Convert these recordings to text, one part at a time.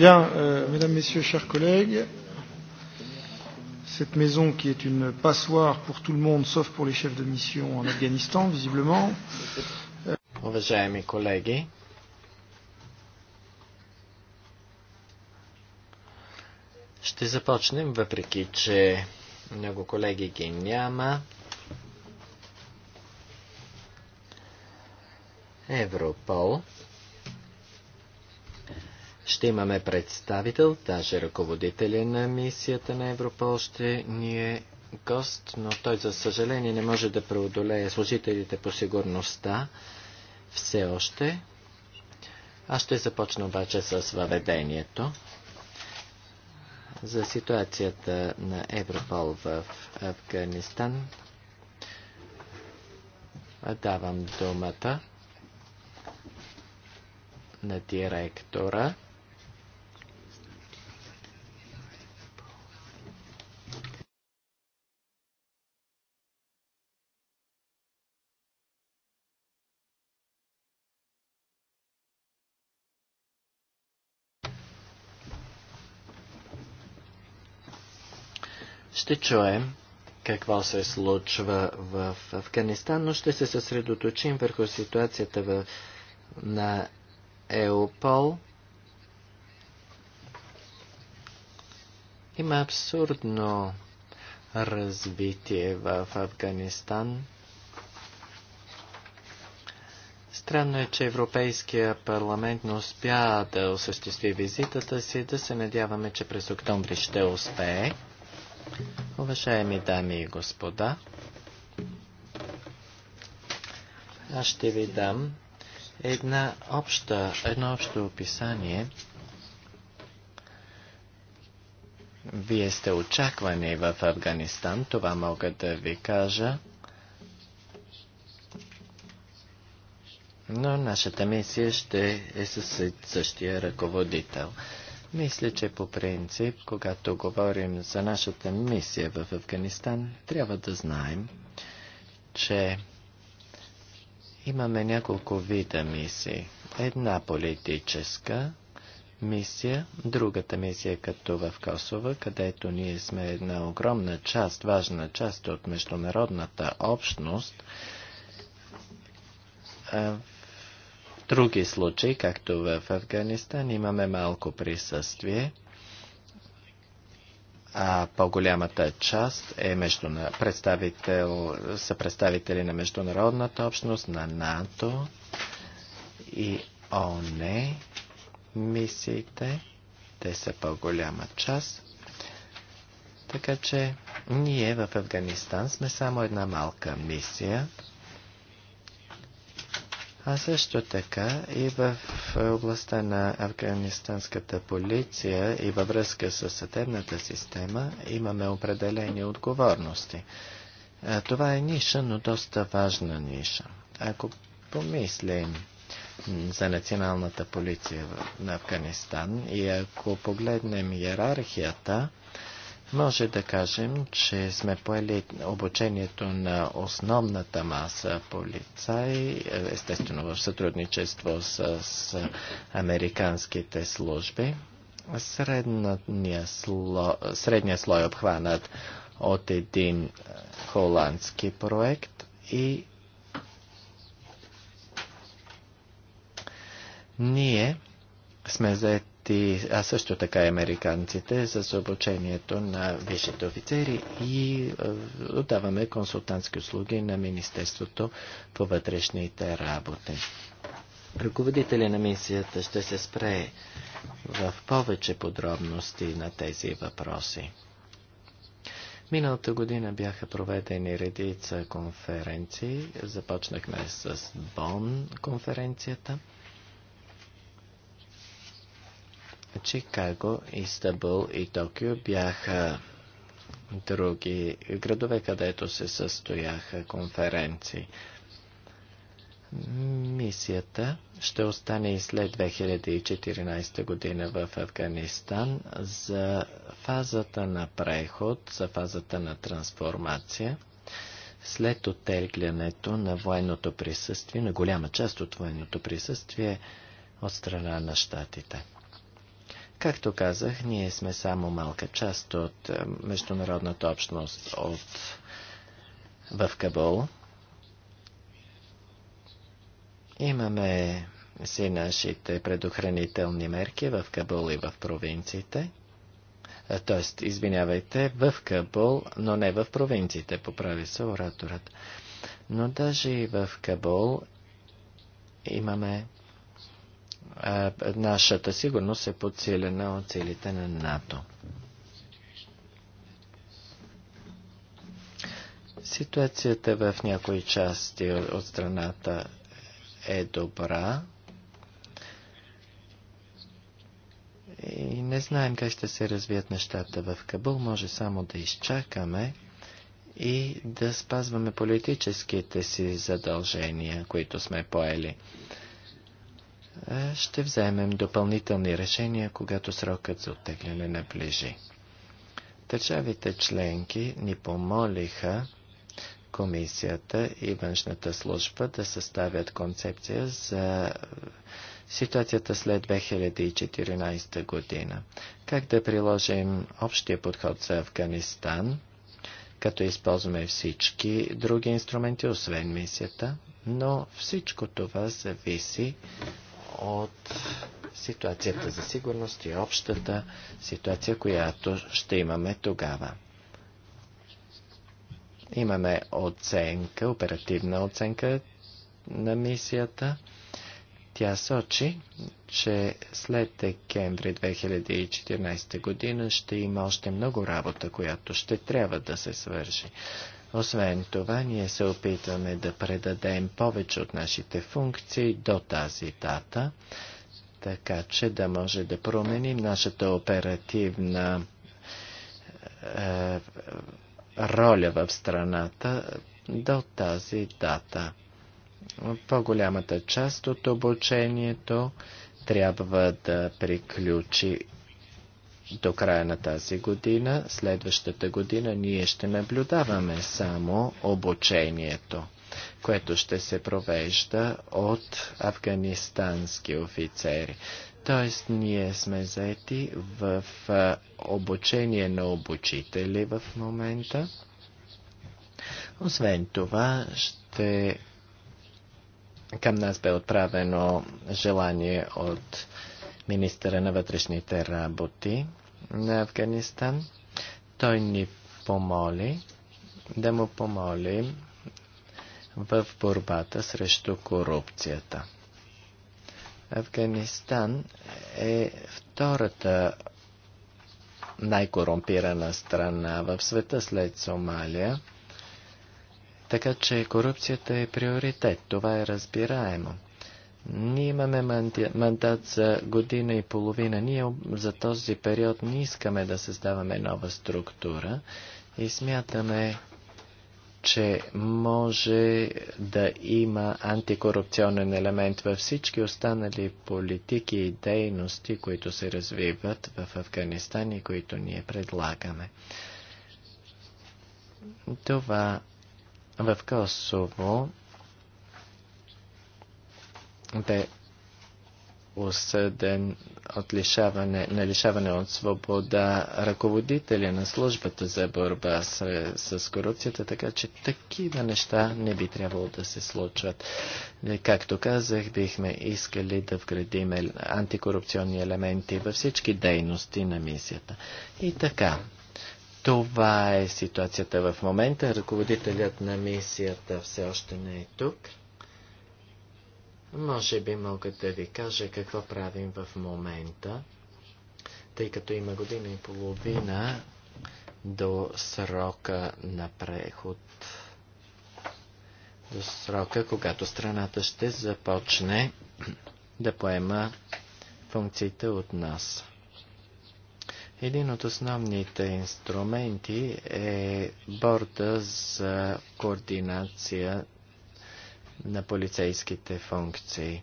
Bien, euh, mesdames, messieurs, chers collègues, cette maison qui est une passoire pour tout le monde, sauf pour les chefs de mission en Afghanistan, visiblement. Уважаеми колеги, ще започнем, въпреки че много колеги ги няма. Европол. Ще имаме представител, даже ръководителя на мисията на Европол ще ни е гост, но той за съжаление не може да преодолее служителите по сигурността все още. Аз ще започна обаче с въведението за ситуацията на Европол в Афганистан. Давам думата на директора Ще чуем какво се случва в Афганистан, но ще се съсредоточим върху ситуацията в, на Еопол. Има абсурдно развитие в Афганистан. Странно е, че Европейския парламент не успя да осъществи визитата си, да се надяваме, че през октомври ще успее. Уважаеми дами и господа, аз ще ви дам една обща, едно общо описание. Вие сте очаквани в Афганистан, това мога да ви кажа. Но нашата мисия ще е със същия ръководител. Мисля, че по принцип, когато говорим за нашата мисия в Афганистан, трябва да знаем, че имаме няколко вида мисии. Една политическа мисия, другата мисия като в Косово, където ние сме една огромна част, важна част от международната общност, други случаи, както в Афганистан, имаме малко присъствие, а по-голямата част е междуна... представител... са представители на международната общност, на НАТО и ОНЕ мисиите. Те са по-голяма част. Така че ние в Афганистан сме само една малка мисия – а също така и в областта на афганистанската полиция и във връзка с съдебната система имаме определени отговорности. Това е ниша, но доста важна ниша. Ако помислим за националната полиция на Афганистан и ако погледнем иерархията, може да кажем, че сме поели обучението на основната маса полицаи, естествено в сътрудничество с, американските служби. Средния слой, средния слой обхванат от един холандски проект и ние сме заед и а също така и американците, за обучението на висшите офицери и е, отдаваме консултантски услуги на Министерството по вътрешните работи. Ръководителя на мисията ще се спре в повече подробности на тези въпроси. Миналата година бяха проведени редица конференции. Започнахме с Бон конференцията – Чикаго, Истанбул и Токио бяха други градове, където се състояха конференции. Мисията ще остане и след 2014 година в Афганистан за фазата на преход, за фазата на трансформация, след оттеглянето на военното присъствие, на голяма част от военното присъствие от страна на щатите. Както казах, ние сме само малка част от е, международната общност от, в Кабул. Имаме си нашите предохранителни мерки в Кабул и в провинциите. Т.е. извинявайте, в Кабул, но не в провинциите, поправи се ораторът. Но даже и в Кабул имаме нашата сигурност е подсилена от целите на НАТО. Ситуацията в някои части от страната е добра и не знаем как ще се развият нещата в Кабул. Може само да изчакаме и да спазваме политическите си задължения, които сме поели. Е, ще вземем допълнителни решения, когато срокът за оттегляне наближи. Държавите членки ни помолиха комисията и външната служба да съставят концепция за ситуацията след 2014 година. Как да приложим общия подход за Афганистан, като използваме всички други инструменти, освен мисията, но всичко това зависи от ситуацията за сигурност и общата ситуация, която ще имаме тогава. Имаме оценка, оперативна оценка на мисията. Тя сочи, че след декември 2014 година ще има още много работа, която ще трябва да се свърши. Освен това, ние се опитваме да предадем повече от нашите функции до тази дата, така че да може да променим нашата оперативна е, роля в страната до тази дата. По-голямата част от обучението трябва да приключи до края на тази година. Следващата година ние ще наблюдаваме само обучението, което ще се провежда от афганистански офицери. Тоест, ние сме заети в обучение на обучители в момента. Освен това, ще към нас бе отправено желание от министъра на вътрешните работи на Афганистан. Той ни помоли да му помолим в борбата срещу корупцията. Афганистан е втората най-корумпирана страна в света след Сомалия, така че корупцията е приоритет. Това е разбираемо. Ние имаме мандат за година и половина. Ние за този период не искаме да създаваме нова структура и смятаме, че може да има антикорупционен елемент във всички останали политики и дейности, които се развиват в Афганистан и които ние предлагаме. Това в Косово бе осъден от лишаване, на лишаване от свобода ръководителя на службата за борба с, с корупцията, така че такива неща не би трябвало да се случват. Е, както казах, бихме искали да вградим антикорупционни елементи във всички дейности на мисията. И така, това е ситуацията в момента. Ръководителят на мисията все още не е тук. Може би мога да ви кажа какво правим в момента, тъй като има година и половина до срока на преход, до срока, когато страната ще започне да поема функциите от нас. Един от основните инструменти е борда за координация на полицейските функции.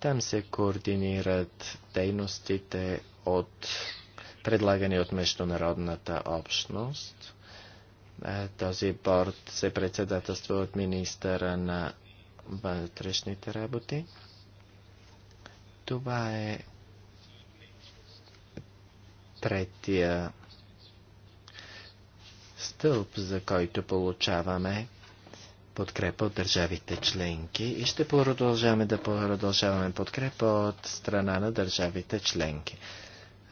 Там се координират дейностите от предлагани от международната общност. Е, този борт се председателства от министъра на вътрешните работи. Това е третия стълб, за който получаваме подкрепа от държавите членки и ще продължаваме да продължаваме подкрепа от страна на държавите членки.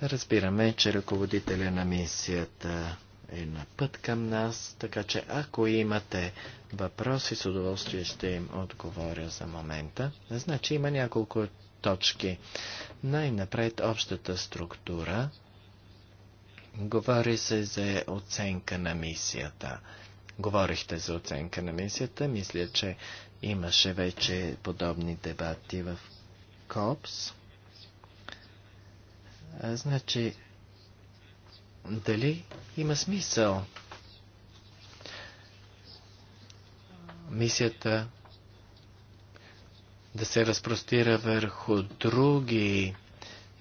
Разбираме, че ръководителя на мисията е на път към нас, така че ако имате въпроси, с удоволствие ще им отговоря за момента. Значи има няколко точки. Най-напред общата структура Говори се за оценка на мисията. Говорихте за оценка на мисията. Мисля, че имаше вече подобни дебати в КОПС. А, значи, дали има смисъл мисията да се разпростира върху други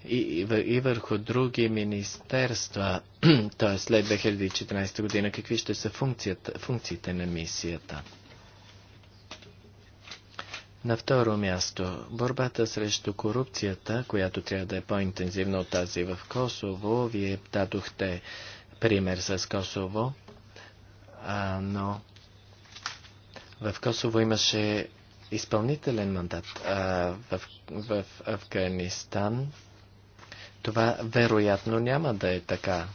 и, и върху други министерства, т.е. след 2014 година, какви ще са функциите на мисията? На второ място, борбата срещу корупцията, която трябва да е по-интензивна от тази в Косово. Вие дадохте пример с Косово, а, но в Косово имаше изпълнителен мандат. А, в, в Афганистан това вероятно няма да е така.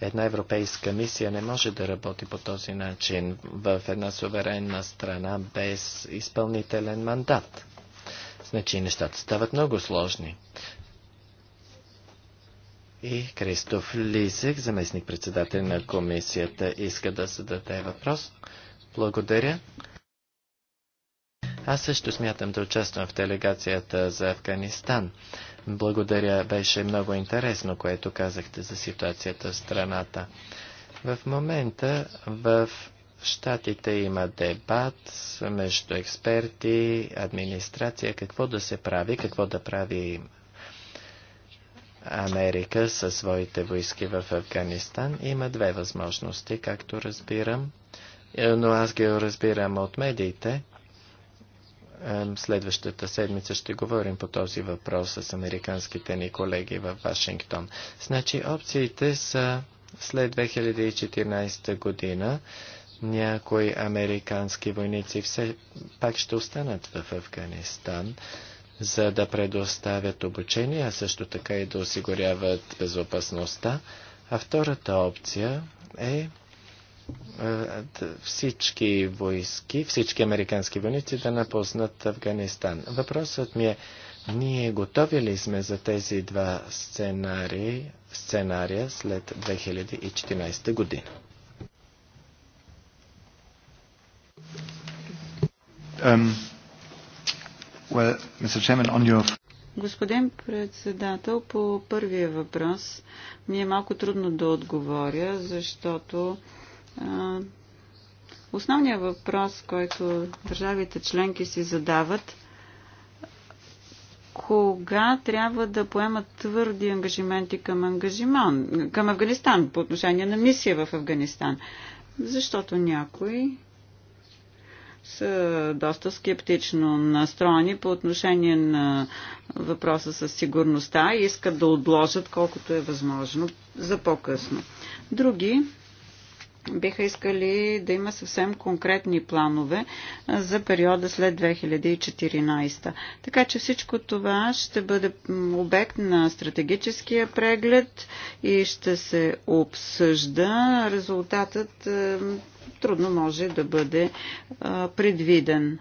Една европейска мисия не може да работи по този начин в една суверенна страна без изпълнителен мандат. Значи нещата стават много сложни. И Кристоф Лизек, заместник председател на комисията, иска да зададе въпрос. Благодаря. Аз също смятам да участвам в делегацията за Афганистан. Благодаря, беше много интересно, което казахте за ситуацията в страната. В момента в Штатите има дебат между експерти, администрация, какво да се прави, какво да прави Америка със своите войски в Афганистан. Има две възможности, както разбирам, е, но аз ги разбирам от медиите. Следващата седмица ще говорим по този въпрос с американските ни колеги в Вашингтон. Значи опциите са след 2014 година някои американски войници все пак ще останат в Афганистан, за да предоставят обучение, а също така и да осигуряват безопасността. А втората опция е е, всички войски, всички американски войници да напуснат Афганистан. Въпросът ми е, ние готови ли сме за тези два сценари, сценария след 2014 година? Um, well, Chairman, your... Господин председател, по първия въпрос ми е малко трудно да отговоря, защото Основният въпрос, който държавите членки си задават, кога трябва да поемат твърди ангажименти към, ангажиман, към Афганистан по отношение на мисия в Афганистан. Защото някои са доста скептично настроени по отношение на въпроса с сигурността и искат да отложат колкото е възможно за по-късно. Други биха искали да има съвсем конкретни планове за периода след 2014. Така че всичко това ще бъде обект на стратегическия преглед и ще се обсъжда. Резултатът трудно може да бъде предвиден.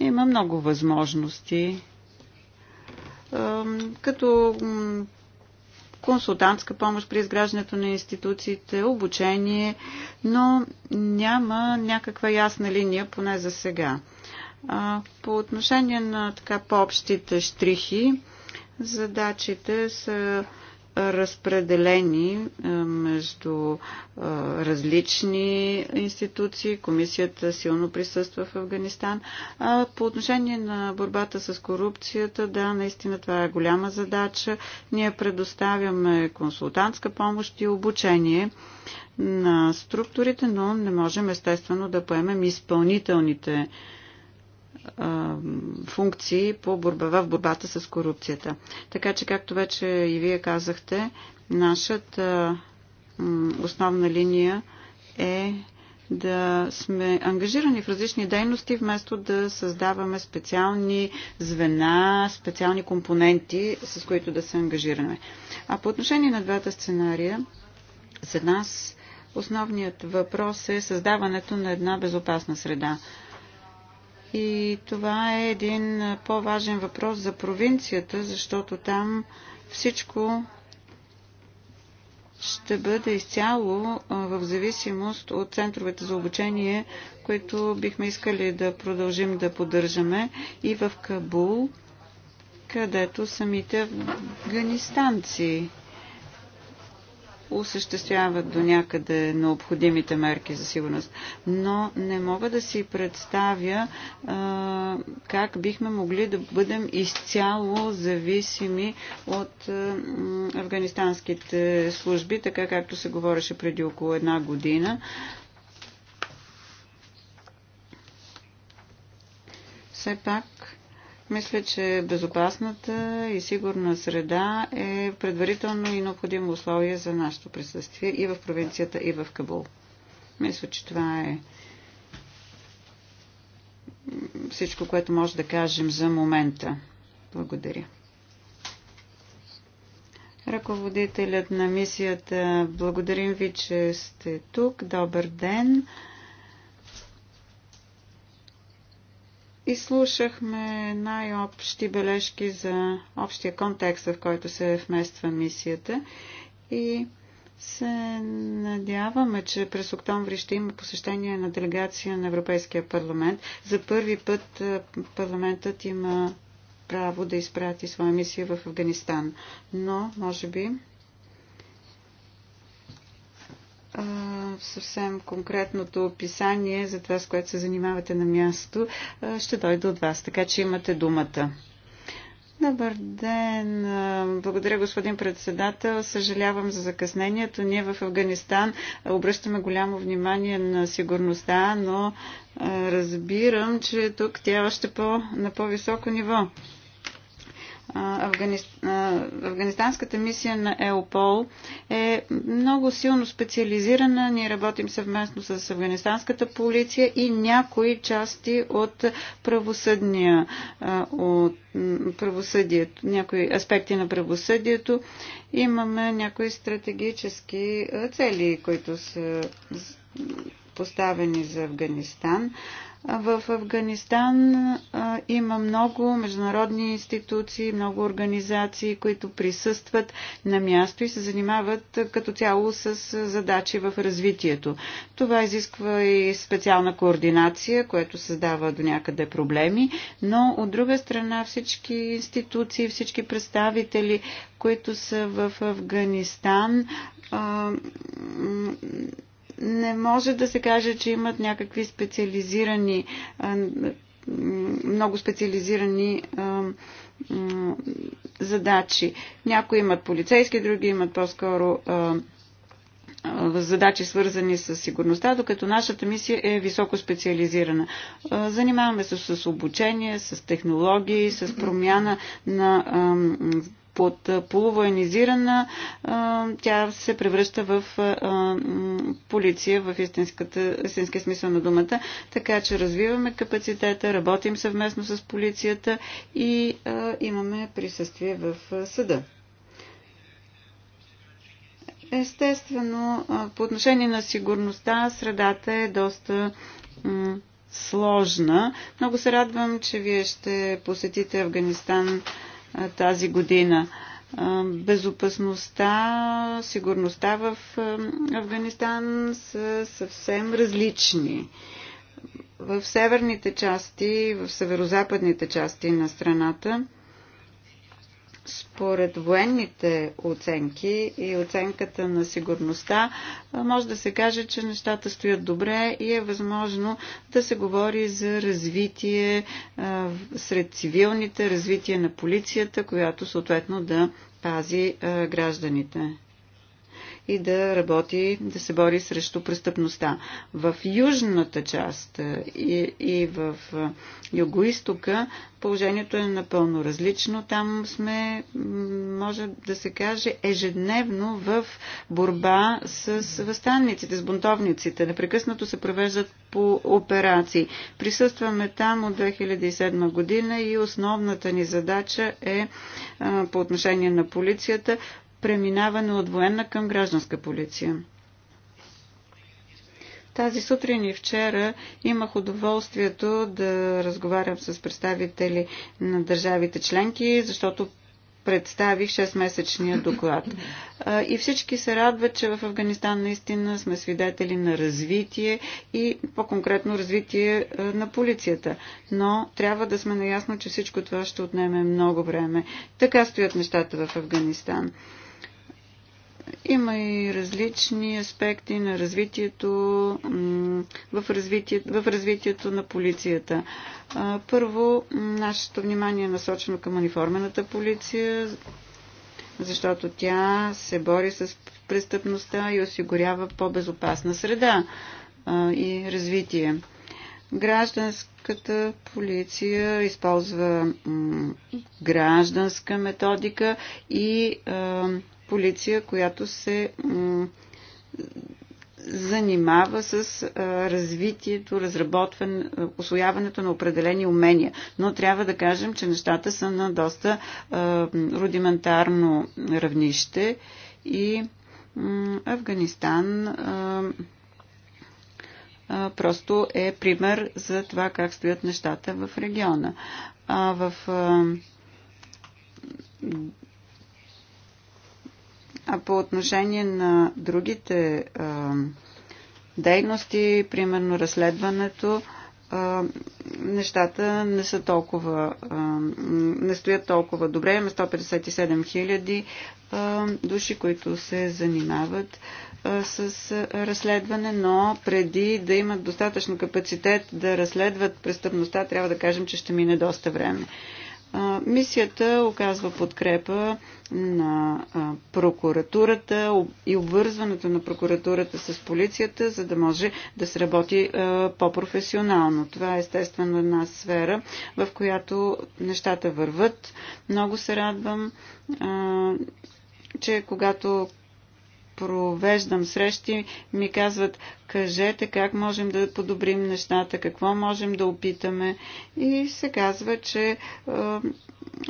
Има много възможности. Като консултантска помощ при изграждането на институциите, обучение, но няма някаква ясна линия, поне за сега. По отношение на така по-общите штрихи, задачите са разпределени е, между е, различни институции. Комисията силно присъства в Афганистан. А по отношение на борбата с корупцията, да, наистина това е голяма задача. Ние предоставяме консултантска помощ и обучение на структурите, но не можем естествено да поемем изпълнителните функции по борба, в борбата с корупцията. Така че, както вече и вие казахте, нашата основна линия е да сме ангажирани в различни дейности, вместо да създаваме специални звена, специални компоненти, с които да се ангажираме. А по отношение на двата сценария, за нас основният въпрос е създаването на една безопасна среда. И това е един по-важен въпрос за провинцията, защото там всичко ще бъде изцяло в зависимост от центровете за обучение, които бихме искали да продължим да поддържаме и в Кабул, където самите афганистанци осъществяват до някъде необходимите мерки за сигурност. Но не мога да си представя а, как бихме могли да бъдем изцяло зависими от а, афганистанските служби, така както се говореше преди около една година. Все пак мисля, че безопасната и сигурна среда е предварително и необходимо условие за нашето присъствие и в провинцията, и в Кабул. Мисля, че това е всичко, което може да кажем за момента. Благодаря. Ръководителят на мисията, благодарим ви, че сте тук. Добър ден. Изслушахме най-общи бележки за общия контекст, в който се вмества мисията и се надяваме, че през октомври ще има посещение на делегация на Европейския парламент. За първи път парламентът има право да изпрати своя мисия в Афганистан. Но, може би, съвсем конкретното описание за това, с което се занимавате на място, ще дойде от вас, така че имате думата. Добър ден! Благодаря, господин председател. Съжалявам за закъснението. Ние в Афганистан обръщаме голямо внимание на сигурността, но разбирам, че тук тя е още по, на по-високо ниво. Афганист... Афганистанската мисия на ЕОПОЛ е много силно специализирана. Ние работим съвместно с Афганистанската полиция и някои части от правосъдния, от правосъдието, някои аспекти на правосъдието. Имаме някои стратегически цели, които са поставени за Афганистан. В Афганистан има много международни институции, много организации, които присъстват на място и се занимават като цяло с задачи в развитието. Това изисква и специална координация, което създава до някъде проблеми, но от друга страна всички институции, всички представители, които са в Афганистан, не може да се каже, че имат някакви специализирани, много специализирани задачи. Някои имат полицейски, други имат по-скоро задачи, свързани с сигурността, докато нашата мисия е високо специализирана. Занимаваме се с обучение, с технологии, с промяна на под полувоенизирана, тя се превръща в полиция в истинския смисъл на думата. Така че развиваме капацитета, работим съвместно с полицията и имаме присъствие в съда. Естествено, по отношение на сигурността, средата е доста сложна. Много се радвам, че вие ще посетите Афганистан тази година. Безопасността, сигурността в Афганистан са съвсем различни. В северните части, в северо-западните части на страната, според военните оценки и оценката на сигурността, може да се каже, че нещата стоят добре и е възможно да се говори за развитие сред цивилните, развитие на полицията, която съответно да пази гражданите и да работи, да се бори срещу престъпността. В южната част е, и, и в е, югоистока положението е напълно различно. Там сме, може да се каже, ежедневно в борба с възстанниците, с бунтовниците. Непрекъснато се провеждат по операции. Присъстваме там от 2007 година и основната ни задача е, е по отношение на полицията преминаване от военна към гражданска полиция. Тази сутрин и вчера имах удоволствието да разговарям с представители на държавите членки, защото представих 6-месечния доклад. И всички се радват, че в Афганистан наистина сме свидетели на развитие и по-конкретно развитие на полицията. Но трябва да сме наясно, че всичко това ще отнеме много време. Така стоят нещата в Афганистан. Има и различни аспекти на развитието, в, развитие, в развитието на полицията. Първо, нашето внимание е насочено към униформената полиция, защото тя се бори с престъпността и осигурява по-безопасна среда и развитие. Гражданската полиция използва гражданска методика и полиция, която се занимава с развитието, разработване, освояването на определени умения. Но трябва да кажем, че нещата са на доста рудиментарно равнище и Афганистан просто е пример за това как стоят нещата в региона. А в а по отношение на другите а, дейности, примерно разследването, а, нещата не са толкова, а, не стоят толкова добре. Има 157 хиляди души, които се занимават с разследване, но преди да имат достатъчно капацитет да разследват престъпността, трябва да кажем, че ще мине доста време. Мисията оказва подкрепа на прокуратурата и обвързването на прокуратурата с полицията, за да може да се работи по-професионално. Това е естествено една сфера, в която нещата върват. Много се радвам, че когато провеждам срещи, ми казват, кажете как можем да подобрим нещата, какво можем да опитаме. И се казва, че е,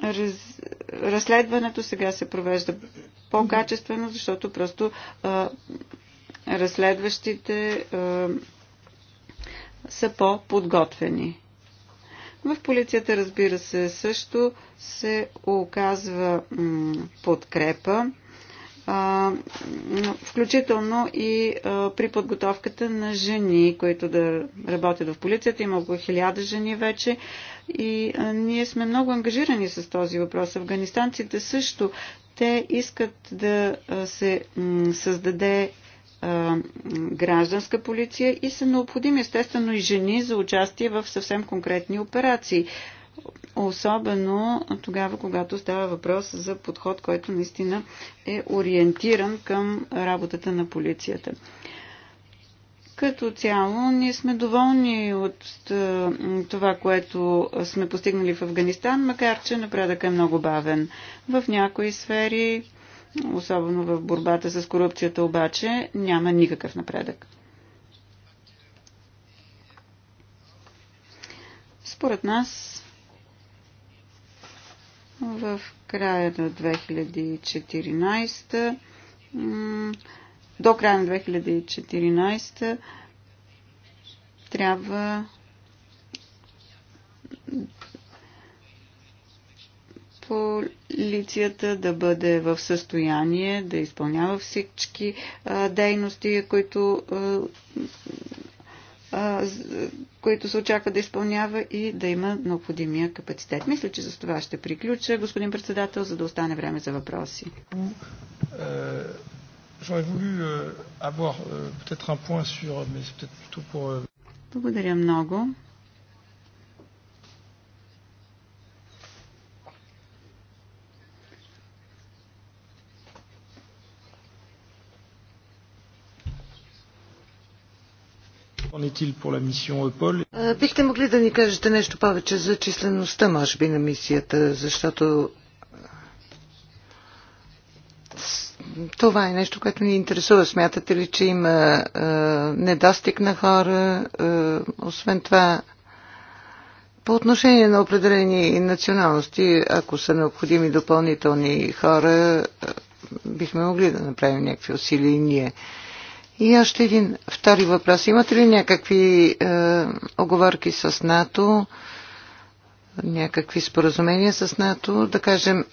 раз, разследването сега се провежда по-качествено, защото просто а, е, разследващите а, е, са по-подготвени. В полицията, разбира се, също се оказва подкрепа включително и при подготовката на жени, които да работят в полицията. Има около хиляда жени вече и ние сме много ангажирани с този въпрос. Афганистанците също, те искат да се създаде гражданска полиция и са необходими естествено и жени за участие в съвсем конкретни операции особено тогава, когато става въпрос за подход, който наистина е ориентиран към работата на полицията. Като цяло, ние сме доволни от е, това, което сме постигнали в Афганистан, макар че напредък е много бавен. В някои сфери, особено в борбата с корупцията, обаче няма никакъв напредък. Според нас в края на 2014 до края на 2014 трябва полицията да бъде в състояние да изпълнява всички дейности, които които се очаква да изпълнява и да има необходимия капацитет. Мисля, че за това ще приключа, господин председател, за да остане време за въпроси. Е, е, е, Благодаря много. Бихте могли да ни кажете нещо повече за числеността, може би, на мисията, защото това е нещо, което ни интересува. Смятате ли, че има е, недостиг на хора? Е, освен това, по отношение на определени националности, ако са необходими допълнителни хора, бихме могли да направим някакви усилия и ние. Е, и още един втори въпрос. Имате ли някакви е, оговорки с НАТО, някакви споразумения с НАТО, да кажем,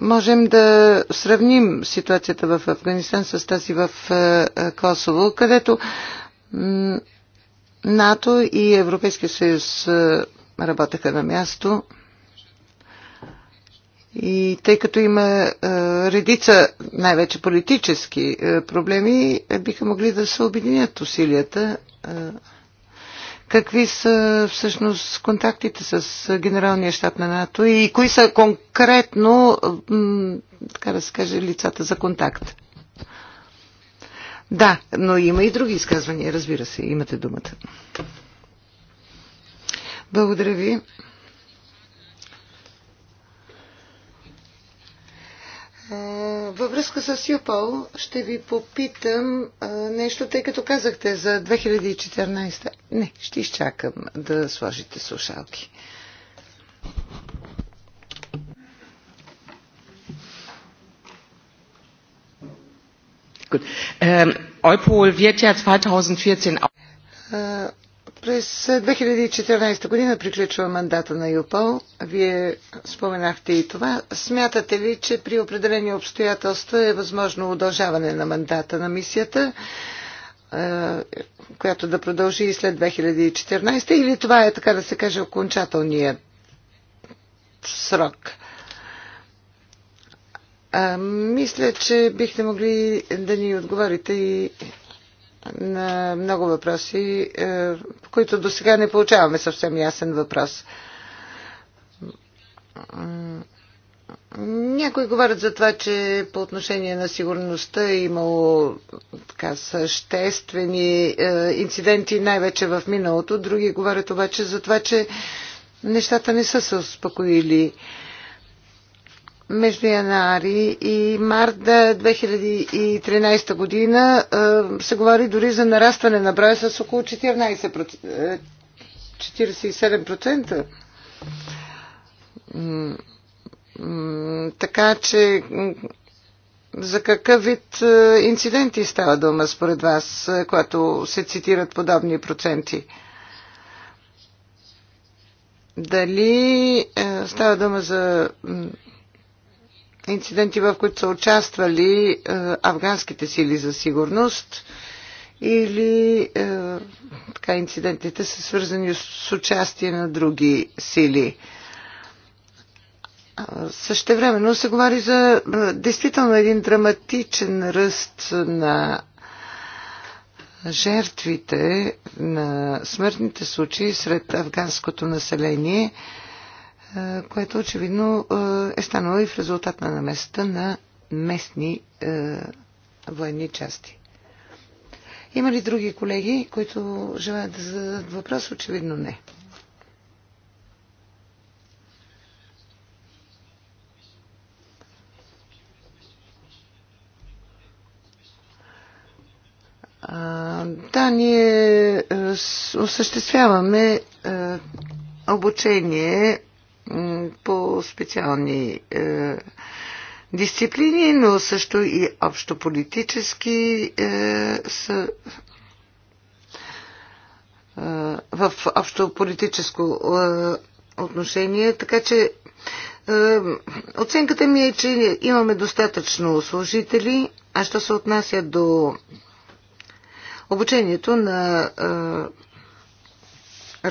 Можем да сравним ситуацията в Афганистан с тази в е, е, Косово, където НАТО и Европейския съюз е, работеха на място. И тъй като има е, редица, най-вече политически е, проблеми, е, биха могли да се объединят усилията. Е, какви са всъщност контактите с Генералния щаб на НАТО и кои са конкретно, така да се каже, лицата за контакт? Да, но има и други изказвания, разбира се. Имате думата. Благодаря ви. Във връзка с ЮПОЛ ще ви попитам нещо, тъй като казахте за 2014. Не, ще изчакам да сложите слушалки. Gut. Eupol wird ja 2014 auch. През 2014 е, година приключва мандата на ЮПОЛ. Вие споменахте и това. Смятате ли, че при определени обстоятелства е възможно удължаване на мандата на мисията, е, която да продължи и след 2014 или това е, така да се каже, окончателният срок? мисля, че бихте могли да ни отговорите и на много въпроси, по е, които до сега не получаваме съвсем ясен въпрос. Някои говорят за това, че по отношение на сигурността е имало така, съществени е, инциденти, най-вече в миналото. Други говорят обаче за това, че нещата не са се успокоили. Е, между януари и март 2013 година се говори дори за нарастване на броя с около 14%, 47%. Е, така че за какъв вид е, инциденти става дума според вас, е, когато се цитират подобни проценти? Дали става дума за инциденти, в които са участвали е, афганските сили за сигурност или е, така, инцидентите са свързани с участие на други сили. Е, същевременно се говори за действително един драматичен ръст на жертвите на смъртните случаи сред афганското население – е, което очевидно е, е станало и в резултат на намесата на местни е, военни части. Има ли други колеги, които желаят да зададат въпрос? Очевидно не. да, ние осъществяваме обучение по специални е, дисциплини, но също и общополитически е, са е, в общополитическо е, отношение, така че е, Оценката ми е, че имаме достатъчно служители, а що се отнася до обучението на е,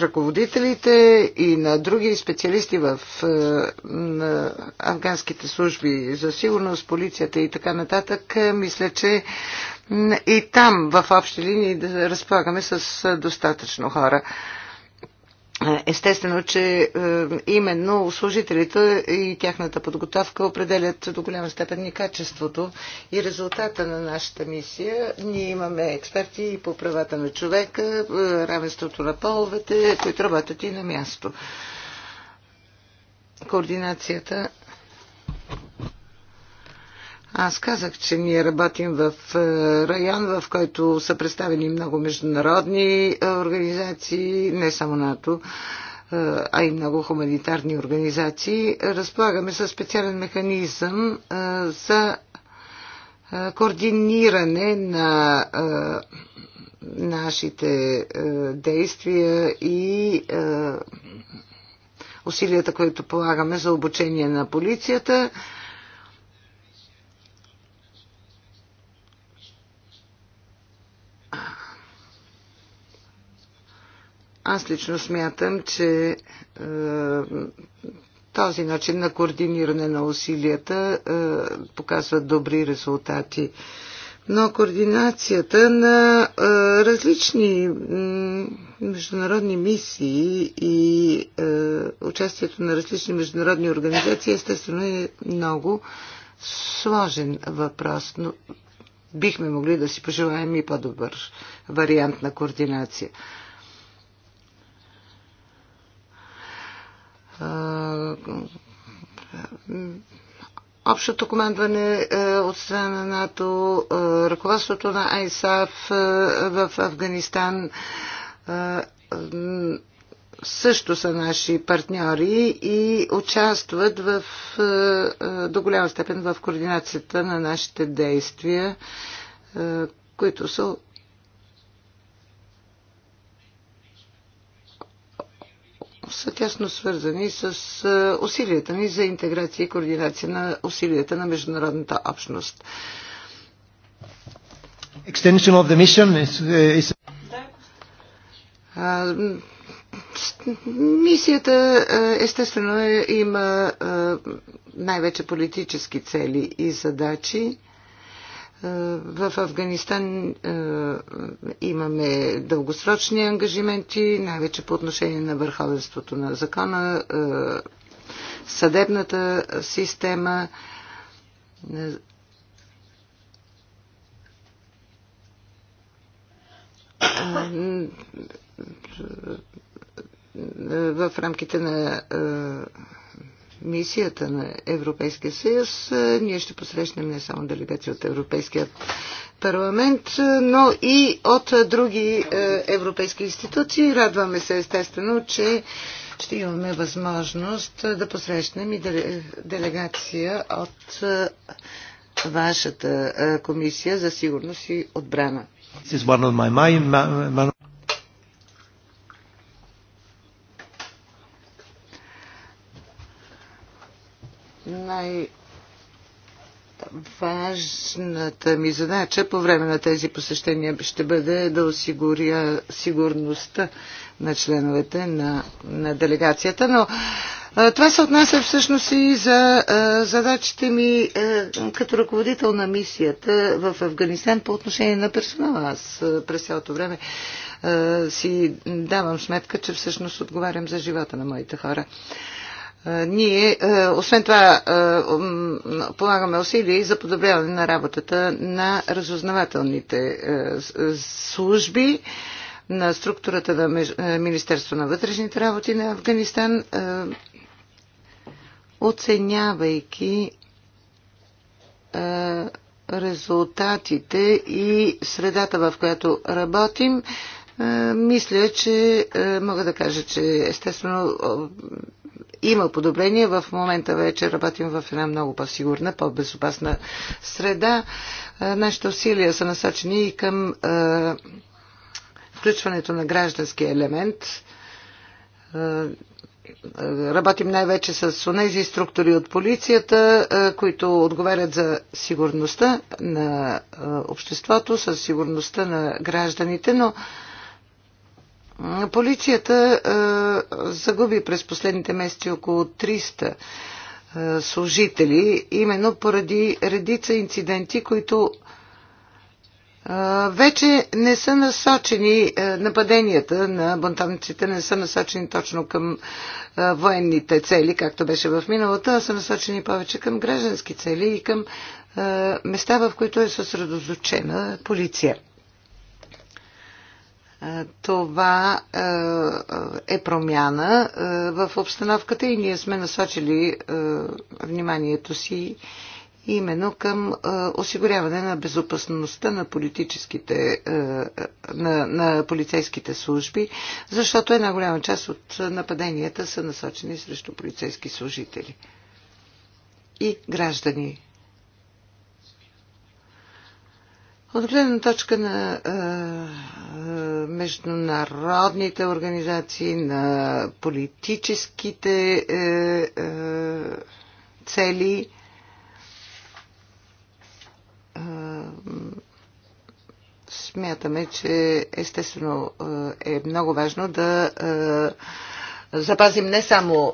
ръководителите и на други специалисти в е, на афганските служби за сигурност, полицията и така нататък, е, мисля, че и там в общи линии да разполагаме с е, достатъчно хора. Естествено, че е, именно служителите и тяхната подготовка определят до голяма степен и качеството и резултата на нашата мисия. Ние имаме експерти и по правата на човека, е, равенството на половете, които работят и на място. Координацията аз казах, че ние работим в е, район, в който са представени много международни е, организации, не само НАТО, е, а и много хуманитарни организации. Разполагаме със специален механизъм за координиране на нашите действия и усилията, които полагаме за обучение на полицията. Аз лично смятам, че е, този начин на координиране на усилията е, показва добри резултати. Но координацията на е, различни международни мисии и е, участието на различни международни организации естествено е много сложен въпрос, но бихме могли да си пожелаем и по-добър вариант на координация. общото командване е, от страна на НАТО, е, ръководството на ISAF е, в Афганистан също са наши партньори и участват в, до голяма степен в координацията на нашите действия, които са са тясно свързани с усилията ни за интеграция и координация на усилията на международната общност. Extension of the mission is, uh, is... мисията естествено е, има най-вече политически цели и задачи. Е, в Афганистан е, имаме дългосрочни ангажименти, най-вече по отношение на върховенството на закона, е, съдебната система. В рамките на мисията на Европейския съюз. Е, ние ще посрещнем не само делегация от Европейския парламент, е, но и от други е, европейски институции. Радваме се естествено, че ще имаме възможност да посрещнем и делегация от вашата комисия за сигурност и отбрана. най- Важната ми задача по време на тези посещения ще бъде да осигуря сигурността на членовете на, на делегацията, но това се отнася всъщност и за задачите ми като ръководител на мисията в Афганистан по отношение на персонала. Аз през цялото време си давам сметка, че всъщност отговарям за живота на моите хора. Е, ние, е, освен това, е, полагаме усилия и за подобряване на работата на разузнавателните служби на структурата на Министерство на вътрешните работи на Афганистан, оценявайки резултатите и средата, в която работим, мисля, че мога да кажа, че естествено има подобрение. В момента вече работим в една много по-сигурна, по-безопасна среда. Е, нашите усилия са насочени и към е, включването на граждански елемент. Е, работим най-вече с онези структури от полицията, които отговарят за сигурността на обществото, с сигурността на гражданите, но Полицията а, е, загуби през последните месеци около 300 а, е, служители, именно поради редица инциденти, които а, е, вече не са насочени, а, нападенията на бунтовниците не са насочени точно към а, военните цели, както беше в миналата, а са насочени повече към граждански цели и към а, места, в които е съсредоточена полиция. Това е промяна в обстановката и ние сме насочили вниманието си именно към осигуряване на безопасността на политическите, на, на полицейските служби, защото една голяма част от нападенията са насочени срещу полицейски служители и граждани От гледна точка на международните организации, на политическите е, е, цели, смятаме, че естествено е, е много важно да запазим не само е,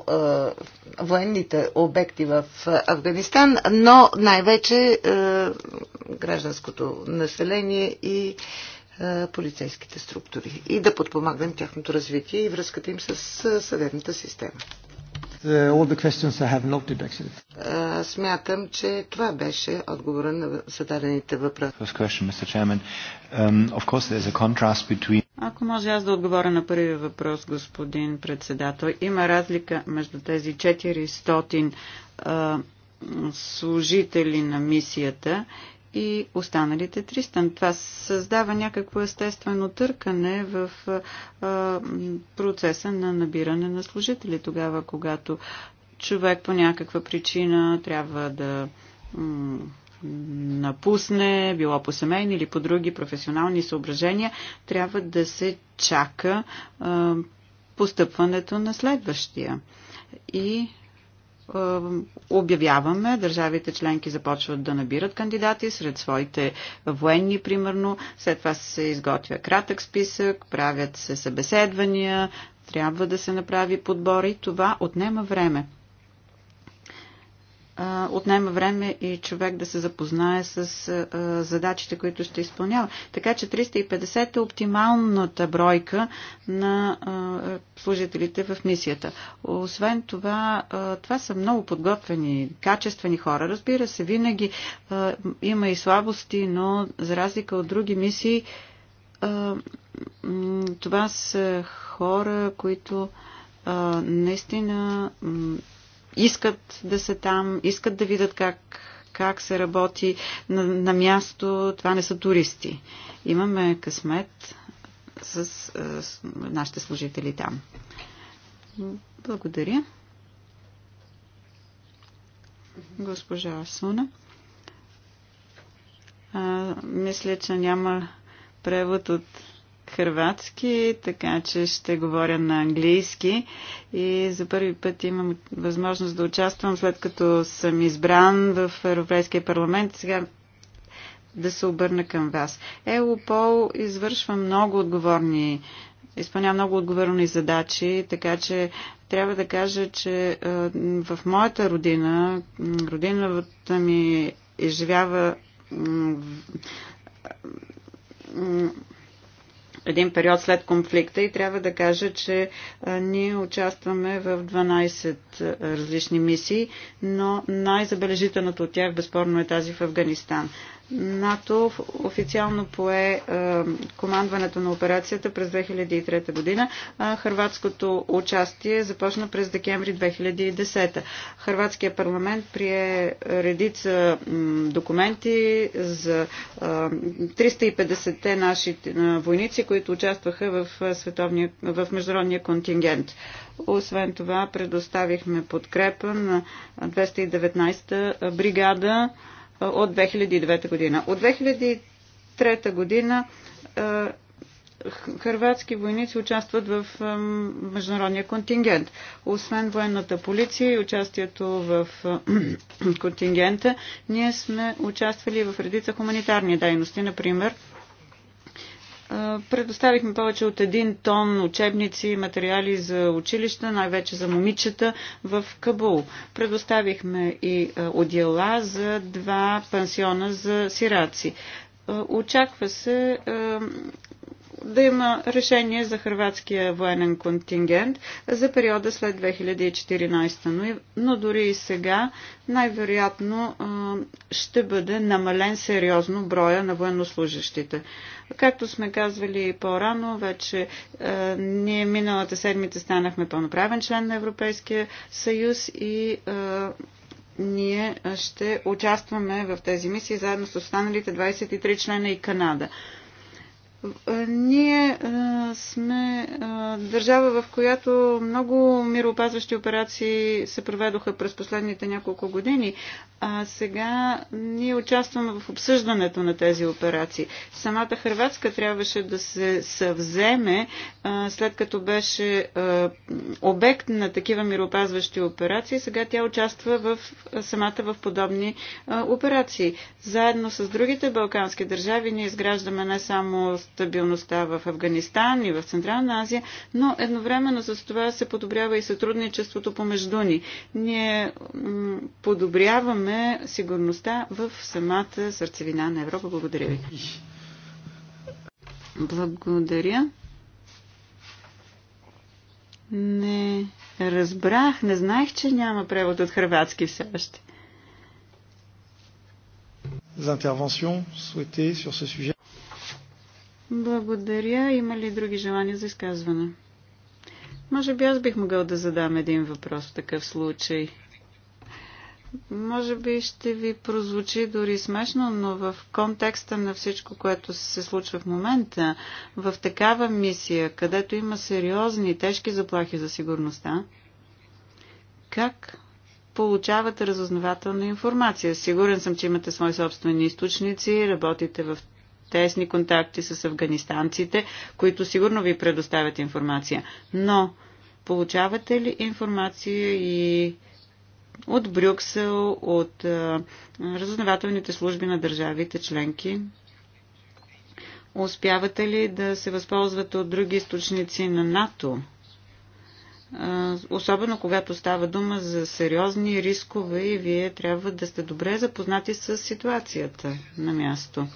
военните обекти в е, Афганистан, но най-вече е, гражданското население и е, полицейските структури и да подпомагнем тяхното развитие и връзката им с е, съдебната система. Uh, смятам, че това беше отговора на зададените въпроси. Ако може аз да отговоря на първия въпрос, господин председател. Има разлика между тези 400 а, служители на мисията и останалите 300. Това създава някакво естествено търкане в а, процеса на набиране на служители тогава, когато човек по някаква причина трябва да напусне, било по семейни или по други професионални съображения, трябва да се чака а, постъпването на следващия. И обявяваме, държавите членки започват да набират кандидати сред своите военни, примерно. След това се изготвя кратък списък, правят се събеседвания, трябва да се направи подбор и това отнема време отнема време и човек да се запознае с задачите, които ще изпълнява. Така че 350 е оптималната бройка на служителите в мисията. Освен това, това са много подготвени, качествени хора. Разбира се, винаги има и слабости, но за разлика от други мисии, това са хора, които наистина искат да са там, искат да видят как, как се работи на, на място. Това не са туристи. Имаме късмет с, е, с нашите служители там. Благодаря. Госпожа Асуна. А, мисля, че няма превод от хрватски, така че ще говоря на английски. И за първи път имам възможност да участвам, след като съм избран в Европейския парламент. Сега да се обърна към вас. Пол извършва много отговорни изпълнява много отговорни задачи, така че трябва да кажа, че в моята родина, родината ми изживява един период след конфликта и трябва да кажа, че ние участваме в 12 различни мисии, но най-забележителната от тях безспорно е тази в Афганистан. НАТО официално пое е, командването на операцията през 2003 година, а хрватското участие започна през декември 2010. Хрватския парламент прие редица документи за 350-те е, наши е, войници, които участваха в, световния, в международния контингент. Освен това, предоставихме подкрепа на 219-та бригада от 2009 година. От 2003 година хърватски войници участват в международния контингент. Освен военната полиция и участието в контингента, ние сме участвали в редица хуманитарни дейности, например Предоставихме повече от един тон учебници и материали за училища, най-вече за момичета в Кабул. Предоставихме и отдела за два пансиона за сираци. Очаква се да има решение за хрватския военен контингент за периода след 2014. Но, но дори и сега най-вероятно ще бъде намален сериозно броя на военнослужащите. Както сме казвали по-рано, вече е, ние миналата седмица станахме пълноправен член на Европейския съюз и е, ние ще участваме в тези мисии заедно с останалите 23 члена и Канада. Е, ние а, е, сме а, е, държава, в която много мироопазващи операции се проведоха през последните няколко години, а сега ние участваме в обсъждането на тези операции. Самата Хрватска трябваше да се съвземе, а, след като беше а, обект на такива мироопазващи операции, сега тя участва в, самата в подобни а, операции. Заедно с другите балкански държави ние изграждаме не само стабилността в Афганистан и в Централна Азия, но едновременно с това се подобрява и сътрудничеството помежду ни. Ние подобряваме сигурността в самата сърцевина на Европа. Благодаря ви. Благодаря. Не разбрах, не знаех, че няма превод от хрватски все още. Des souhaitées sur ce sujet благодаря. Има ли други желания за изказване? Може би аз бих могъл да задам един въпрос в такъв случай. Може би ще ви прозвучи дори смешно, но в контекста на всичко, което се случва в момента, в такава мисия, където има сериозни, и тежки заплахи за сигурността, как получавате разузнавателна информация? Сигурен съм, че имате свои собствени източници, работите в тесни контакти с афганистанците, които сигурно ви предоставят информация. Но получавате ли информация и от Брюксел, от разузнавателните служби на държавите членки? Успявате ли да се възползвате от други източници на НАТО? особено когато става дума за сериозни рискове и вие трябва да сте добре запознати с ситуацията на място.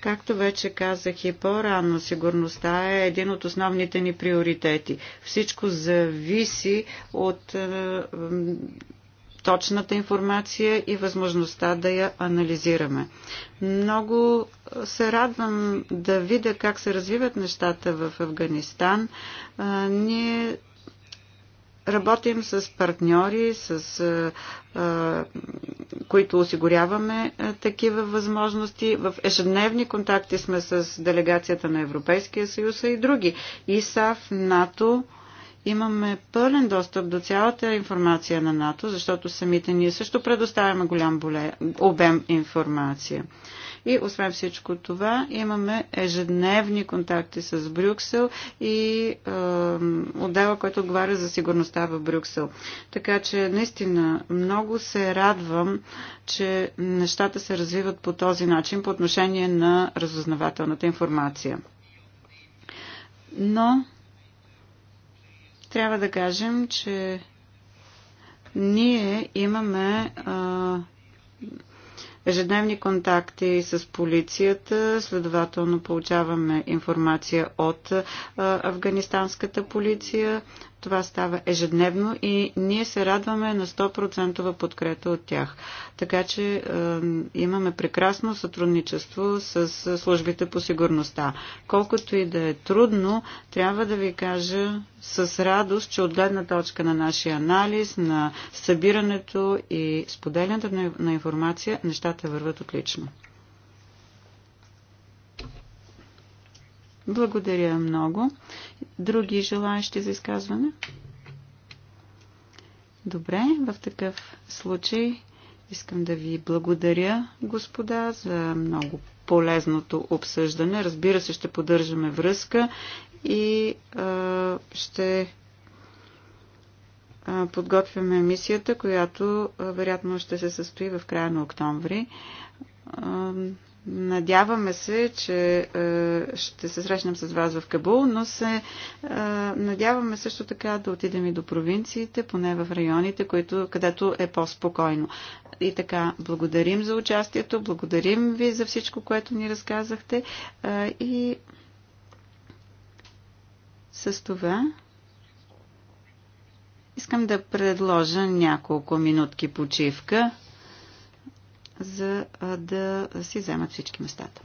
Както вече казах и по-рано, сигурността е един от основните ни приоритети. Всичко зависи от е, точната информация и възможността да я анализираме. Много се радвам да видя как се развиват нещата в Афганистан. Е, ние Работим с партньори, с, а, които осигуряваме а, такива възможности. В ежедневни контакти сме с делегацията на Европейския съюз и други. ИСАФ, НАТО. Имаме пълен достъп до цялата информация на НАТО, защото самите ние също предоставяме голям обем информация. И освен всичко това, имаме ежедневни контакти с Брюксел и е, отдела, който отговаря за сигурността в Брюксел. Така че наистина много се радвам, че нещата се развиват по този начин по отношение на разузнавателната информация. Но трябва да кажем, че ние имаме а, ежедневни контакти с полицията, следователно получаваме информация от афганистанската полиция, това става ежедневно и ние се радваме на 100% подкрепа от тях. Така че е, имаме прекрасно сътрудничество с службите по сигурността. Колкото и да е трудно, трябва да ви кажа с радост, че от гледна точка на нашия анализ, на събирането и споделянето на информация, нещата върват отлично. Благодаря много. Други желаящи за изказване? Добре, в такъв случай искам да ви благодаря, господа, за много полезното обсъждане. Разбира се, ще поддържаме връзка и а, ще а, подготвяме мисията, която а, вероятно ще се състои в края на октомври. А, Надяваме се, че е, ще се срещнем с вас в Кабул, но се е, надяваме също така да отидем и до провинциите, поне в районите, които, където е по-спокойно. И така, благодарим за участието, благодарим ви за всичко, което ни разказахте е, и с това искам да предложа няколко минутки почивка за да си вземат всички местата.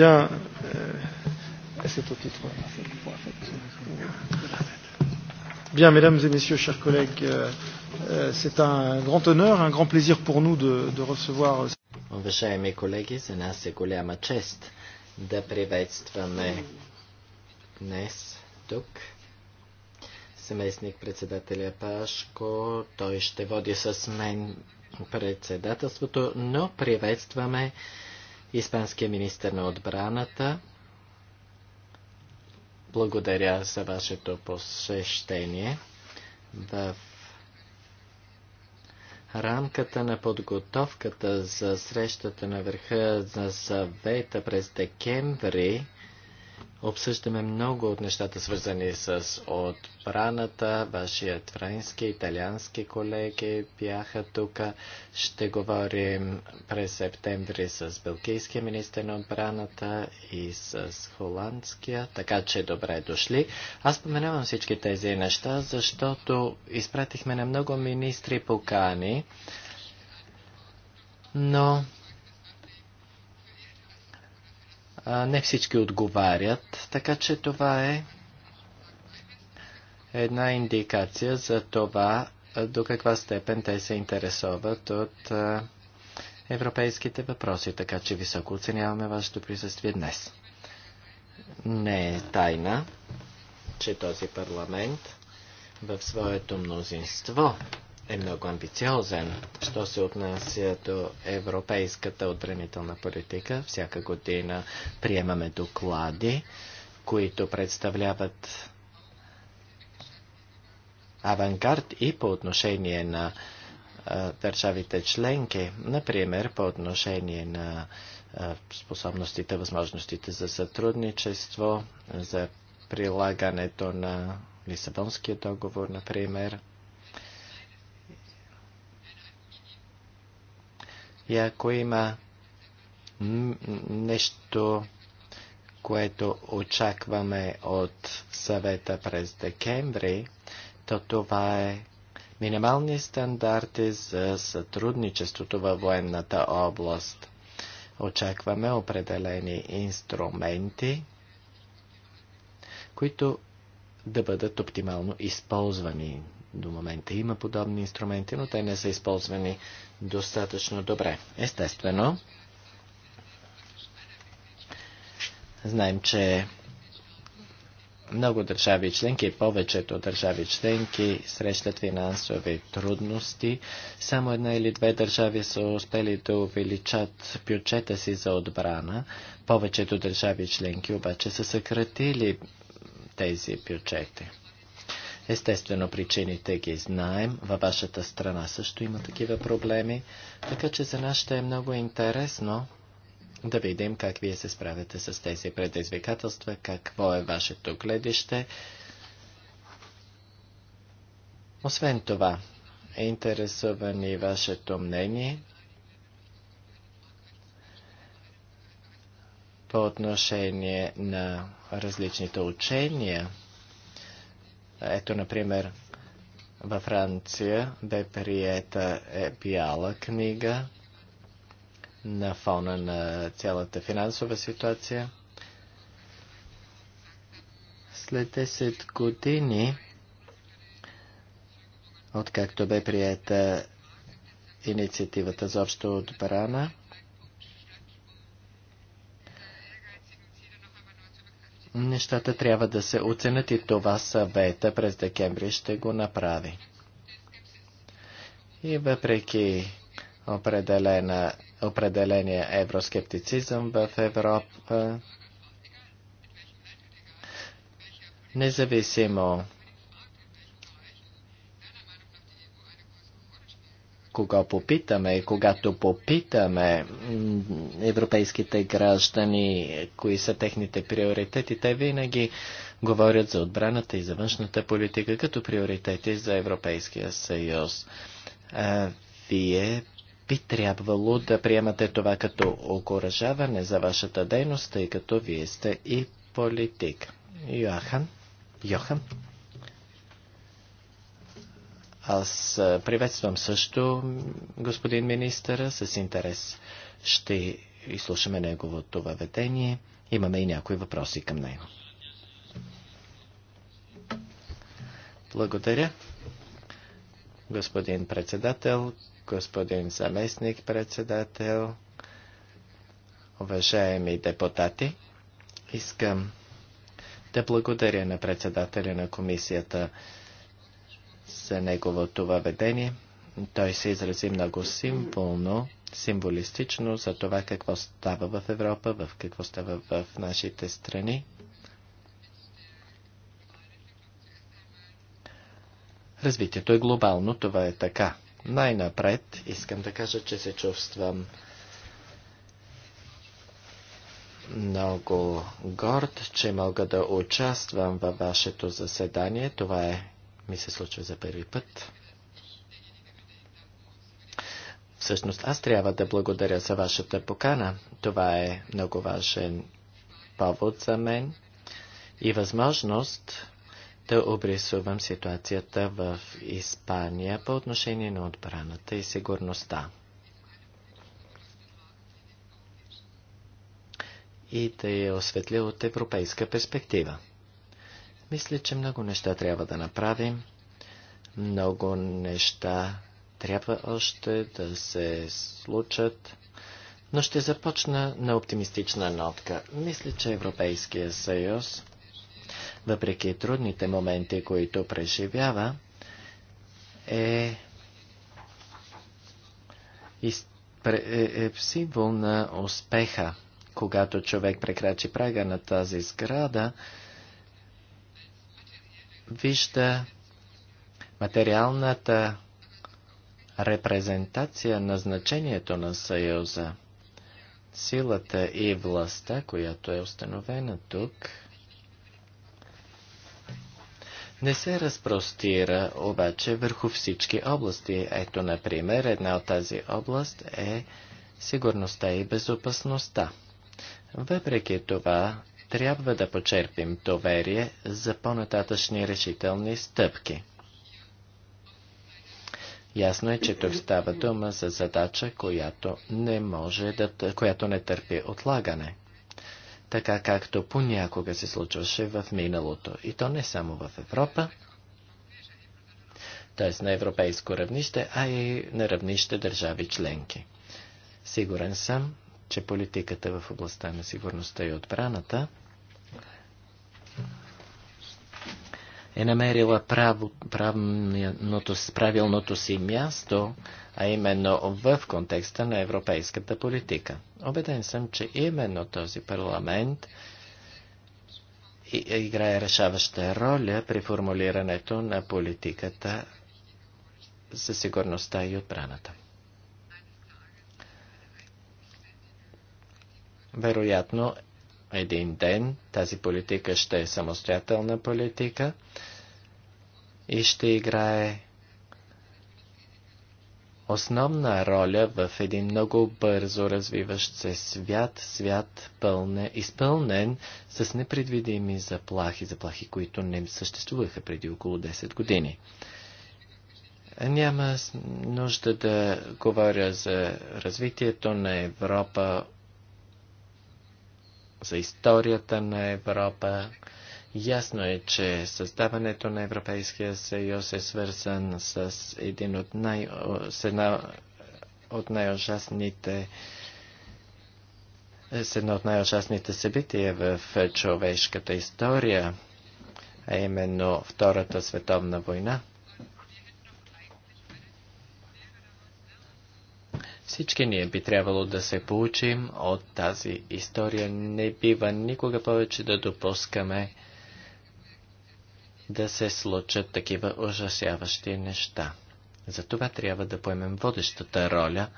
bien. C'est au titre. Bien, mesdames et messieurs, chers collègues, euh, euh, c'est un grand honneur, un grand plaisir pour nous de, de recevoir. Euh, Уважаеми колеги, за нас е голяма чест да приветстваме днес тук заместник председателя Пашко. Той ще води с мен председателството, но приветстваме испанския министр на отбраната. Благодаря за вашето посещение в рамката на подготовката за срещата на върха за съвета през декември Обсъждаме много от нещата, свързани с отбраната. Вашият френски, италиански колеги бяха тук. Ще говорим през септември с белгийския министр на отбраната и с холандския, така че добре дошли. Аз споменавам всички тези неща, защото изпратихме на много министри покани, но не всички отговарят, така че това е една индикация за това до каква степен те се интересуват от европейските въпроси, така че високо оценяваме вашето присъствие днес. Не е тайна, че този парламент в своето мнозинство е много амбициозен, що се отнася до европейската отбранителна политика. Всяка година приемаме доклади, които представляват авангард и по отношение на а, държавите членки, например по отношение на а, способностите, възможностите за сътрудничество, за прилагането на Лисабонския договор, например. И ако има нещо, което очакваме от съвета през декември, то това е минимални стандарти за сътрудничеството във военната област. Очакваме определени инструменти, които да бъдат оптимално използвани до момента има подобни инструменти, но те не са използвани достатъчно добре. Естествено, знаем, че много държави членки, повечето държави членки срещат финансови трудности. Само една или две държави са успели да увеличат бюджета си за отбрана. Повечето държави членки обаче са съкратили тези бюджети. Естествено, причините ги знаем. Във вашата страна също има такива проблеми, така че за нас ще е много интересно да видим как вие се справяте с тези предизвикателства, какво е вашето гледище. Освен това, е интересува и вашето мнение по отношение на различните учения – ето, например, във Франция бе приета е бяла книга на фона на цялата финансова ситуация. След 10 години, откакто бе приета инициативата за общо отбрана, нещата трябва да се оценят и това съвета през декември ще го направи. И въпреки определена, определения евроскептицизъм в Европа, независимо Кога попитаме, когато попитаме европейските граждани, кои са техните приоритети, те винаги говорят за отбраната и за външната политика като приоритети за Европейския съюз. А, вие би трябвало да приемате това като окоръжаване за вашата дейност, тъй като вие сте и политик. Йохан? Йохан? Аз приветствам също господин министъра с интерес. Ще изслушаме неговото въведение. Имаме и някои въпроси към него. Благодаря. Господин председател, господин заместник председател, уважаеми депутати, искам да благодаря на председателя на комисията за неговото въведение. Той се изрази много символно, символистично за това какво става в Европа, в какво става в нашите страни. Развитието е глобално, това е така. Най-напред искам да кажа, че се чувствам много горд, че мога да участвам във вашето заседание. Това е ми се случва за първи път. Всъщност аз трябва да благодаря за вашата покана. Това е много важен повод за мен и възможност да обрисувам ситуацията в Испания по отношение на отбраната и сигурността. И да я осветля от европейска перспектива. Мисля, че много неща трябва да направим. Много неща трябва още да се случат. Но ще започна на оптимистична нотка. Мисля, че Европейския съюз, въпреки трудните моменти, които преживява, е, из... е... е символ на успеха. Когато човек прекрачи прага на тази сграда, вижда материалната репрезентация на значението на Съюза. Силата и властта, която е установена тук, не се разпростира обаче върху всички области. Ето, например, една от тази област е сигурността и безопасността. Въпреки това, трябва да почерпим доверие за по-нататъчни решителни стъпки. Ясно е, че тук става дума за задача, която не може да, която не търпи отлагане. Така както понякога се случваше в миналото, и то не само в Европа, т.е. на европейско равнище, а и на равнище държави членки. Сигурен съм, че политиката в областта на сигурността и отбраната е намерила право, правилното, правилното си място, а именно в контекста на европейската политика. Обеден съм, че именно този парламент е, играе решаваща роля при формулирането на политиката за сигурността и отбраната. Вероятно един ден тази политика ще е самостоятелна политика и ще играе основна роля в един много бързо развиващ се свят, свят пълне, изпълнен с непредвидими заплахи, заплахи, които не съществуваха преди около 10 години. Няма нужда да говоря за развитието на Европа за историята на Европа. Ясно е, че създаването на Европейския съюз е свързан с, един от най, с една от най-ужасните с едно от най-ужасните събития в човешката история, а именно Втората световна война. Всички ние би трябвало да се получим от тази история. Не бива никога повече да допускаме да се случат такива ужасяващи неща. Затова трябва да поемем водещата роля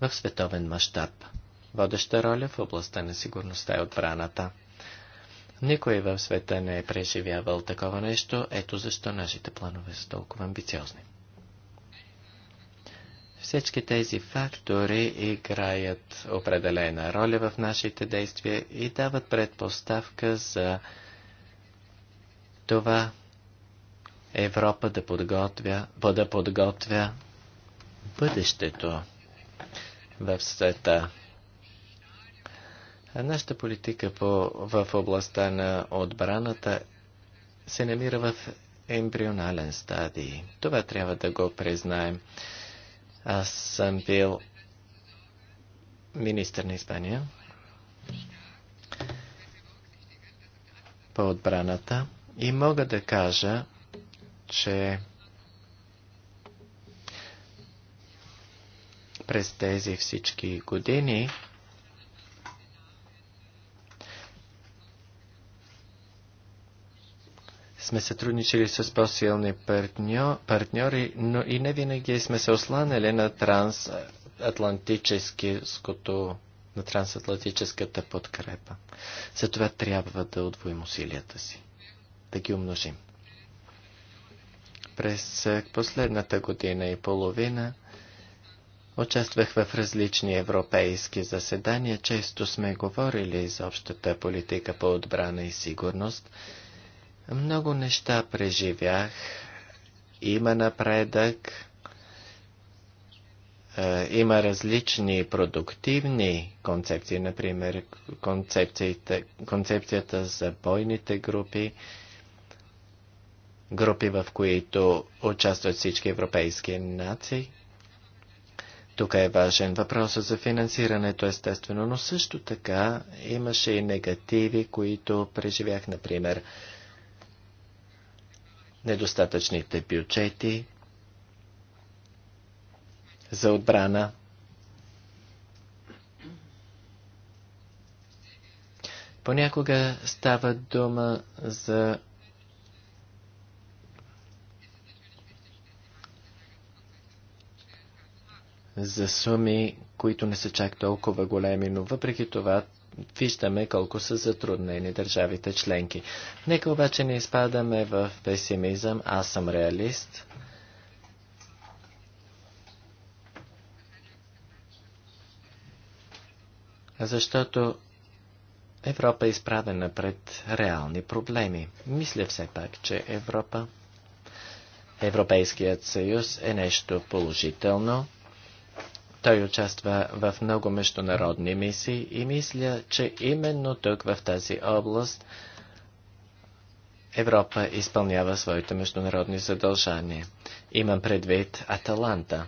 в световен мащаб. Водеща роля в областта на сигурността и отбраната. Никой в света не е преживявал такова нещо, ето защо нашите планове са толкова амбициозни. Всички тези фактори играят определена роля в нашите действия и дават предпоставка за това Европа да подготвя, да подготвя бъдещето в света. А нашата политика по, в областта на отбраната се намира в ембрионален стадий. Това трябва да го признаем. Аз съм бил министър на Испания по отбраната и мога да кажа, че през тези всички години сме сътрудничали с по-силни партньори, но и не винаги сме се осланяли на трансатлантическото на трансатлантическата подкрепа. Затова трябва да отвоим усилията си, да ги умножим. През последната година и половина Участвах в различни европейски заседания, често сме говорили за общата политика по отбрана и сигурност. Много неща преживях. Има напредък. Е, има различни продуктивни концепции, например концепцията за бойните групи, групи в които участват всички европейски нации. Тук е важен въпросът за финансирането, естествено, но също така имаше и негативи, които преживях, например, недостатъчните бюджети за отбрана. Понякога става дума за за суми, които не са чак толкова големи, но въпреки това виждаме колко са затруднени държавите членки. Нека обаче не изпадаме в песимизъм. Аз съм реалист. Защото Европа е изправена пред реални проблеми. Мисля все пак, че Европа, Европейският съюз е нещо положително, той участва в много международни мисии и мисля, че именно тук в тази област Европа изпълнява своите международни задължания. Имам предвид Аталанта.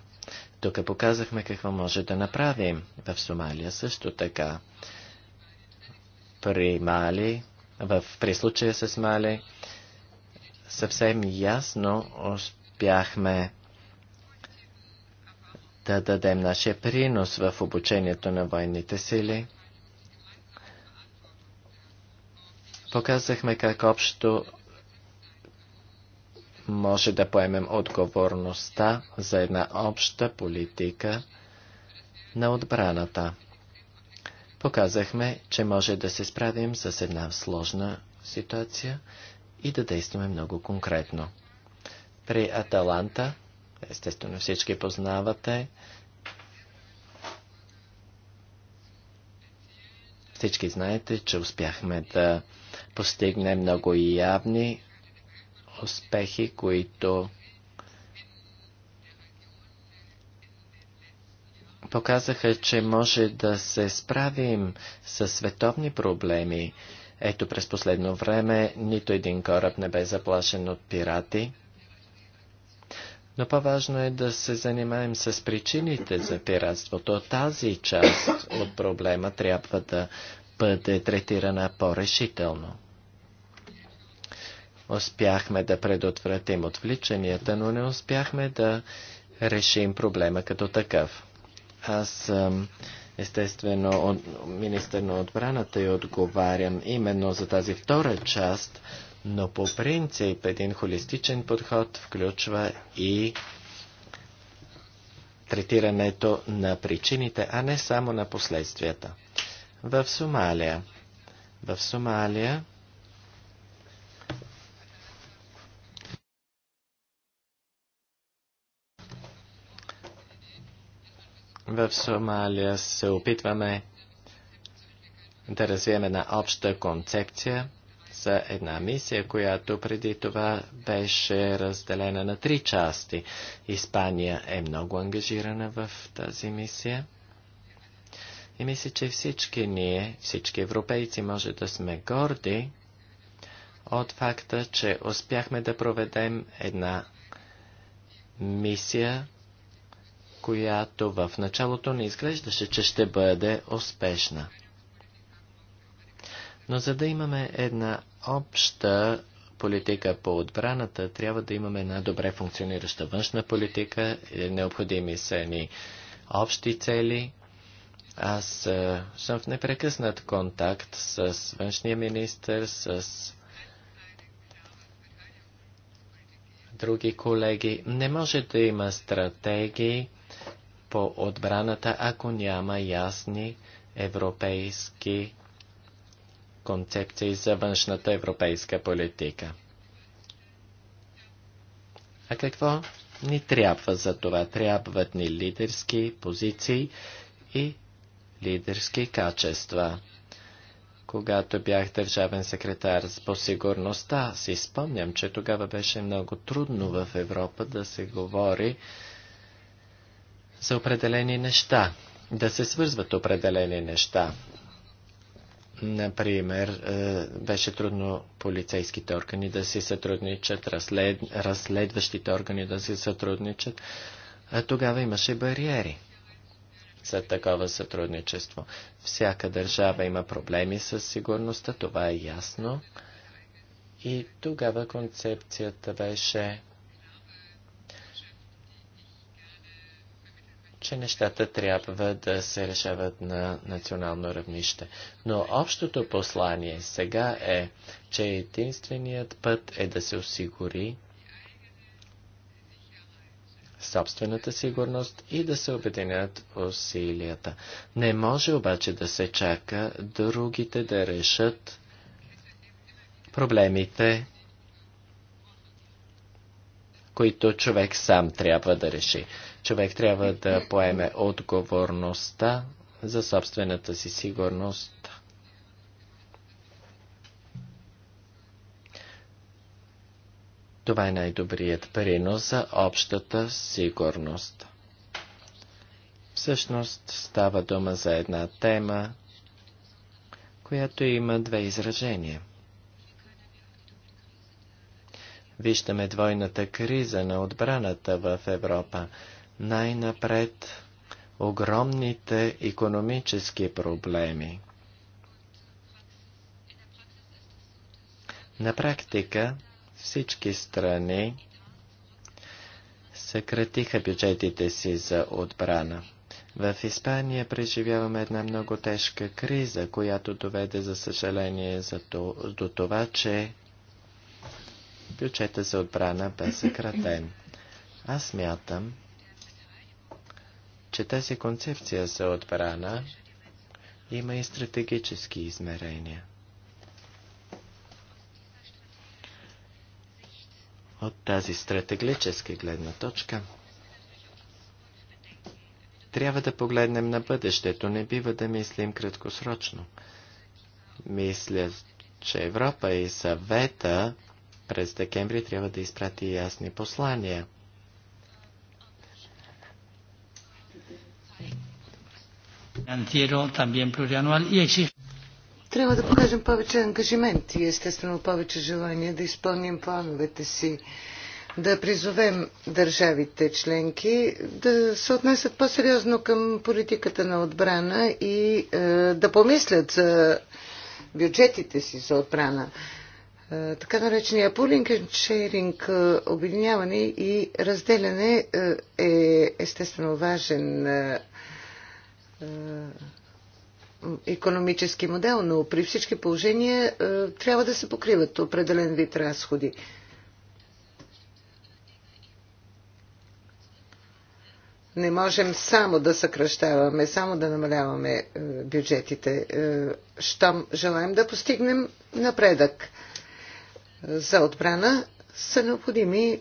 Тук показахме какво може да направим. В Сомалия също така. При Мали, в, при случая с Мали, съвсем ясно успяхме да дадем нашия принос в обучението на военните сили. Показахме как общо може да поемем отговорността за една обща политика на отбраната. Показахме, че може да се справим с една сложна ситуация и да действаме много конкретно. При Аталанта естествено всички познавате. Всички знаете, че успяхме да постигнем много явни успехи, които показаха, че може да се справим с световни проблеми. Ето през последно време нито един кораб не бе заплашен от пирати. Но по-важно е да се занимаем с причините за пиратството. Тази част от проблема трябва да бъде третирана по-решително. Успяхме да предотвратим отвличанията, но не успяхме да решим проблема като такъв. Аз естествено от, министър на отбраната и отговарям именно за тази втора част – но по принцип един холистичен подход включва и третирането на причините, а не само на последствията. В Сомалия. В Сомалия В Сомалия се опитваме да развием една обща концепция – за една мисия, която преди това беше разделена на три части. Испания е много ангажирана в тази мисия. И мисля, че всички ние, всички европейци, може да сме горди от факта, че успяхме да проведем една мисия, която в началото не изглеждаше, че ще бъде успешна. Но за да имаме една обща политика по отбраната, трябва да имаме една добре функционираща външна политика. Е, необходими са ни общи цели. Аз е, съм в непрекъснат контакт с външния министр, с други колеги. Не може да има стратегии по отбраната, ако няма ясни европейски концепции за външната европейска политика. А какво ни трябва за това? Трябват ни лидерски позиции и лидерски качества. Когато бях държавен секретар по сигурността, си спомням, че тогава беше много трудно в Европа да се говори за определени неща, да се свързват определени неща. Например, е, беше трудно полицейските органи да си сътрудничат, разслед... разследващите органи да си сътрудничат. А тогава имаше бариери за такова сътрудничество. Всяка държава има проблеми с сигурността, това е ясно. И тогава концепцията беше че нещата трябва да се решават на национално равнище. Но общото послание сега е, че единственият път е да се осигури собствената сигурност и да се обединят усилията. Не може обаче да се чака другите да решат проблемите, които човек сам трябва да реши. Човек трябва да поеме отговорността за собствената си сигурност. Това е най-добрият принос за общата сигурност. Всъщност става дума за една тема, която има две изражения. Виждаме двойната криза на отбраната в Европа най-напред огромните економически проблеми. На практика всички страни съкратиха бюджетите си за отбрана. В Испания преживяваме една много тежка криза, която доведе за съжаление за то, до това, че бюджета за отбрана бе съкратен. Аз мятам, че тази концепция за отбрана има и стратегически измерения. От тази стратегическа гледна точка трябва да погледнем на бъдещето, не бива да мислим краткосрочно. Мисля, че Европа и съвета през декември трябва да изпрати ясни послания – Трябва да покажем повече ангажимент и естествено повече желание да изпълним плановете си да призовем държавите членки да се отнесат по-сериозно към политиката на отбрана и е, да помислят за бюджетите си за отбрана. Е, така наречения пулинг и шейринг, обединяване и разделяне е, е естествено важен е, е, економически модел, но при всички положения е, трябва да се покриват определен вид разходи. Не можем само да съкръщаваме, само да намаляваме е, бюджетите, щом желаем да постигнем напредък. За отбрана са необходими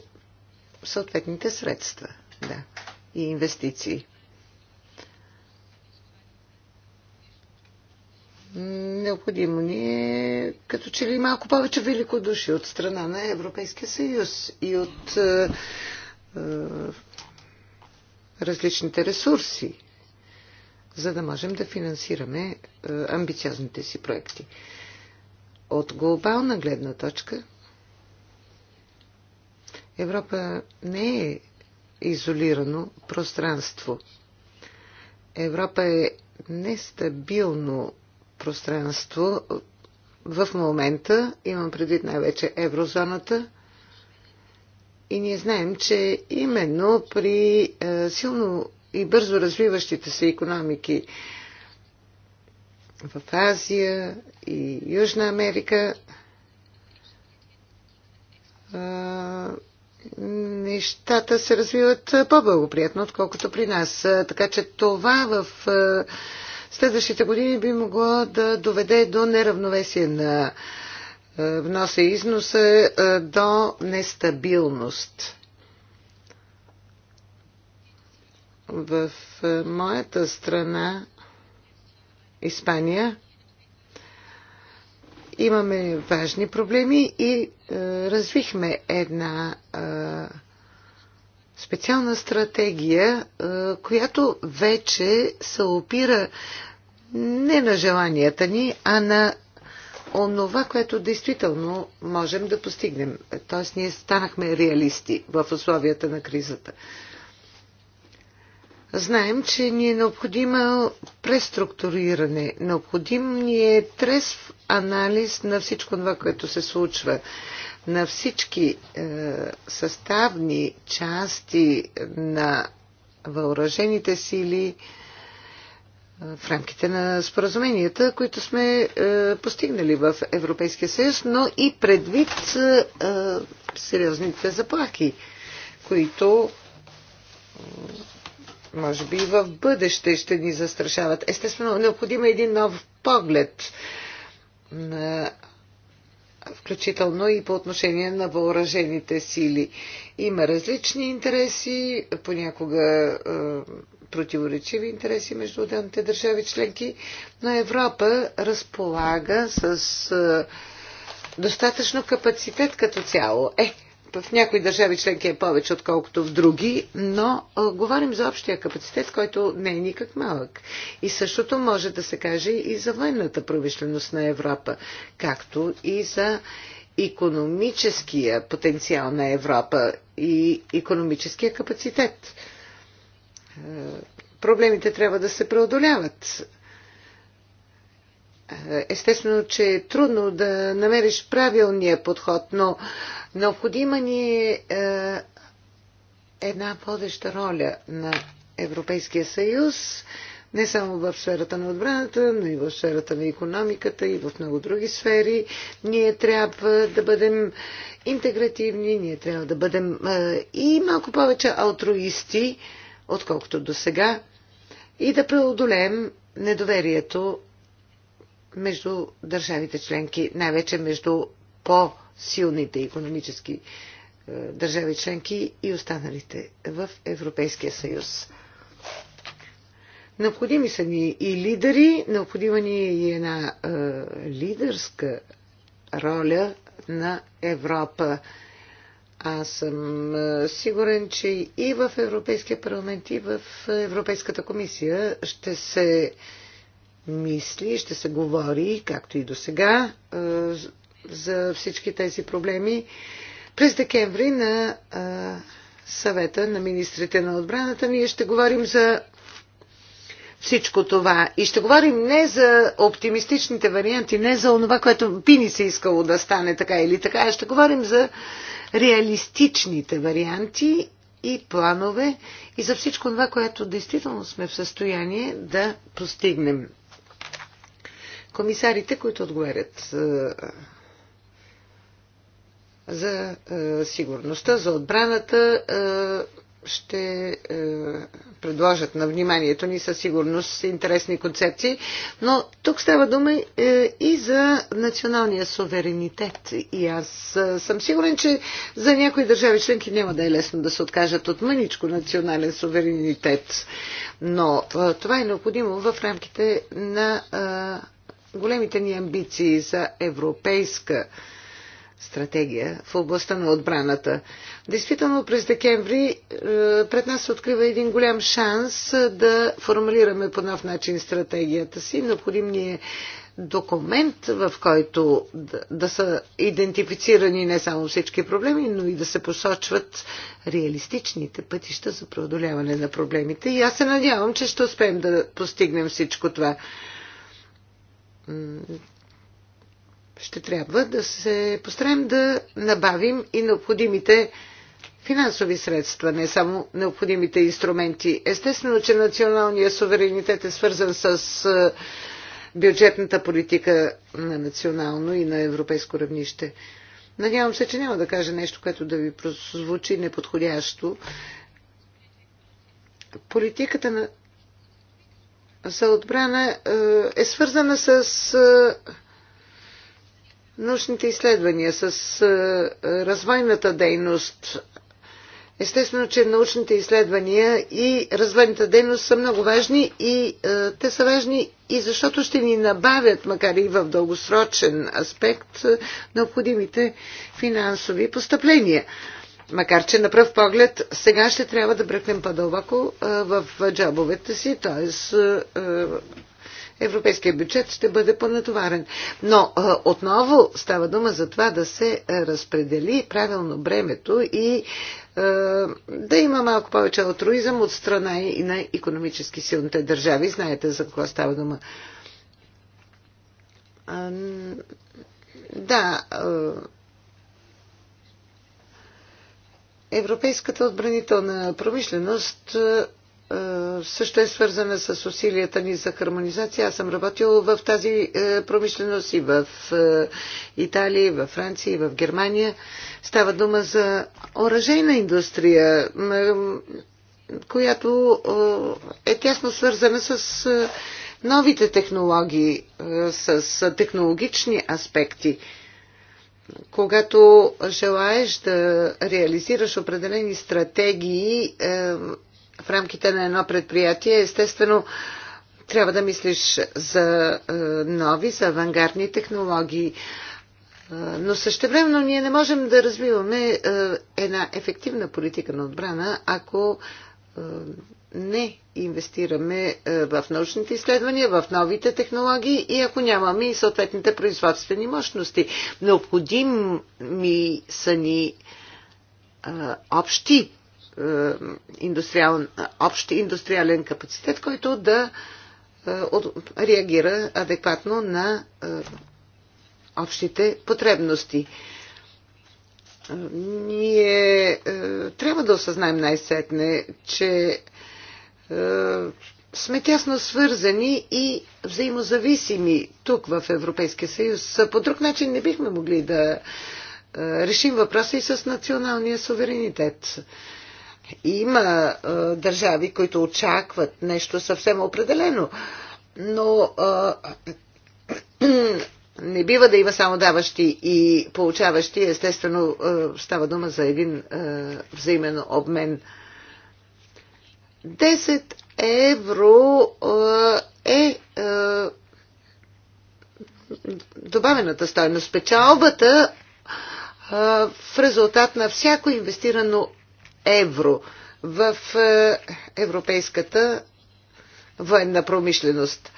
съответните средства да, и инвестиции. Необходимо ни е като че ли малко повече великодуши от страна на Европейския съюз и от е, е, различните ресурси, за да можем да финансираме е, амбициозните си проекти. От глобална гледна точка Европа не е изолирано пространство. Европа е нестабилно пространство в момента, имам предвид най-вече еврозоната, и ние знаем, че именно при е, силно и бързо развиващите се економики в Азия и Южна Америка е, нещата се развиват по-благоприятно, отколкото при нас. Е, така че това в следващите години би могло да доведе до неравновесие на е, вноса и износа, е, до нестабилност. В е, моята страна, Испания, имаме важни проблеми и развихме една специална стратегия, е, която вече се опира не на желанията ни, а на онова, което действително можем да постигнем. Тоест, ние станахме реалисти в условията на кризата. Знаем, че ни е необходимо преструктуриране, необходим ни е трезв анализ на всичко това, което се случва на всички е, съставни части на въоръжените сили е, в рамките на споразуменията, които сме е, постигнали в Европейския съюз, но и предвид е, сериозните заплахи, които може би и в бъдеще ще ни застрашават. Естествено, необходим е един нов поглед на включително и по отношение на въоръжените сили. Има различни интереси, понякога е, противоречиви интереси между отделните държави членки, но Европа разполага с е, достатъчно капацитет като цяло. Е, в някои държави членки е повече, отколкото в други, но а, говорим за общия капацитет, който не е никак малък. И същото може да се каже и за военната промишленост на Европа, както и за економическия потенциал на Европа и економическия капацитет. Е, проблемите трябва да се преодоляват Естествено, че е трудно да намериш правилния подход, но необходима ни е, е една водеща роля на Европейския съюз, не само в сферата на отбраната, но и в сферата на економиката и в много други сфери. Ние трябва да бъдем интегративни, ние трябва да бъдем е, и малко повече алтруисти, отколкото до сега, и да преодолеем недоверието между държавите членки, най-вече между по-силните економически е, държави членки и останалите в Европейския съюз. Необходими са ни и лидери, необходима ни е и една е, лидерска роля на Европа. Аз съм е, сигурен, че и в Европейския парламент, и в Европейската комисия ще се мисли, ще се говори, както и до сега, за всички тези проблеми през декември на съвета на министрите на отбраната. Ние ще говорим за всичко това. И ще говорим не за оптимистичните варианти, не за онова, което би ни се искало да стане така или така, а ще говорим за реалистичните варианти и планове и за всичко това, което действително сме в състояние да постигнем комисарите, които отговарят за сигурността, за отбраната, ще предложат на вниманието ни със сигурност интересни концепции, но тук става дума е, и за националния суверенитет. И аз съм сигурен, че за някои държави членки няма да е лесно да се откажат от мъничко национален суверенитет. Но това е необходимо в рамките на големите ни амбиции за европейска стратегия в областта на отбраната. Действително през декември е, пред нас се открива един голям шанс да формулираме по нов начин стратегията си. Необходим ни е документ, в който да, да са идентифицирани не само всички проблеми, но и да се посочват реалистичните пътища за преодоляване на проблемите. И аз се надявам, че ще успеем да постигнем всичко това ще трябва да се постараем да набавим и необходимите финансови средства, не само необходимите инструменти. Естествено, че националният суверенитет е свързан с е, бюджетната политика на национално и на европейско равнище. Надявам се, че няма да кажа нещо, което да ви прозвучи неподходящо. Политиката на за отбрана е, е свързана с е, научните изследвания, с е, развойната дейност. Естествено, че научните изследвания и развойната дейност са много важни и те са важни и защото ще ни набавят, макар и в дългосрочен аспект, необходимите финансови постъпления. Макар, че на пръв поглед сега ще трябва да бръкнем по-дълбоко в джабовете си, т.е. европейския бюджет ще бъде понатоварен. Но отново става дума за това да се разпредели правилно бремето и да има малко повече алтруизъм от страна и на економически силните държави. Знаете за какво става дума. Да, Европейската отбранителна промишленост е, е, също е свързана с усилията ни за хармонизация. Аз съм работил в тази е, промишленост и в Италия, и в Франция, и в Германия. Става дума за оръжейна индустрия, която е тясно свързана с новите технологии, с технологични аспекти. Когато желаеш да реализираш определени стратегии е, в рамките на едно предприятие, естествено трябва да мислиш за е, нови, за авангардни технологии. Е, но същевременно ние не можем да развиваме една ефективна политика на отбрана, ако не инвестираме е, в научните изследвания, в новите технологии и ако нямаме и съответните производствени мощности. Необходими са ни е, общи е, индустриален, общ индустриален капацитет, който да реагира адекватно на общите потребности. Ние трябва да осъзнаем най-сетне, че е, сме тясно свързани и взаимозависими тук в Европейския съюз. По друг начин не бихме могли да е, решим въпроса и с националния суверенитет. Има е, държави, които очакват нещо съвсем определено, но е, не бива да има само даващи и получаващи. Естествено, е, става дума за един е, взаимен обмен. 10 евро е добавената стойност, печалбата в резултат на всяко инвестирано евро в европейската военна промишленост.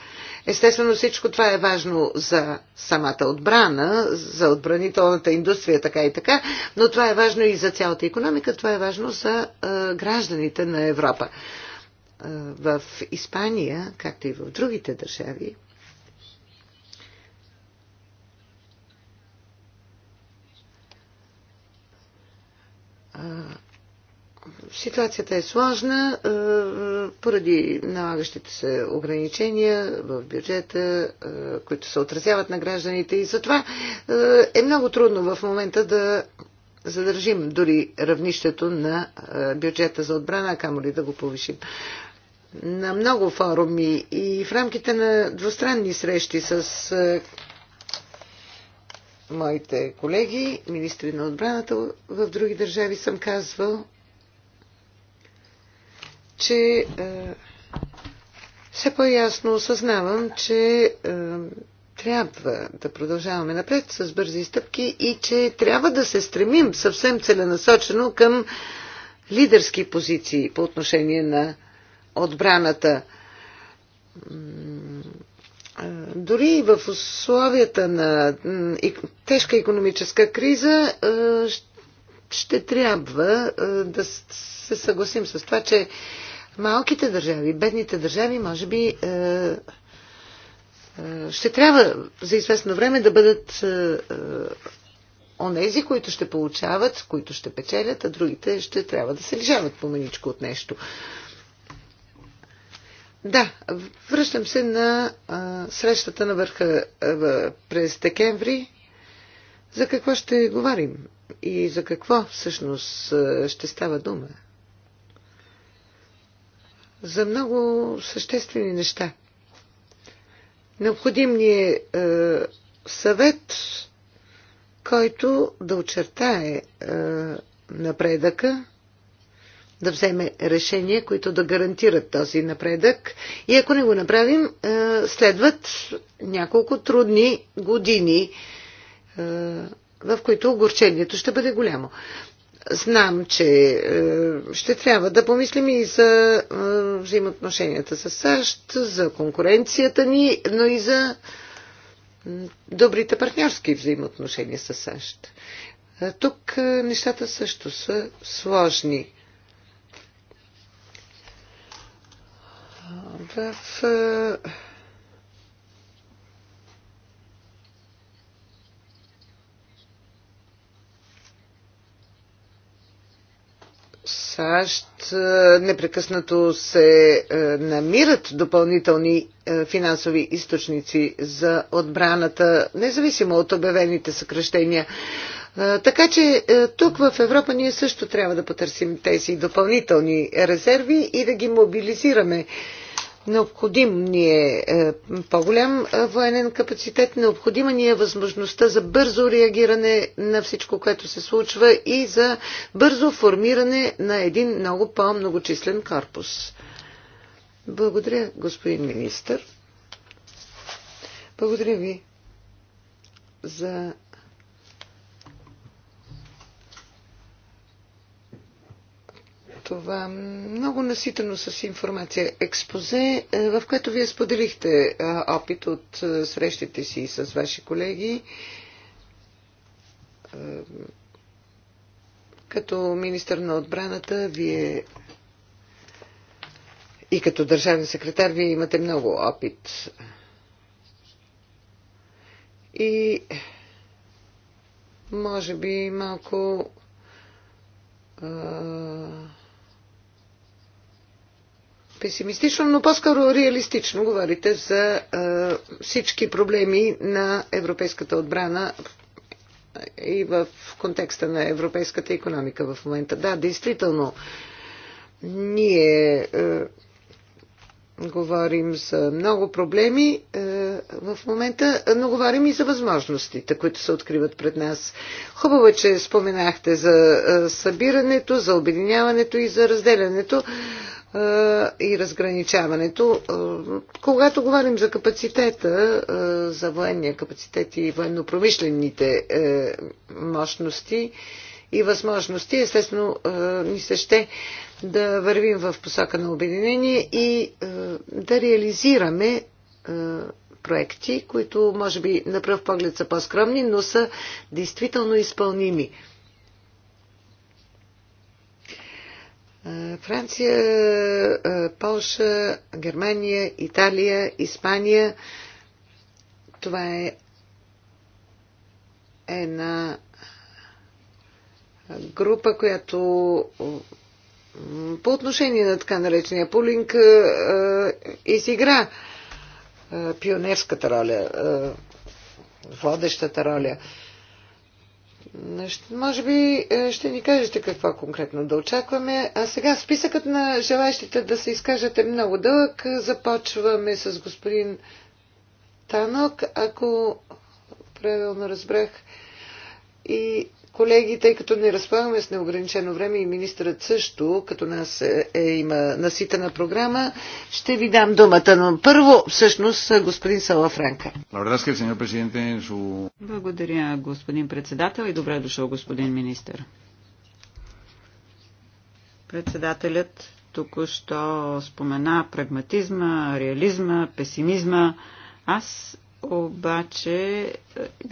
Естествено всичко това е важно за самата отбрана, за отбранителната индустрия, така и така, но това е важно и за цялата економика, това е важно за гражданите на Европа. В Испания, както и в другите държави, Ситуацията е сложна е, поради налагащите се ограничения в бюджета, е, които се отразяват на гражданите и затова е, е много трудно в момента да задържим дори равнището на бюджета за отбрана, камо ли да го повишим. На много форуми и в рамките на двустранни срещи с моите колеги, министри на отбраната в други държави, съм казвал, че е, все по-ясно осъзнавам, че е, трябва да продължаваме напред с бързи стъпки и че трябва да се стремим съвсем целенасочено към лидерски позиции по отношение на отбраната. Е, дори в условията на тежка економическа криза ще трябва да се съгласим с това, че малките държави, бедните държави, може би е, е, ще трябва за известно време да бъдат е, онези, които ще получават, които ще печелят, а другите ще трябва да се лежават по маничко от нещо. Да, връщам се на а, срещата на върха а, през декември. За какво ще говорим и за какво всъщност ще става дума? за много съществени неща. Необходим ни е, е съвет, който да очертае е, напредъка, да вземе решения, които да гарантират този напредък. И ако не го направим, е, следват няколко трудни години, е, в които огорчението ще бъде голямо. Знам, че е, ще трябва да помислим и за е, взаимоотношенията с САЩ, за конкуренцията ни, но и за добрите партньорски взаимоотношения с САЩ. Е, тук нещата също са сложни. В САЩ е, непрекъснато се е, намират допълнителни е, финансови източници за отбраната, независимо от обявените съкръщения. Така че тук в Европа ние също трябва да потърсим тези допълнителни резерви и да ги мобилизираме Необходим ни е, е по-голям е, военен капацитет, необходима ни е възможността за бързо реагиране на всичко, което се случва и за бързо формиране на един много по-многочислен корпус. Благодаря, господин министр. Благодаря ви за това много наситено с информация експозе, е, в което вие споделихте е, опит от е, срещите си с ваши колеги. Като министър на отбраната, вие и като държавен секретар, вие имате много опит. И може би малко песимистично, но по-скоро реалистично говорите за е, всички проблеми на европейската отбрана и в контекста на европейската економика в момента. Да, действително, ние е, говорим за много проблеми е, в момента, но говорим и за възможностите, които се откриват пред нас. Хубаво е, че споменахте за е, събирането, за обединяването и за разделянето и разграничаването. Когато говорим за капацитета, за военния капацитет и военно-промишлените мощности и възможности, естествено ни се ще да вървим в посока на обединение и да реализираме проекти, които може би на пръв поглед са по-скромни, но са действително изпълними. Е, Франция, е, Полша, Германия, Италия, Испания. Това е една група, която е, по отношение на така наречения пулинг изигра пионерската роля, водещата роля. Може би е, ще ни кажете какво конкретно да очакваме. А сега списъкът на желащите да се изкажат е много дълъг. Започваме с господин Танок, ако правилно разбрах. И Колеги, тъй като не разполагаме с неограничено време и министърът също, като нас е, е, има наситена програма, ще ви дам думата. Но първо, всъщност, господин Салафранка. Благодаря, господин председател и добре дошъл, господин министър. Председателят току-що спомена прагматизма, реализма, песимизма. Аз обаче е,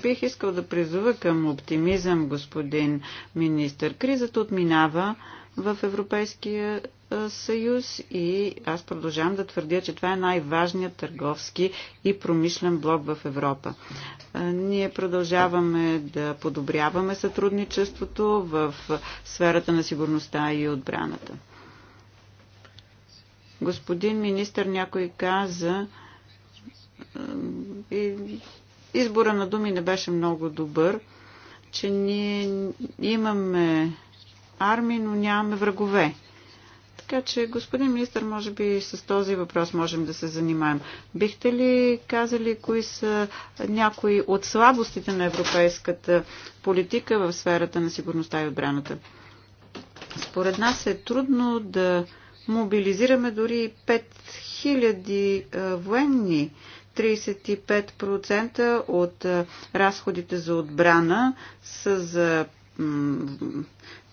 бих искал да призува към оптимизъм, господин министр. Кризата отминава в Европейския е, съюз и аз продължавам да твърдя, че това е най-важният търговски и промишлен блок в Европа. Е, ние продължаваме да подобряваме сътрудничеството в сферата на сигурността и отбраната. Господин министр, някой каза, и избора на думи не беше много добър, че ние имаме армии, но нямаме врагове. Така че, господин министр, може би с този въпрос можем да се занимаем. Бихте ли казали кои са някои от слабостите на европейската политика в сферата на сигурността и отбраната? Според нас е трудно да мобилизираме дори 5000 военни 35% от разходите за отбрана са за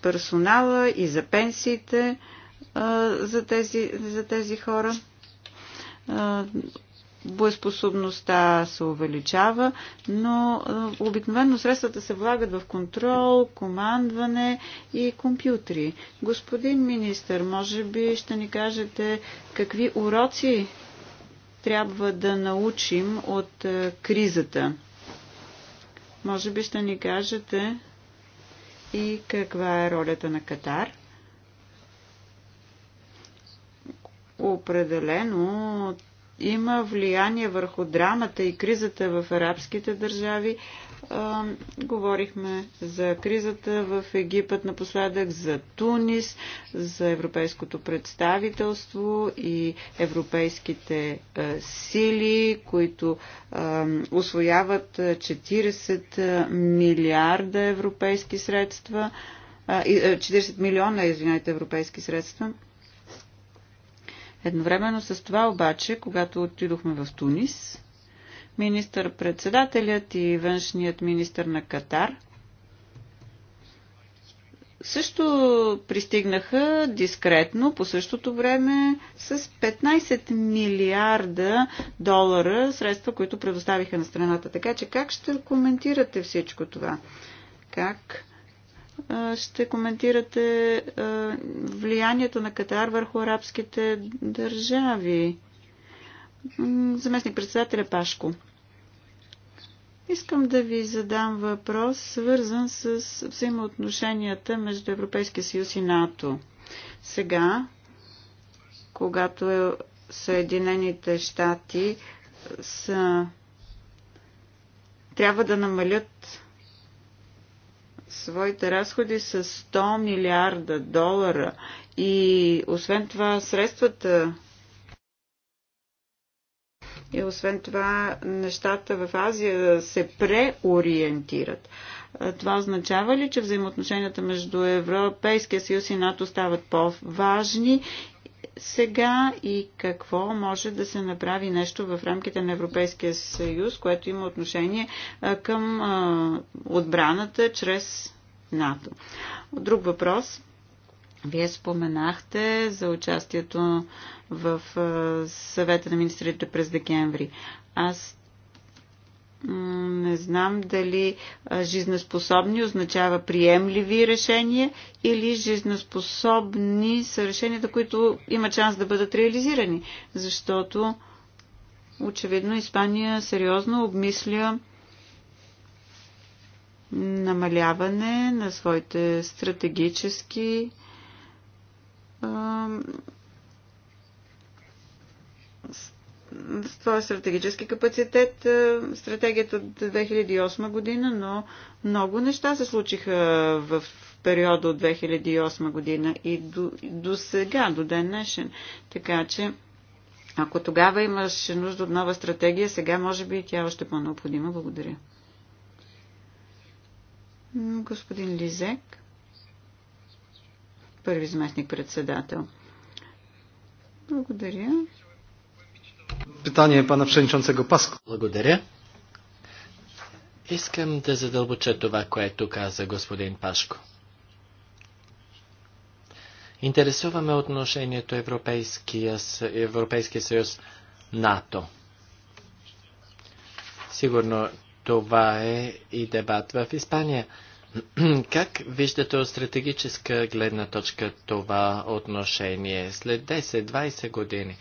персонала и за пенсиите за тези, за тези хора. Боеспособността се увеличава, но обикновено средствата се влагат в контрол, командване и компютри. Господин министър, може би ще ни кажете какви уроци трябва да научим от е, кризата? Може би ще ни кажете и каква е ролята на Катар? Определено има влияние върху драмата и кризата в арабските държави а, говорихме за кризата в Египет напоследък, за Тунис, за европейското представителство и европейските а, сили, които а, освояват 40 милиарда европейски средства, а, 40 милиона, извинете, европейски средства. Едновременно с това обаче, когато отидохме в Тунис, министър-председателят и външният министър на Катар също пристигнаха дискретно по същото време с 15 милиарда долара средства, които предоставиха на страната. Така че как ще коментирате всичко това? Как ще коментирате влиянието на Катар върху арабските държави? заместник председателя Пашко. Искам да ви задам въпрос, свързан с взаимоотношенията между Европейския съюз и НАТО. Сега, когато е, Съединените щати са... трябва да намалят своите разходи с 100 милиарда долара и освен това средствата и освен това, нещата в Азия се преориентират. Това означава ли, че взаимоотношенията между Европейския съюз и НАТО стават по-важни сега и какво може да се направи нещо в рамките на Европейския съюз, което има отношение към отбраната чрез НАТО? Друг въпрос вие споменахте за участието в съвета на министрите през декември. Аз не знам дали жизнеспособни означава приемливи решения или жизнеспособни са решенията, които има шанс да бъдат реализирани, защото очевидно Испания сериозно обмисля намаляване на своите стратегически е стратегически капацитет, стратегията от 2008 година, но много неща се случиха в периода от 2008 година и до, и до сега, до ден днешен. Така че, ако тогава имаш нужда от нова стратегия, сега може би тя е още по-необходима. Благодаря. Господин Лизек първи заместник председател. Благодаря. Питание пана Пшеничонцего Паско. Благодаря. Искам да задълбоча това, което каза господин Пашко. Интересуваме отношението Европейския, Европейския съюз НАТО. Сигурно това е и дебат в Испания. Как виждате от стратегическа гледна точка това отношение след 10-20 години?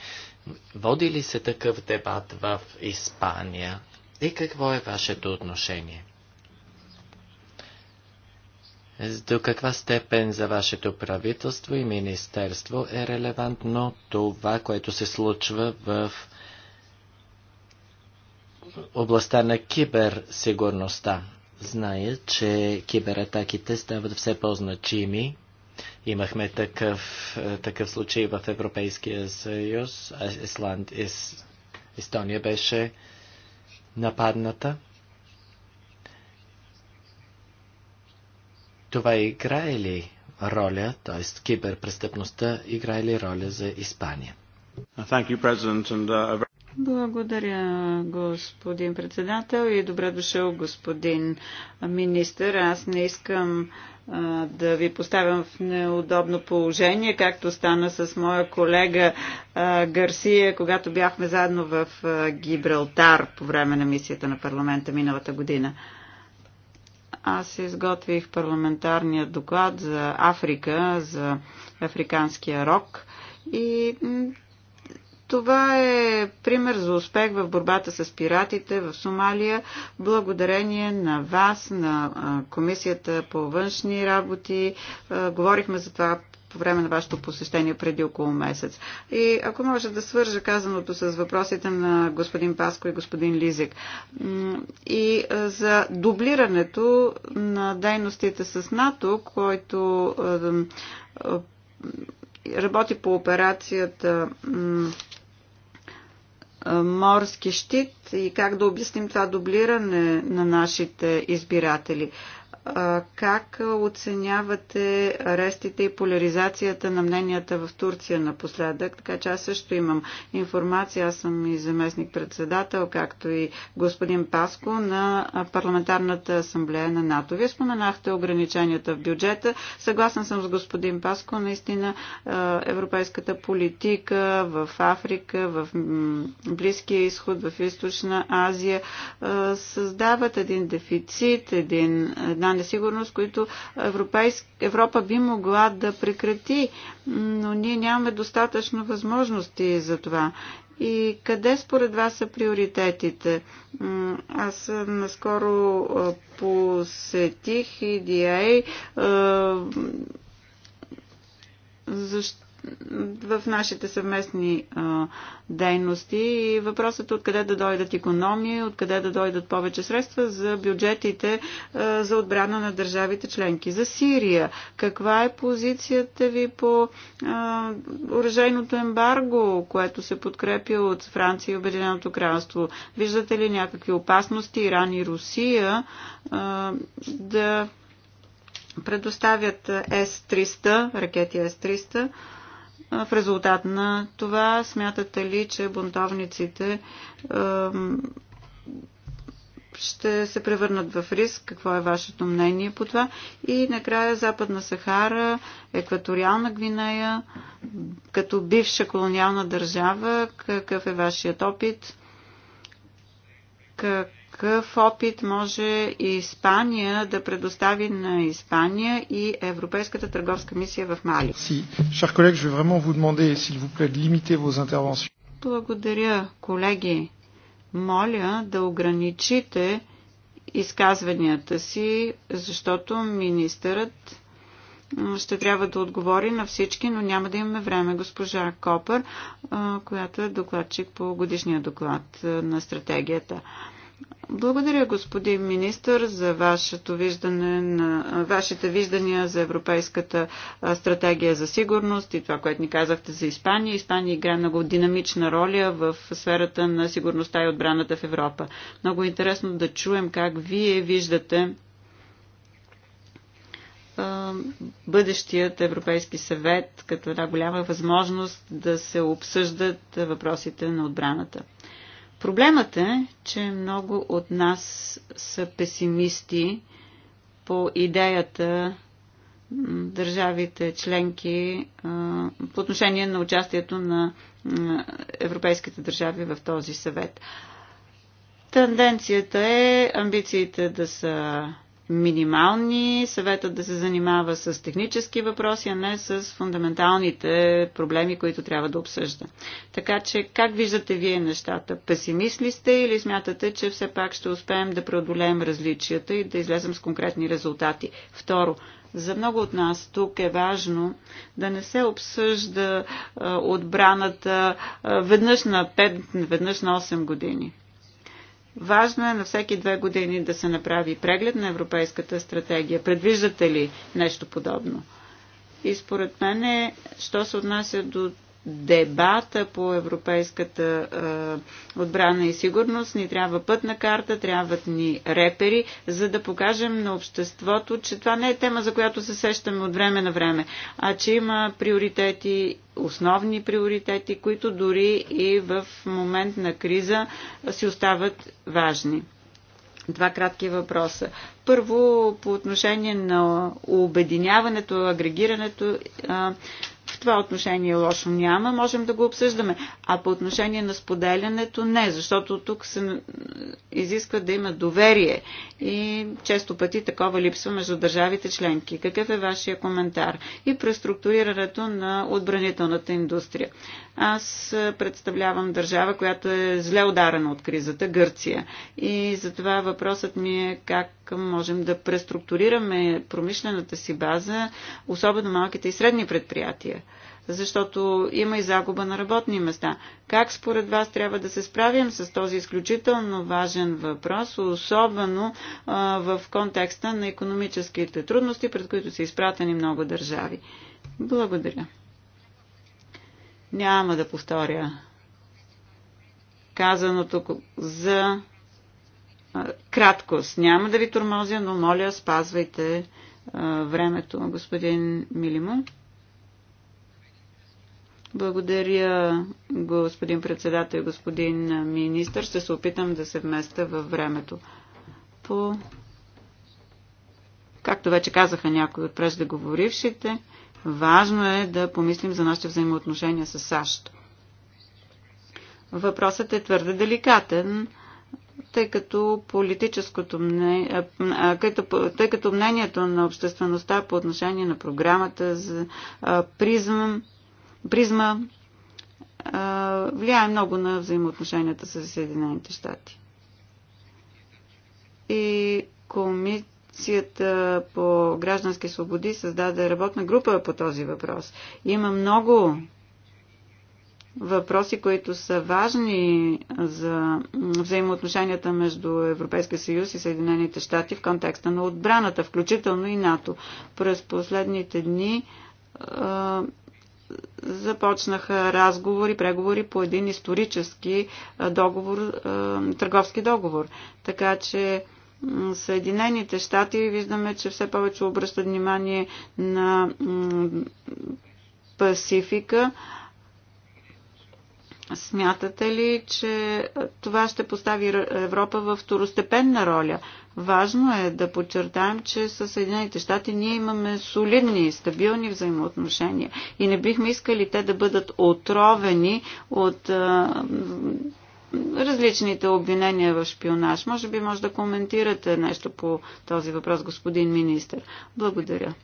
Води ли се такъв дебат в Испания? И какво е вашето отношение? До каква степен за вашето правителство и министерство е релевантно това, което се случва в областта на киберсигурността? зная, че кибератаките стават все по-значими. Имахме такъв, е, такъв случай в Европейския съюз. Исланд, Ис... Естония беше нападната. Това играе ли роля, т.е. киберпрестъпността играе ли роля за Испания? Благодаря, господин председател и добре дошъл, господин министър. Аз не искам а, да ви поставям в неудобно положение, както стана с моя колега а, Гарсия, когато бяхме заедно в а, Гибралтар по време на мисията на парламента миналата година. Аз изготвих парламентарния доклад за Африка, за африканския рок и това е пример за успех в борбата с пиратите в Сомалия, благодарение на вас, на Комисията по външни работи. Говорихме за това по време на вашето посещение преди около месец. И ако може да свържа казаното с въпросите на господин Паско и господин Лизик и за дублирането на дейностите с НАТО, който работи по операцията е, морски щит и как да обясним това дублиране на нашите избиратели. Как оценявате арестите и поляризацията на мненията в Турция напоследък? Така че аз също имам информация, аз съм и заместник-председател, както и господин Паско на Парламентарната асамблея на НАТО. Вие споменахте ограниченията в бюджета. Съгласен съм с господин Паско, наистина европейската политика в Африка, в Близкия изход, в Източна Азия създават един дефицит, един, една Несигурност, сигурност, които Европа би могла да прекрати, но ние нямаме достатъчно възможности за това. И къде според вас са приоритетите? Аз наскоро посетих диай, Защо? в нашите съвместни а, дейности и въпросът е откъде да дойдат економии, откъде да дойдат повече средства за бюджетите а, за отбрана на държавите членки. За Сирия, каква е позицията ви по а, оръжейното ембарго, което се подкрепи от Франция и Обединеното кралство? Виждате ли някакви опасности Иран и Русия а, да предоставят С-300, ракети С-300 в резултат на това смятате ли, че бунтовниците ще се превърнат в риск? Какво е вашето мнение по това? И накрая Западна Сахара, Екваториална Гвинея, като бивша колониална държава, какъв е вашият опит? Как какъв опит може и Испания да предостави на Испания и Европейската търговска мисия в Мали. Благодаря, колеги. Моля да ограничите изказванията си, защото министърът ще трябва да отговори на всички, но няма да имаме време. Госпожа Копър, която е докладчик по годишния доклад на стратегията. Благодаря, господин министр, за вашето виждане на, вашите виждания за Европейската стратегия за сигурност и това, което ни казахте за Испания. Испания играе много динамична роля в сферата на сигурността и отбраната в Европа. Много е интересно да чуем как вие виждате бъдещият Европейски съвет като една голяма възможност да се обсъждат въпросите на отбраната. Проблемът е, че много от нас са песимисти по идеята държавите членки по отношение на участието на европейските държави в този съвет. Тенденцията е амбициите да са минимални, съветът да се занимава с технически въпроси, а не с фундаменталните проблеми, които трябва да обсъжда. Така че как виждате вие нещата? Песимист ли сте или смятате, че все пак ще успеем да преодолеем различията и да излезем с конкретни резултати? Второ, за много от нас тук е важно да не се обсъжда отбраната веднъж на 5, веднъж на 8 години. Важно е на всеки две години да се направи преглед на Европейската стратегия. Предвиждате ли нещо подобно? И според мен, що се отнася до дебата по европейската е, отбрана и сигурност. Ни трябва пътна карта, трябват ни репери, за да покажем на обществото, че това не е тема, за която се сещаме от време на време, а че има приоритети, основни приоритети, които дори и в момент на криза си остават важни. Два кратки въпроса. Първо, по отношение на обединяването, агрегирането. Е, в това отношение лошо няма, можем да го обсъждаме. А по отношение на споделянето не, защото тук се изисква да има доверие и често пъти такова липсва между държавите членки. Какъв е вашия коментар? И преструктурирането на отбранителната индустрия. Аз представлявам държава, която е зле ударена от кризата, Гърция. И затова въпросът ми е как можем да преструктурираме промишлената си база, особено малките и средни предприятия развитие, защото има и загуба на работни места. Как според вас трябва да се справим с този изключително важен въпрос, особено а, в контекста на економическите трудности, пред които са изпратени много държави? Благодаря. Няма да повторя казаното за краткост. Няма да ви тормозя, но моля, спазвайте времето, господин Милимон. Благодаря, господин председател и господин министр. Ще се опитам да се вместа във времето. По... Както вече казаха някои от преждеговорившите, важно е да помислим за нашите взаимоотношения с САЩ. Въпросът е твърде деликатен, тъй като политическото мнение, тъй като мнението на обществеността по отношение на програмата за призъм призма влияе много на взаимоотношенията с Съединените щати. И Комисията по граждански свободи създаде работна група по този въпрос. Има много въпроси, които са важни за взаимоотношенията между Европейския съюз и Съединените щати в контекста на отбраната, включително и НАТО. През последните дни започнаха разговори, преговори по един исторически договор, търговски договор. Така че Съединените щати виждаме, че все повече обръщат внимание на Пасифика, Смятате ли, че това ще постави Европа в второстепенна роля? Важно е да подчертаем, че с Съединените щати ние имаме солидни и стабилни взаимоотношения и не бихме искали те да бъдат отровени от а, различните обвинения в шпионаж. Може би може да коментирате нещо по този въпрос, господин министр. Благодаря.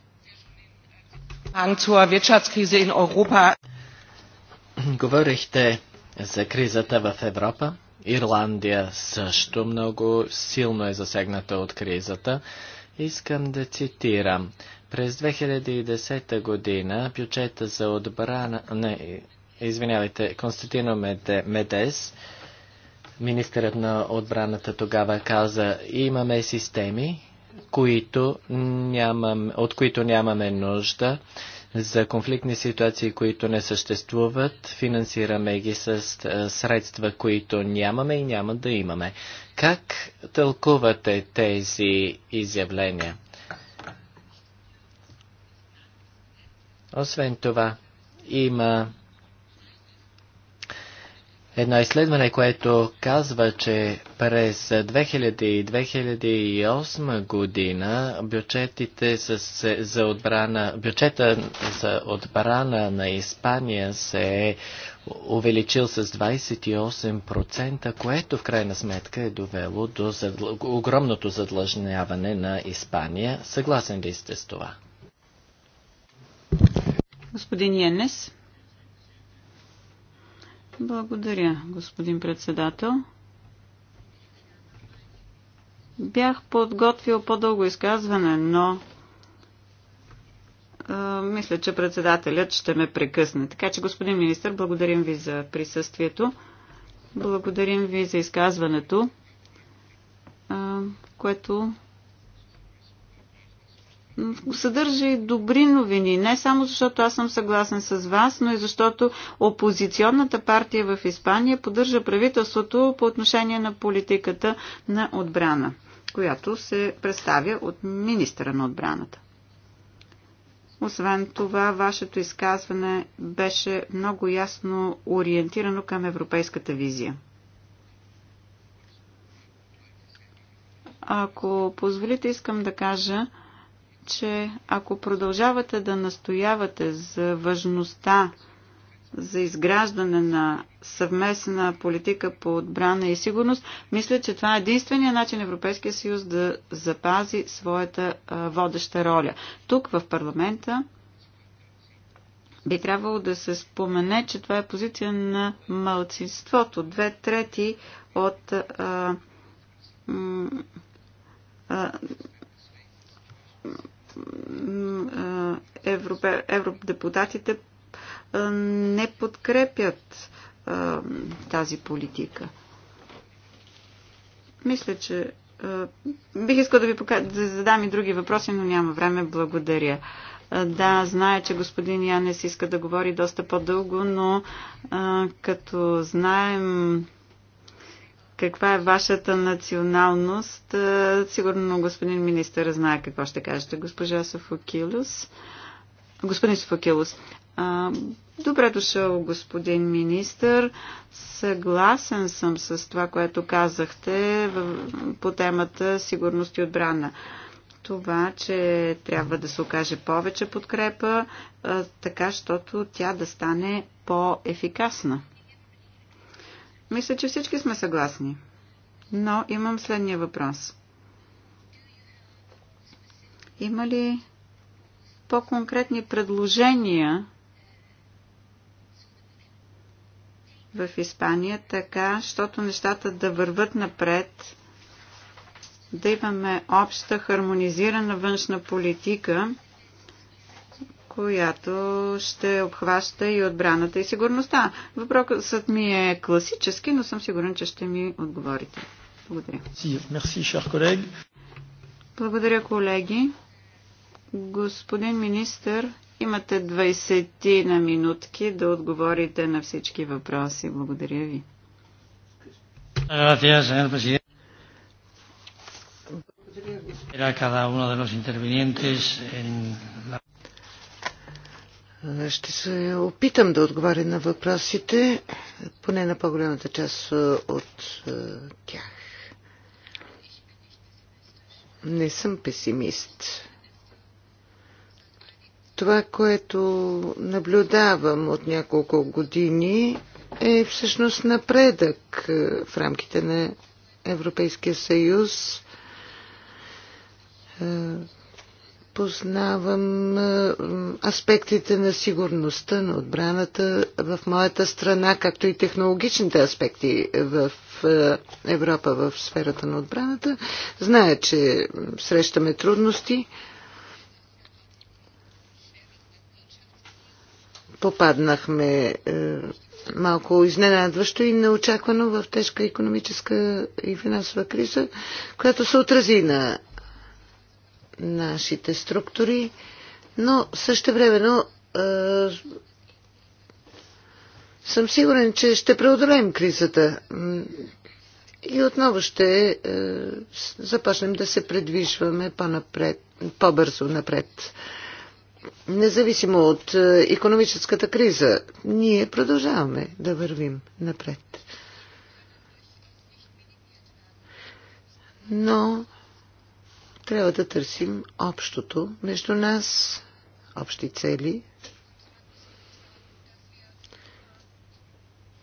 Говорихте за кризата в Европа. Ирландия също много силно е засегната от кризата. Искам да цитирам. През 2010 година бюджета за отбрана... Не, извинявайте, Константино Медес, министърът на отбраната тогава каза, имаме системи, които нямам, от които нямаме нужда за конфликтни ситуации, които не съществуват, финансираме ги с средства, които нямаме и няма да имаме. Как тълкувате тези изявления? Освен това, има едно изследване, което казва, че през 2000 и 2008 година бюджетите за, за отбрана, бюджета за отбрана на Испания се е увеличил с 28%, което в крайна сметка е довело до задл... огромното задлъжняване на Испания. Съгласен ли сте с това? Господин Янес. Благодаря, господин председател. Бях подготвил по-дълго изказване, но а, мисля, че председателят ще ме прекъсне. Така че, господин министр, благодарим ви за присъствието. Благодарим ви за изказването, а, което съдържа и добри новини. Не само защото аз съм съгласен с вас, но и защото опозиционната партия в Испания поддържа правителството по отношение на политиката на отбрана, която се представя от министра на отбраната. Освен това, вашето изказване беше много ясно ориентирано към европейската визия. Ако позволите, искам да кажа, че ако продължавате да настоявате за важността за изграждане на съвместна политика по отбрана и сигурност, мисля, че това е единствения начин Европейския съюз да запази своята водеща роля. Тук в парламента би трябвало да се спомене, че това е позиция на мълцинството. Две трети от а, а, евродепутатите не подкрепят тази политика. Мисля, че бих искал да ви покажа, да задам и други въпроси, но няма време. Благодаря. Да, знае, че господин Янес иска да говори доста по-дълго, но като знаем каква е вашата националност. Е, сигурно господин министър знае какво ще кажете. Госпожа Софокилус. Господин Софокилус, добре дошъл, господин министър. Съгласен съм с това, което казахте по темата сигурност и отбрана това, че трябва да се окаже повече подкрепа, така, щото тя да стане по-ефикасна. Мисля, че всички сме съгласни. Но имам следния въпрос. Има ли по-конкретни предложения в Испания, така, защото нещата да върват напред, да имаме обща хармонизирана външна политика, която ще обхваща и отбраната и сигурността. Въпросът ми е класически, но съм сигурен, че ще ми отговорите. Благодаря. Merci, cher collègue. Благодаря, колеги. Господин министр, имате 20 на минутки да отговорите на всички въпроси. Благодаря ви. Благодаря, Era Благодаря, uno е, ще се опитам да отговаря на въпросите, поне на по-голямата част е, от е, тях. Не съм песимист. Това, което наблюдавам от няколко години, е всъщност напредък в рамките на Европейския съюз познавам аспектите на сигурността, на отбраната в моята страна, както и технологичните аспекти в Европа в сферата на отбраната. Зная, че срещаме трудности. Попаднахме малко изненадващо и неочаквано в тежка економическа и финансова криза, която се отрази на нашите структури, но също времено е, съм сигурен, че ще преодолеем кризата и отново ще е, започнем да се предвижваме по-напред, по-бързо напред. Независимо от е, економическата криза, ние продължаваме да вървим напред. Но трябва да търсим общото между нас, общи цели.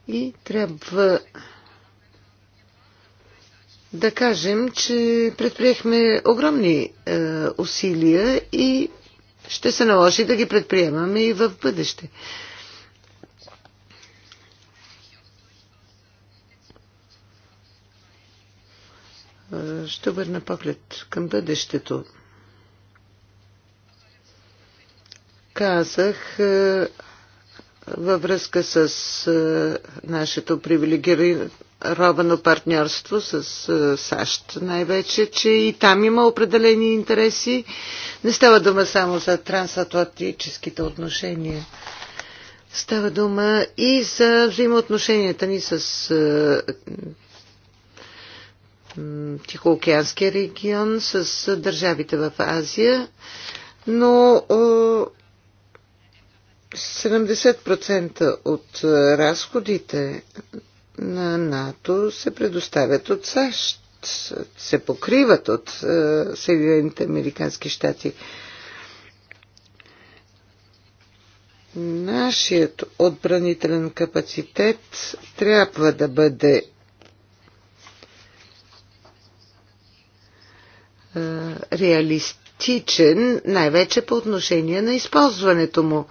И трябва да кажем, че предприехме огромни е, усилия и ще се наложи да ги предприемаме и в бъдеще. Ще върна поглед към бъдещето. Казах е, във връзка с е, нашето привилегировано партньорство с е, САЩ най-вече, че и там има определени интереси. Не става дума само за трансатлантическите отношения. Става дума и за взаимоотношенията ни с Тихоокеанския регион, с държавите в Азия, но 70% от разходите на НАТО се предоставят от САЩ, се покриват от Съединените Американски щати. Нашият отбранителен капацитет трябва да бъде Е, реалистичен, най-вече по отношение на използването му.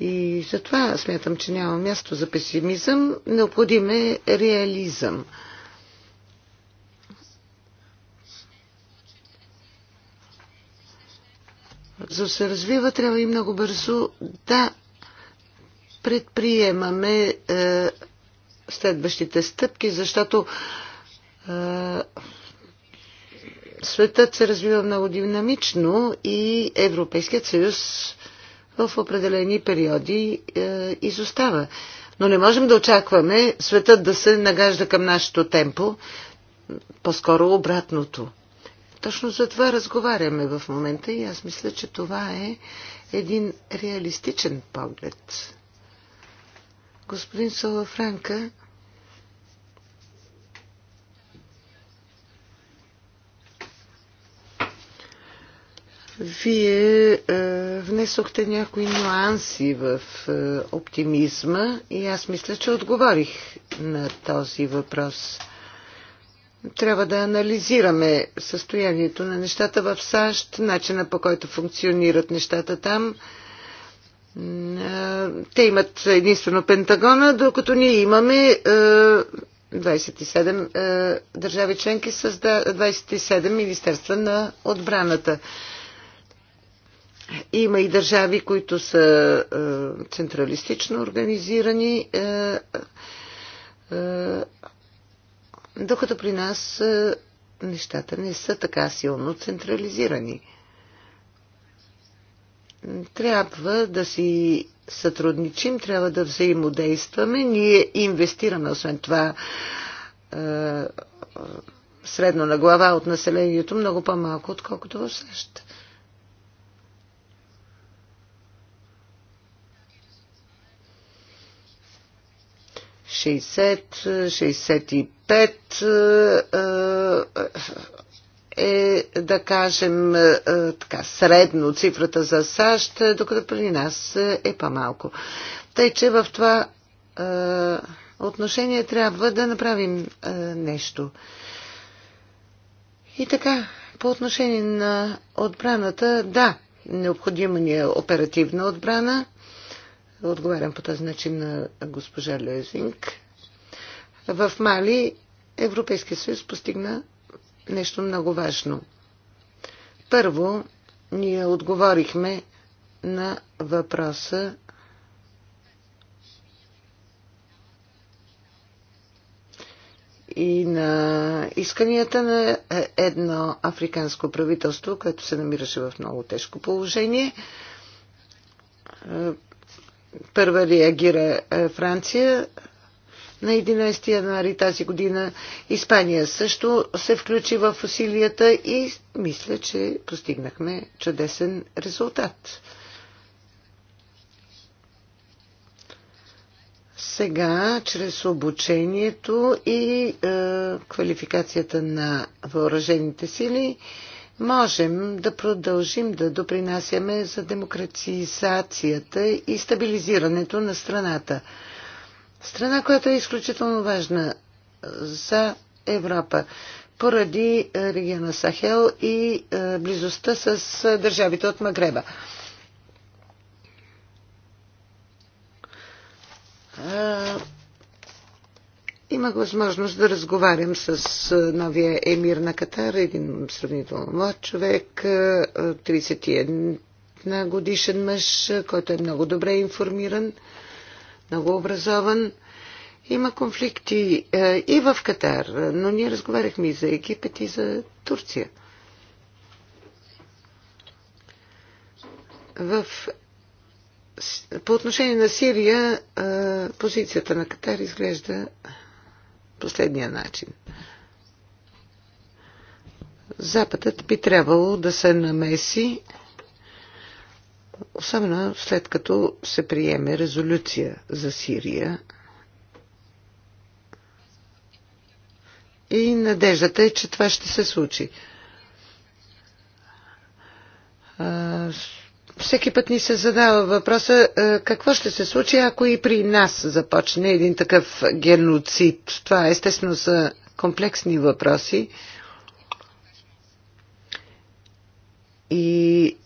И затова смятам, че няма място за песимизъм, необходим е реализъм. За да се развива, трябва и много бързо да предприемаме е, следващите стъпки, защото е, Светът се развива много динамично и Европейският съюз в определени периоди е, изостава. Но не можем да очакваме светът да се нагажда към нашето темпо, по-скоро обратното. Точно за това разговаряме в момента и аз мисля, че това е един реалистичен поглед. Господин Солафранка Вие е, внесохте някои нюанси в е, оптимизма и аз мисля, че отговорих на този въпрос. Трябва да анализираме състоянието на нещата в САЩ, начина по който функционират нещата там. Е, те имат единствено Пентагона, докато ние имаме 27 е, е, държави членки с 27 Министерства на отбраната. Има и държави, които са е, централистично организирани, е, е, докато при нас е, нещата не са така силно централизирани. Трябва да си сътрудничим, трябва да взаимодействаме. Ние инвестираме, освен това, е, средно на глава от населението много по-малко, отколкото в САЩ. 60-65 е, е, да кажем, е, е, така, средно цифрата за САЩ, докато при нас е по-малко. Тъй, че в това отношение трябва да направим нещо. И така, по отношение на отбраната, да, необходима ни е оперативна отбрана. Отговарям по този начин на госпожа Лезинг. В Мали Европейския съюз постигна нещо много важно. Първо, ние отговорихме на въпроса и на исканията на едно африканско правителство, което се намираше в много тежко положение. Първа реагира е, Франция на 11 януари тази година. Испания също се включи в усилията и мисля, че постигнахме чудесен резултат. Сега, чрез обучението и е, квалификацията на въоръжените сили, е, можем да продължим да допринасяме за демократизацията и стабилизирането на страната. Страна, която е изключително важна за Европа поради е, региона Сахел и е, близостта с е, държавите от Магреба. Имах възможност да разговарям с новия емир на Катар, един сравнително млад човек, 31 годишен мъж, който е много добре информиран, много образован. Има конфликти и в Катар, но ние разговаряхме и за Египет, и за Турция. В... По отношение на Сирия, позицията на Катар изглежда последния начин. Западът би трябвало да се намеси, особено след като се приеме резолюция за Сирия. И надеждата е, че това ще се случи всеки път ни се задава въпроса е, какво ще се случи, ако и при нас започне един такъв геноцид. Това естествено са комплексни въпроси. И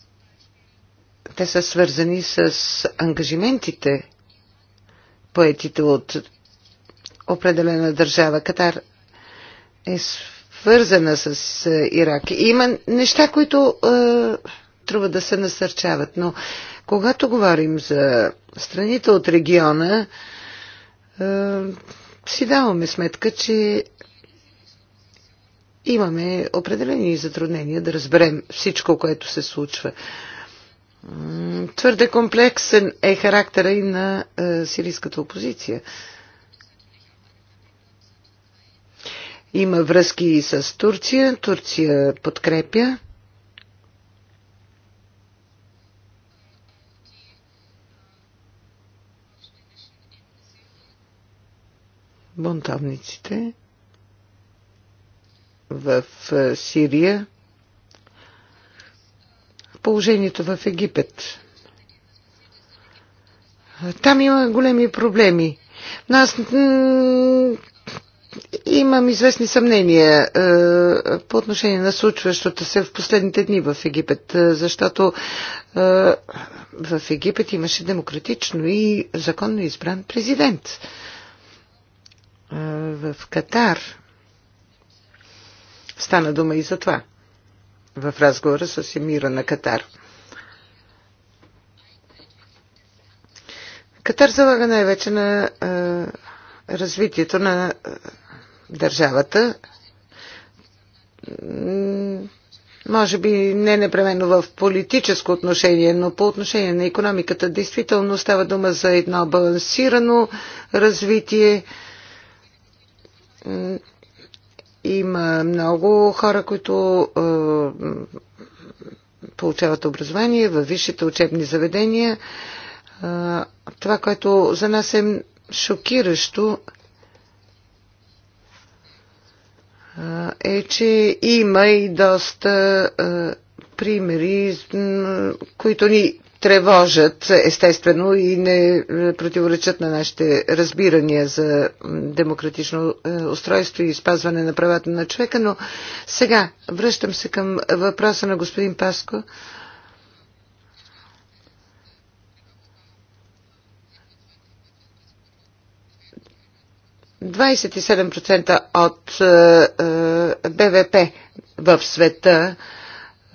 те са свързани с ангажиментите, поетите от определена държава. Катар е свързана с е, Ирак. И има неща, които е, трябва да се насърчават. Но когато говорим за страните от региона, е, си даваме сметка, че имаме определени затруднения да разберем всичко, което се случва. Твърде комплексен е характера и на е, сирийската опозиция. Има връзки и с Турция. Турция подкрепя бунтовниците в е, Сирия, положението в Египет. Там има големи проблеми. Но аз имам известни съмнения е, по отношение на случващото се в последните дни в Египет, е, защото е, в Египет имаше демократично и законно избран президент. Е, в Катар. Стана дума и за това в разговора с емира на Катар. Катар залага най-вече на е, развитието на е, държавата. Може би не непременно в политическо отношение, но по отношение на економиката действително става дума за едно балансирано развитие. Е, има много хора, които получават образование във висшите учебни заведения. Това, което за нас е шокиращо, е, че има и доста примери, които ни тревожат естествено и не е, противоречат на нашите разбирания за демократично е, устройство и спазване на правата на човека, но сега връщам се към въпроса на господин Паско. Двадесет от е, БВП в света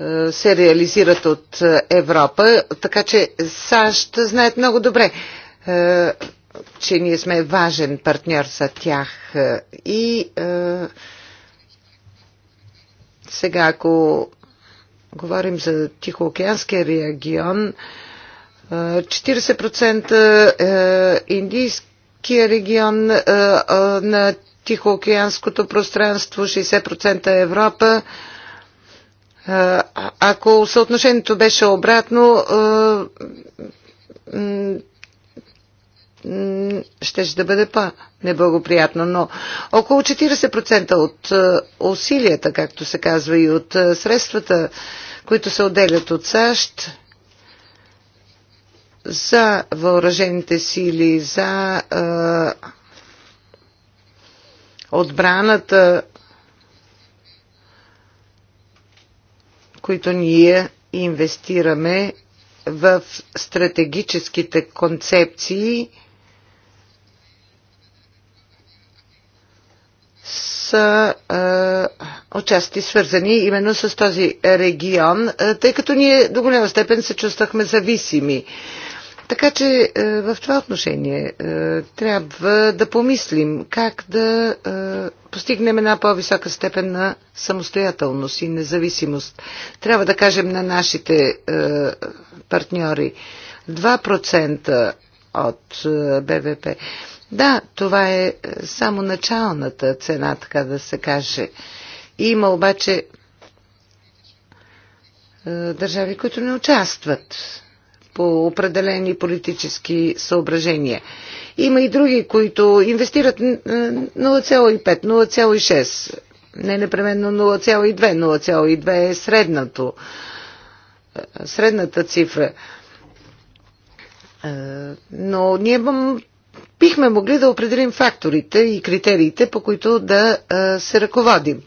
е, се реализират от е, Европа, така че САЩ знаят много добре, е, че ние сме важен партньор за тях. И сега, ако говорим за Тихоокеанския регион, 40% индийския регион на Тихоокеанското пространство, 60% Европа, ако съотношението беше обратно, ще ще бъде по-неблагоприятно, но около 40% от усилията, както се казва, и от средствата, които се отделят от САЩ за въоръжените сили, за а, отбраната, които ние инвестираме в стратегическите концепции са е, отчасти свързани именно с този регион, тъй като ние до голяма степен се чувствахме зависими. Така че е, в това отношение е, трябва да помислим как да е, постигнем една по-висока степен на самостоятелност и независимост. Трябва да кажем на нашите партньори 2% от БВП. Да, това е само началната цена, така да се каже. Има обаче държави, които не участват по определени политически съображения. Има и други, които инвестират 0,5, 0,6, не непременно 0,2. 0,2 е средното, е, средната цифра. Е, но ние бихме могли да определим факторите и критериите, по които да е, се ръководим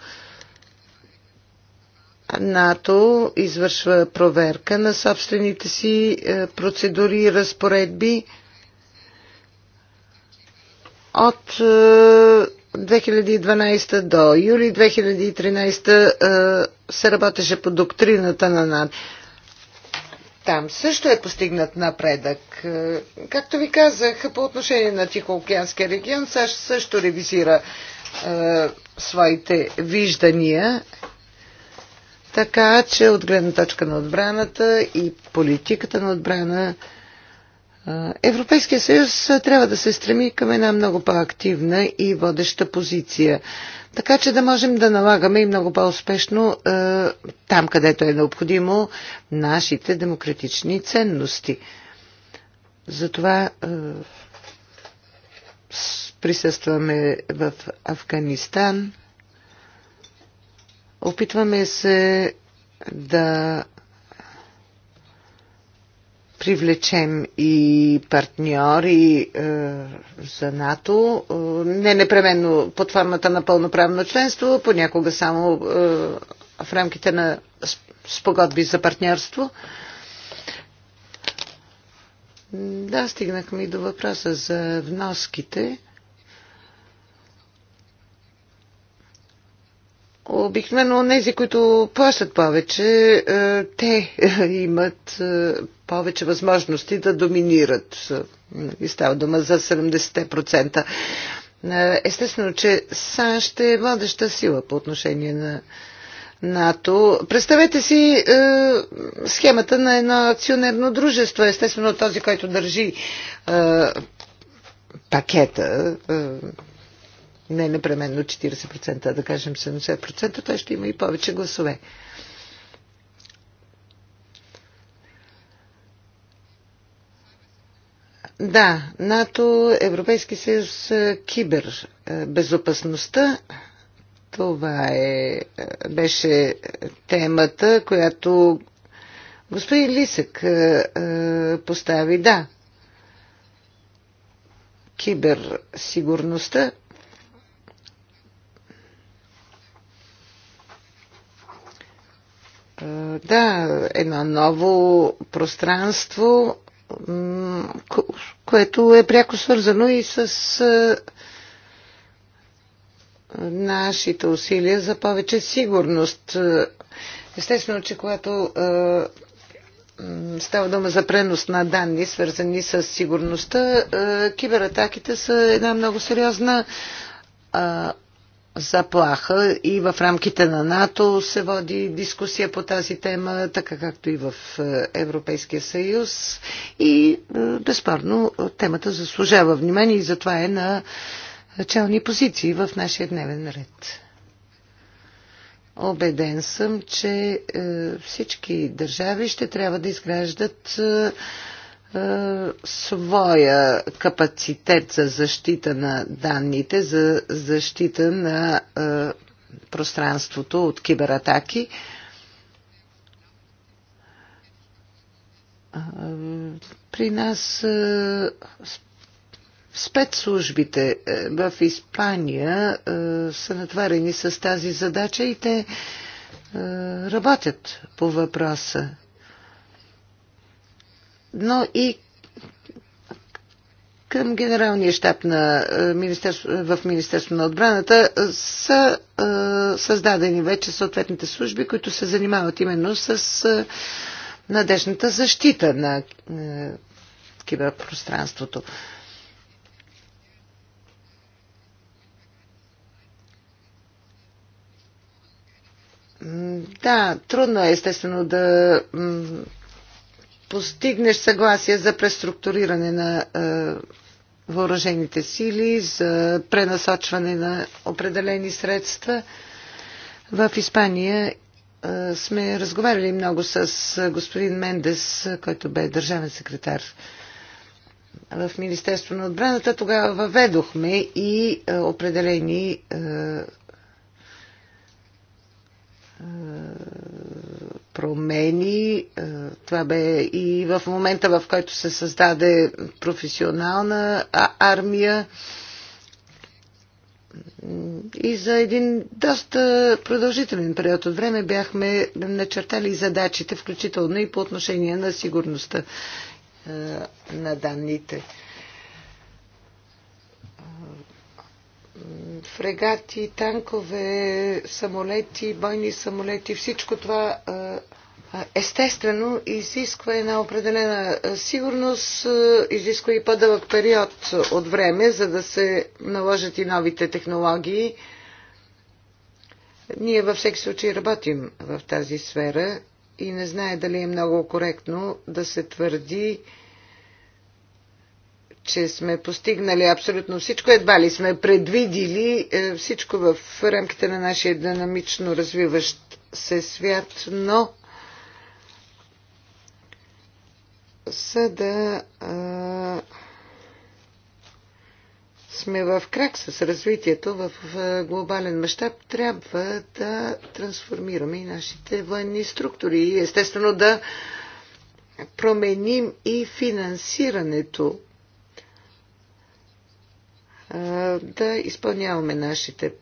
НАТО извършва проверка на собствените си е, процедури и разпоредби. От 2012 е, до юли 2013 е, се работеше по доктрината на НАТО. Там също е постигнат напредък. Както ви казах, по отношение на Тихоокеанския регион, САЩ също ревизира е, своите виждания така че от гледна точка на отбраната и политиката на отбрана Европейския съюз трябва да се стреми към една много по-активна и водеща позиция, така че да можем да налагаме и много по-успешно там, където е необходимо, нашите демократични ценности. Затова присъстваме в Афганистан Опитваме се да привлечем и партньори е, за НАТО, е, не непременно под формата на пълноправно членство, понякога само е, в рамките на спогодби за партньорство. Да, стигнахме и до въпроса за вноските. Обикновено тези, които плащат повече, е, те е, имат е, повече възможности да доминират. И става дума за 70%. Естествено, че САЩ е водеща сила по отношение на НАТО. Представете си е, схемата на едно акционерно дружество. Естествено, този, който държи е, пакета, е, не непременно 40%, а да кажем 70%, той ще има и повече гласове. Да, НАТО, Европейски съюз, е, кибер, е, безопасността, това е, е, беше темата, която господин Лисък постави. Да, киберсигурността Е, да, едно ново пространство, което е пряко свързано и с е, нашите усилия за повече сигурност. Е, естествено, че когато става дума за пренос на данни, свързани с сигурността, кибератаките са една много сериозна заплаха и в рамките на НАТО се води дискусия по тази тема, така както и в е, Европейския съюз. И е, безспорно темата заслужава внимание и затова е на челни позиции в нашия дневен ред. Обеден съм, че е, всички държави ще трябва да изграждат е, своя капацитет за защита на данните, за защита на е, пространството от кибератаки. Е, при нас спецслужбите в Испания са натварени с тази задача и те работят по въпроса но и към генералния щаб на е, министерство, в Министерство на отбраната е, са е, създадени вече съответните служби, които се занимават именно с е, надежната защита на е, киберпространството. Да, трудно е естествено да постигнеш съгласие за преструктуриране на е, въоръжените сили, за пренасочване на определени средства. В Испания е, сме разговаряли много с е, господин Мендес, който бе държавен секретар в Министерство на отбраната. Тогава въведохме и определени промени. Е, това бе и в момента, в който се създаде професионална армия и за един доста продължителен период от време бяхме начертали задачите, включително и по отношение на сигурността е, на данните. фрегати, танкове, самолети, бойни самолети, всичко това естествено изисква една определена сигурност, изисква и по-дълъг период от време, за да се наложат и новите технологии. Ние във всеки случай работим в тази сфера и не знае дали е много коректно да се твърди, че сме постигнали абсолютно всичко, едва ли сме предвидили е, всичко в рамките на нашия динамично развиващ се свят, но са да а, е, сме в крак с развитието в е, глобален мащаб, трябва да трансформираме и нашите военни структури и естествено да променим и финансирането да изпълняваме нашите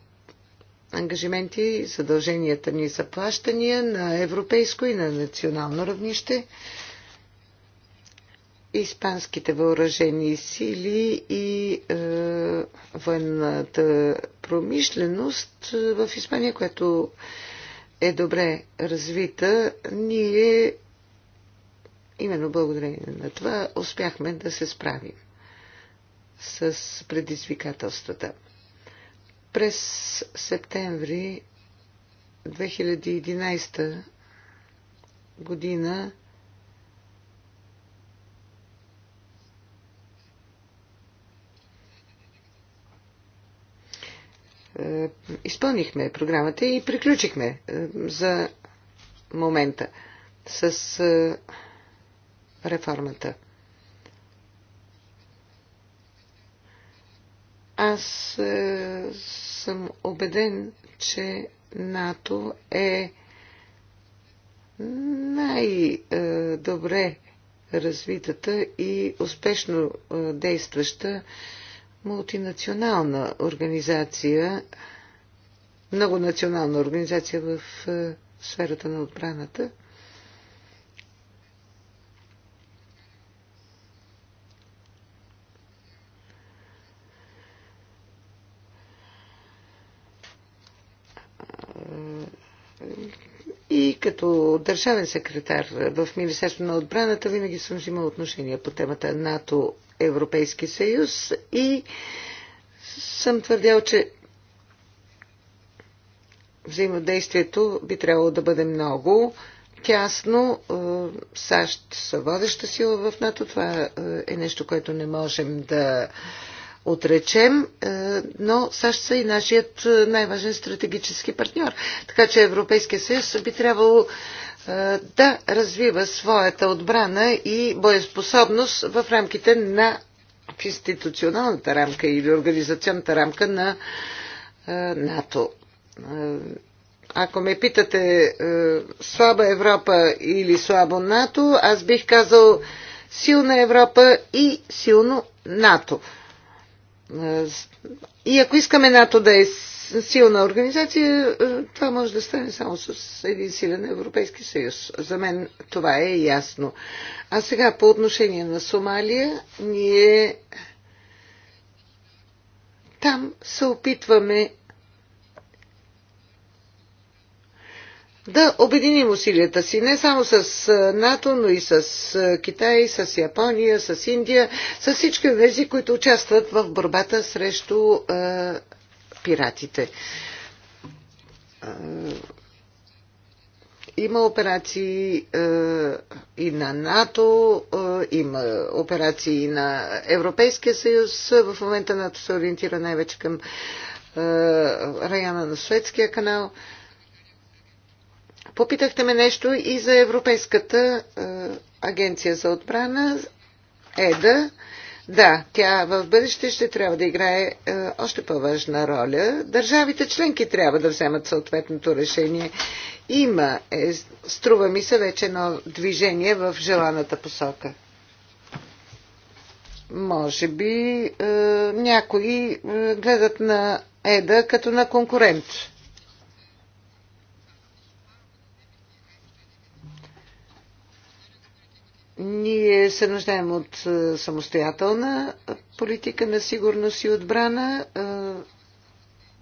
ангажименти, задълженията ни за плащания на европейско и на национално равнище. Испанските въоръжени сили и е, военната промишленост в Испания, която е добре развита, ние именно благодарение на това успяхме да се справим с предизвикателствата. През септември 2011 година е, изпълнихме програмата и приключихме е, за момента с е, реформата. Аз е, съм убеден, че НАТО е най-добре развитата и успешно е, действаща мултинационална организация, многонационална организация в е, сферата на отбраната. държавен секретар в Министерство на отбраната винаги съм взимал отношение по темата НАТО, Европейски съюз и съм твърдял, че взаимодействието би трябвало да бъде много тясно. Е, САЩ са водеща сила в НАТО. Това е, е нещо, което не можем да отречем, е, но САЩ са и нашият най-важен стратегически партньор. Така че Европейския съюз би трябвало е, да развива своята отбрана и боеспособност в рамките на в институционалната рамка или организационната рамка на е, НАТО. Е, ако ме питате слаба Европа или слабо НАТО, аз бих казал силна Европа и силно НАТО. И ако искаме НАТО да е силна организация, е, това може да стане само с един силен Европейски съюз. За мен това е ясно. А сега по отношение на Сомалия, ние там се опитваме да обединим усилията си не само с е, НАТО, но и с е, Китай, с Япония, с Индия, с всички тези, които участват в борбата срещу пиратите. Има операции е, и на НАТО, е, има операции и на Европейския съюз. В момента НАТО се ориентира най-вече към е, района на Суетския канал. Попитахте ме нещо и за Европейската е, агенция за отбрана, ЕДА. Е, да, тя в бъдеще ще трябва да играе е, още по-важна роля. Държавите членки трябва да вземат съответното решение. Има, е, струва ми се, вече едно движение в желаната посока. Може би е, някои е, гледат на Еда като на конкурент. Ние се нуждаем от е, самостоятелна политика на сигурност и отбрана, е,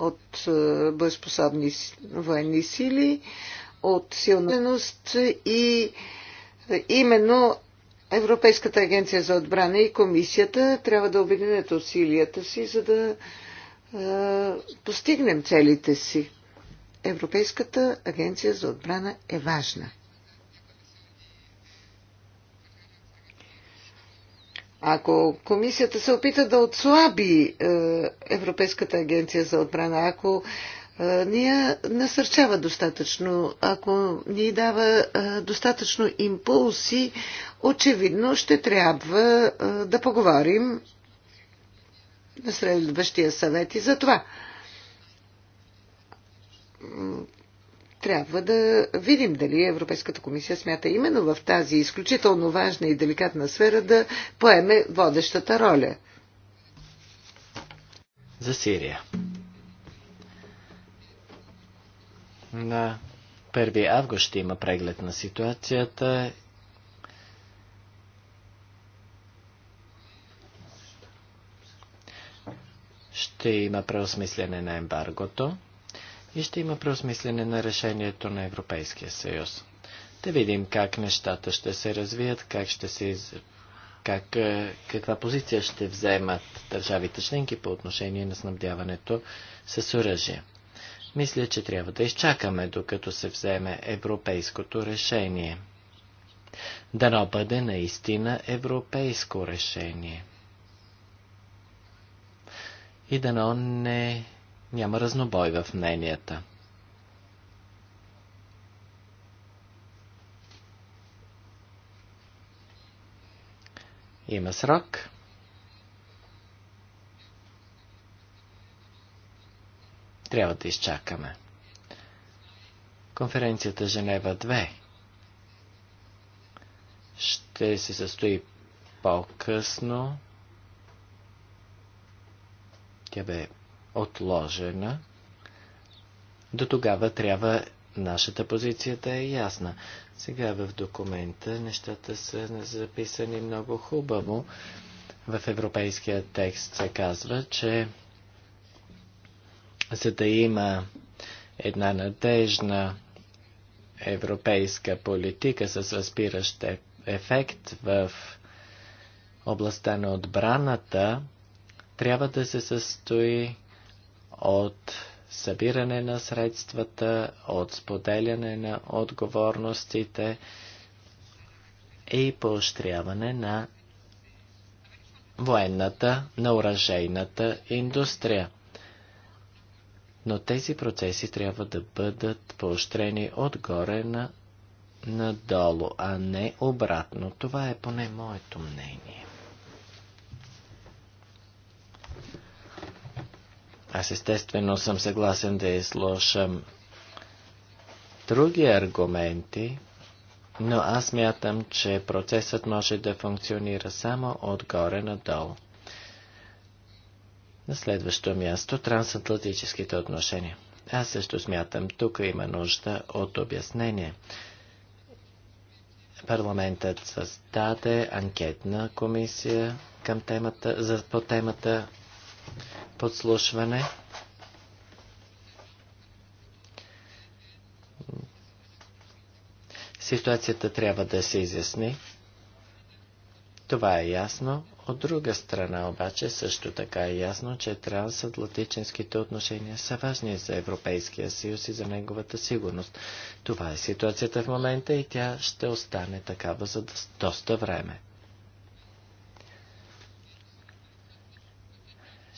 от е, боеспособни военни сили, от силност и именно Европейската агенция за отбрана и комисията трябва да обединят усилията си, за да постигнем целите си. Европейската агенция за отбрана е важна. Ако комисията се опита да отслаби е, Европейската агенция за отбрана, ако е, ни я насърчава достатъчно, ако ни дава е, достатъчно импулси, очевидно ще трябва да поговорим на следващия съвет и за това трябва да видим дали Европейската комисия смята именно в тази изключително важна и деликатна сфера да поеме водещата роля. За Сирия. На 1 август ще има преглед на ситуацията ще има преосмислене на ембаргото и ще има преосмислене на решението на Европейския съюз. Да видим как нещата ще се развият, как ще се из... как, е, каква позиция ще вземат държавите членки по отношение на снабдяването с оръжие. Мисля, че трябва да изчакаме, докато се вземе европейското решение. Дано бъде наистина европейско решение. И дано не няма разнобой в мненията. Има срок. Трябва да изчакаме. Конференцията Женева 2 ще се състои по-късно. Тя бе отложена, до тогава трябва нашата позиция да е ясна. Сега в документа нещата са записани много хубаво. В европейския текст се казва, че за да има една надежна европейска политика с възпиращ ефект в областта на отбраната, трябва да се състои от събиране на средствата, от споделяне на отговорностите и поощряване на военната, на уражейната индустрия. Но тези процеси трябва да бъдат поощрени отгоре на надолу, а не обратно. Това е поне моето мнение. Аз естествено съм съгласен да изслушам други аргументи, но аз мятам, че процесът може да функционира само отгоре надолу. На следващо място трансатлантическите отношения. Аз също смятам, тук има нужда от обяснение. Парламентът създаде анкетна комисия към темата, за, по темата подслушване. Ситуацията трябва да се изясни. Това е ясно. От друга страна обаче също така е ясно, че трансатлантическите отношения са важни за Европейския съюз и за неговата сигурност. Това е ситуацията в момента и тя ще остане такава за доста време.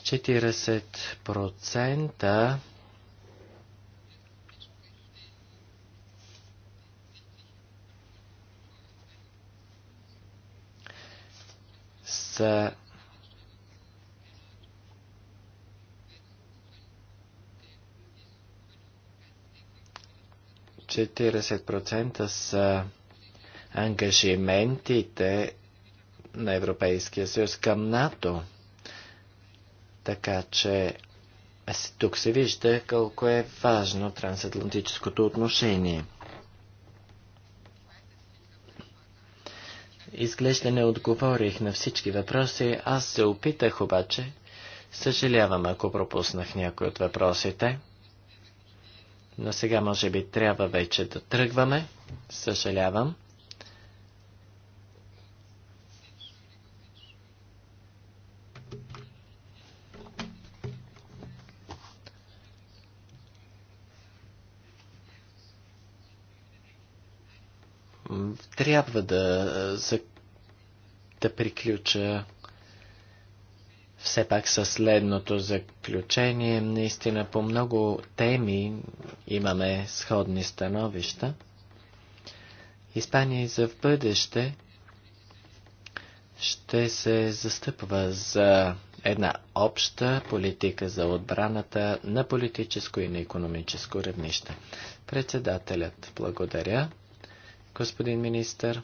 40% са Четиридесет процента са ангажиментите на Европейския съюз към НАТО. Така че е, тук се вижда колко е важно трансатлантическото отношение. Изглежда не отговорих на всички въпроси, аз се опитах обаче. Съжалявам, ако пропуснах някой от въпросите. Но сега може би трябва вече да тръгваме. Съжалявам. трябва да, за, да приключа все пак със следното заключение. Наистина по много теми имаме сходни становища. Испания и за в бъдеще ще се застъпва за една обща политика за отбраната на политическо и на економическо равнище. Председателят благодаря господин министър.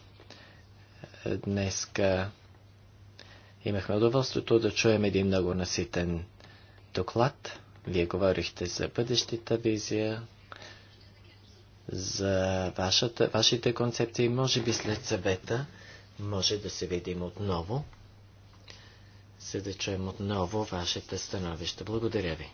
днеска имахме удоволствието да чуем един много наситен доклад. Вие говорихте за бъдещата визия, за вашата, вашите концепции. Може би след съвета може да се видим отново, за да чуем отново вашите становища. Благодаря ви.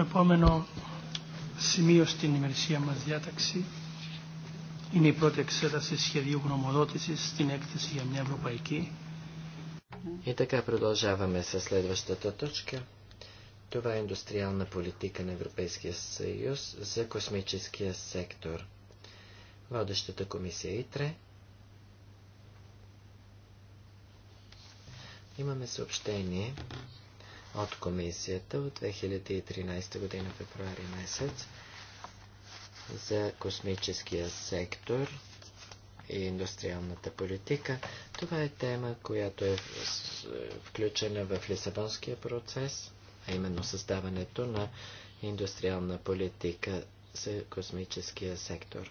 επόμενο σημείο στην ημερησία μας διάταξη είναι η πρώτη εξέταση σχεδίου γνωμοδότησης στην έκθεση για μια ευρωπαϊκή. И така продължаваме с следващата точка. Това е индустриална политика на Европейския съюз за космическия сектор. Водещата комисия ИТРЕ. Имаме съобщение от комисията от 2013 година, февруари месец, за космическия сектор и индустриалната политика. Това е тема, която е включена в Лисабонския процес, а именно създаването на индустриална политика за космическия сектор.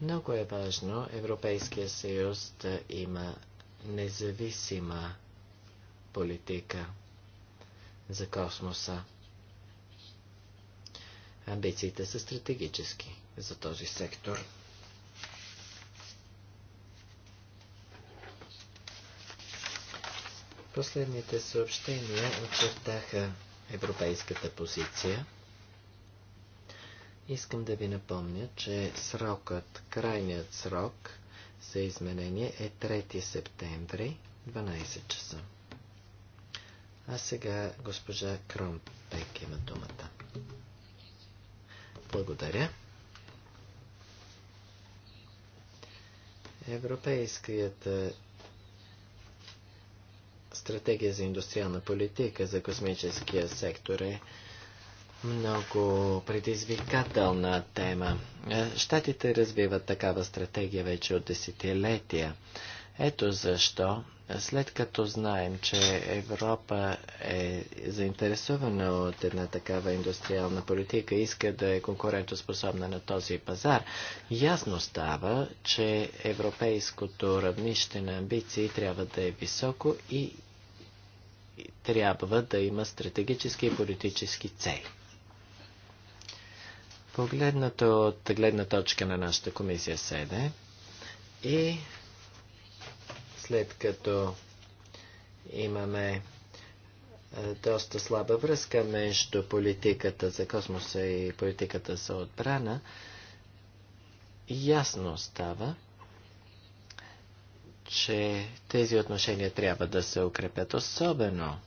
Много е важно Европейския съюз да има независима политика за космоса. Амбициите са стратегически за този сектор. Последните съобщения очертаха европейската позиция. Искам да ви напомня, че срокът, крайният срок за изменение е 3 септември, 12 часа. А сега госпожа Кромпек има думата. Благодаря. Европейският е, стратегия за индустриална политика за космическия сектор е много предизвикателна тема. Е, Штатите развиват такава стратегия вече от десетилетия. Ето защо, след като знаем, че Европа е заинтересована от една такава индустриална политика, и иска да е конкурентоспособна на този пазар, ясно става, че европейското равнище на амбиции трябва да е високо и трябва да има стратегически и политически цели. Погледнато от гледна точка на нашата комисия СЕДЕ и след като имаме е, доста слаба връзка между политиката за космоса и политиката за отбрана, ясно става, че тези отношения трябва да се укрепят особено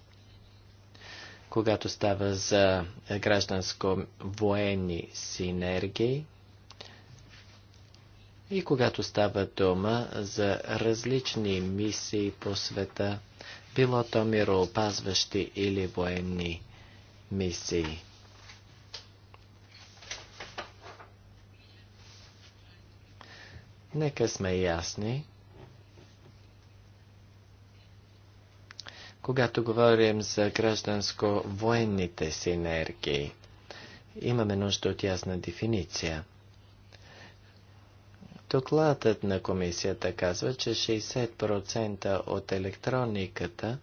когато става за гражданско-военни синергии и когато става дума за различни мисии по света, било то мироопазващи или военни мисии. Нека сме ясни. Когато говорим за гражданско-военните синергии, имаме нужда от ясна дефиниция – Докладът на комисията казва, че 60% от електрониката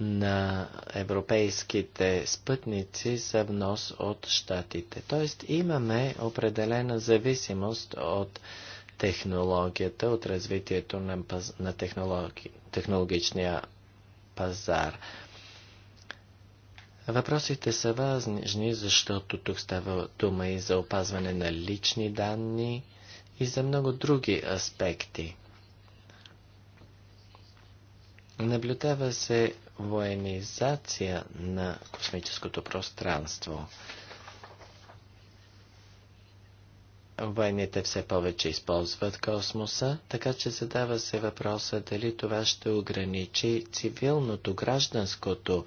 на европейските спътници са внос от щатите. Тоест имаме определена зависимост от технологията, от развитието на, паз... на технологи... технологичния пазар. Въпросите са важни, защото тук става дума и за опазване на лични данни, и за много други аспекти. Наблюдава се военизация на космическото пространство. Военните все повече използват космоса, така че задава се въпроса дали това ще ограничи цивилното, гражданското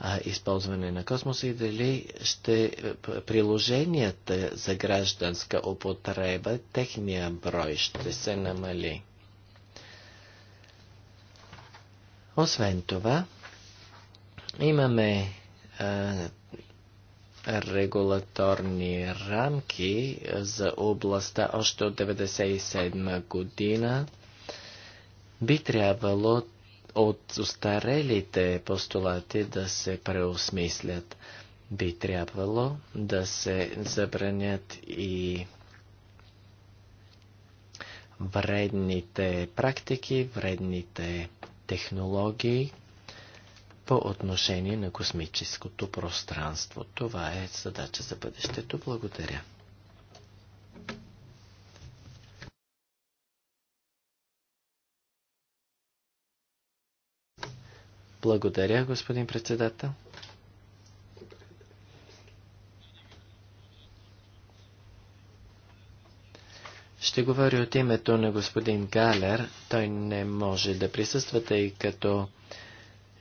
а, използване на космоса и дали ще е, приложенията за гражданска употреба, техния брой ще се намали. Освен това, имаме а, регулаторни рамки за областта още от 1997 година. Би трябвало от устарелите постулати да се преосмислят. Би трябвало да се забранят и вредните практики, вредните технологии по отношение на космическото пространство. Това е задача за бъдещето. Благодаря. Благодаря, господин председател. Ще говори от името на господин Галер. Той не може да присъства, тъй като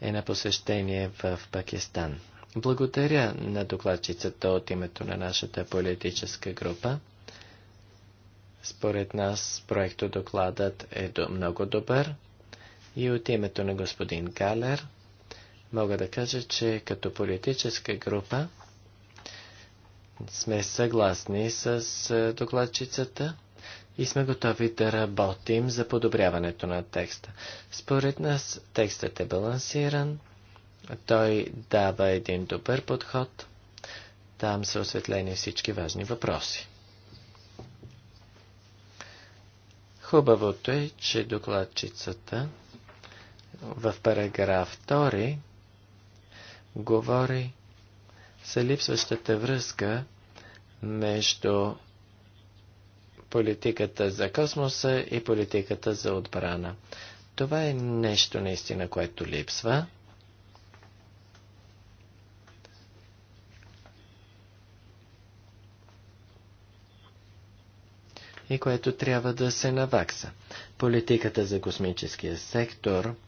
е на посещение в Пакистан. Благодаря на докладчицата от името на нашата политическа група. Според нас проектодокладът е много добър. И от името на господин Галер мога да кажа, че като политическа група сме съгласни с докладчицата и сме готови да работим за подобряването на текста. Според нас текстът е балансиран, той дава един добър подход, там са осветлени всички важни въпроси. Хубавото е, че докладчицата в параграф 2 говори за липсващата връзка между политиката за космоса и политиката за отбрана. Това е нещо наистина, което липсва. и което трябва да се навакса. Политиката за космическия сектор –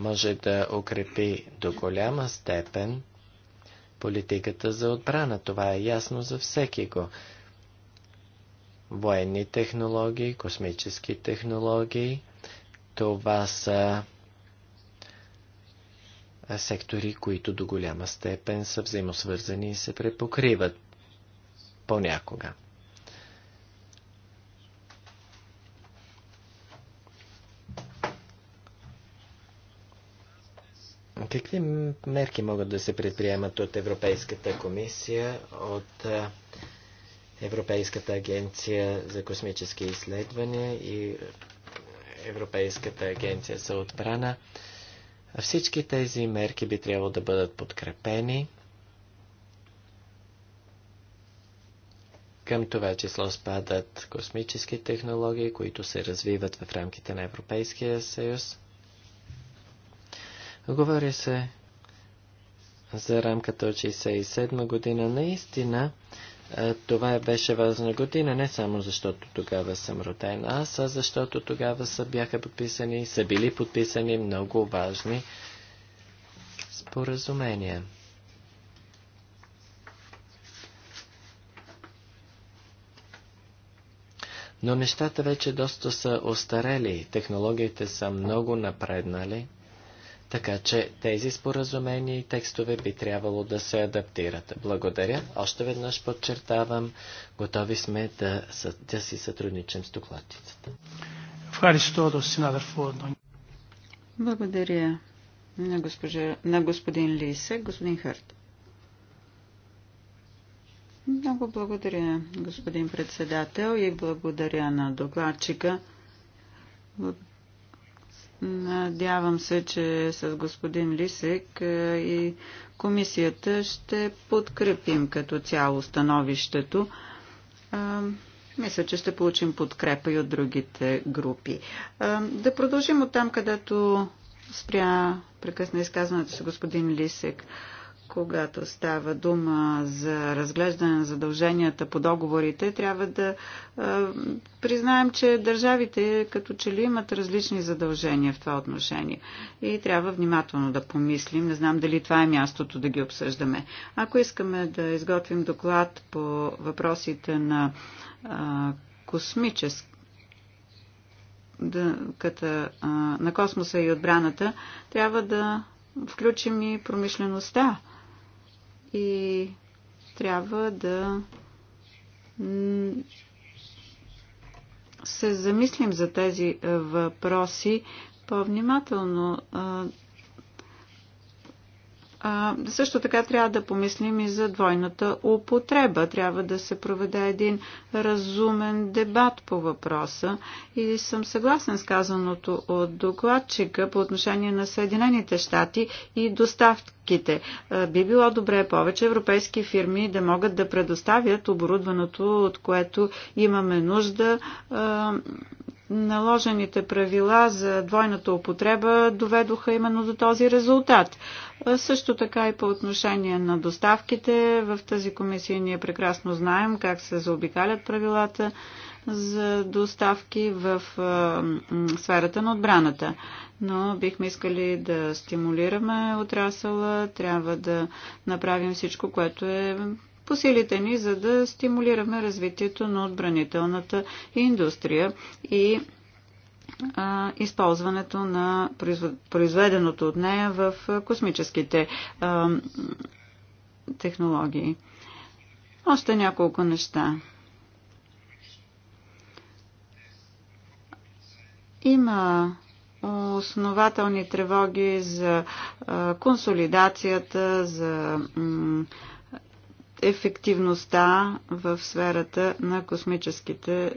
може да укрепи до голяма степен политиката за отбрана. Това е ясно за всеки го. Военни технологии, космически технологии, това са сектори, които до голяма степен са взаимосвързани и се препокриват понякога. Какви мерки могат да се предприемат от Европейската комисия, от Европейската агенция за космически изследвания и Европейската агенция за отбрана? Всички тези мерки би трябвало да бъдат подкрепени. Към това число спадат космически технологии, които се развиват в рамките на Европейския съюз. Говори се за рамката от 67 година. Наистина, това беше важна година, не само защото тогава съм роден аз, а защото тогава са бяха подписани, са били подписани много важни споразумения. Но нещата вече доста са остарели, технологиите са много напреднали – така че тези споразумения и текстове би трябвало да се адаптират. Благодаря. Още веднъж подчертавам, готови сме да, да си сътрудничим с докладчицата. Благодаря на, госпожа, на господин Лисе, господин Харт. Много благодаря, господин председател, и благодаря на докладчика. Надявам се, че с господин Лисек е, и комисията ще подкрепим като цяло становището. Е, мисля, че ще получим подкрепа и от другите групи. Е, да продължим от там, където спря прекъсна изказването си господин Лисек когато става дума за разглеждане на задълженията по договорите, трябва да е, признаем, че държавите като че ли имат различни задължения в това отношение. И трябва внимателно да помислим. Не знам дали това е мястото да ги обсъждаме. Ако искаме да изготвим доклад по въпросите на е, космически на космоса и отбраната, трябва да включим и промишлеността и трябва да се замислим за тези въпроси по-внимателно. А, също така трябва да помислим и за двойната употреба. Трябва да се проведе един разумен дебат по въпроса. И съм съгласен с казаното от докладчика по отношение на Съединените щати и доставките. А, би било добре повече европейски фирми да могат да предоставят оборудването, от което имаме нужда. А, наложените правила за двойната употреба доведоха именно до този резултат. Също така и по отношение на доставките. В тази комисия ние прекрасно знаем как се заобикалят правилата за доставки в сферата на отбраната. Но бихме искали да стимулираме отрасъла, трябва да направим всичко, което е по силите ни, за да стимулираме развитието на отбранителната индустрия и а, използването на произведеното от нея в космическите а, технологии. Още няколко неща. Има основателни тревоги за консолидацията, за ефективността в сферата на космическите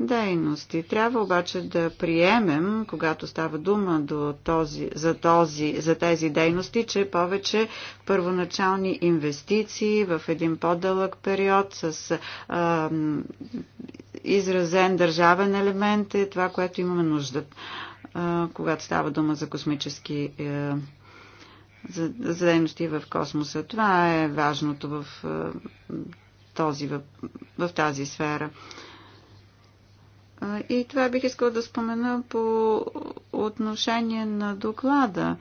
дейности. Трябва обаче да приемем, когато става дума до този, за, този, за тези дейности, че повече първоначални инвестиции в един по-дълъг период с а, изразен държавен елемент е това, което имаме нужда, а, когато става дума за космически а, е, за, за дейности в космоса. Това е важното в, е, този, в, в тази сфера. Е, и това бих искала да спомена по отношение на доклада.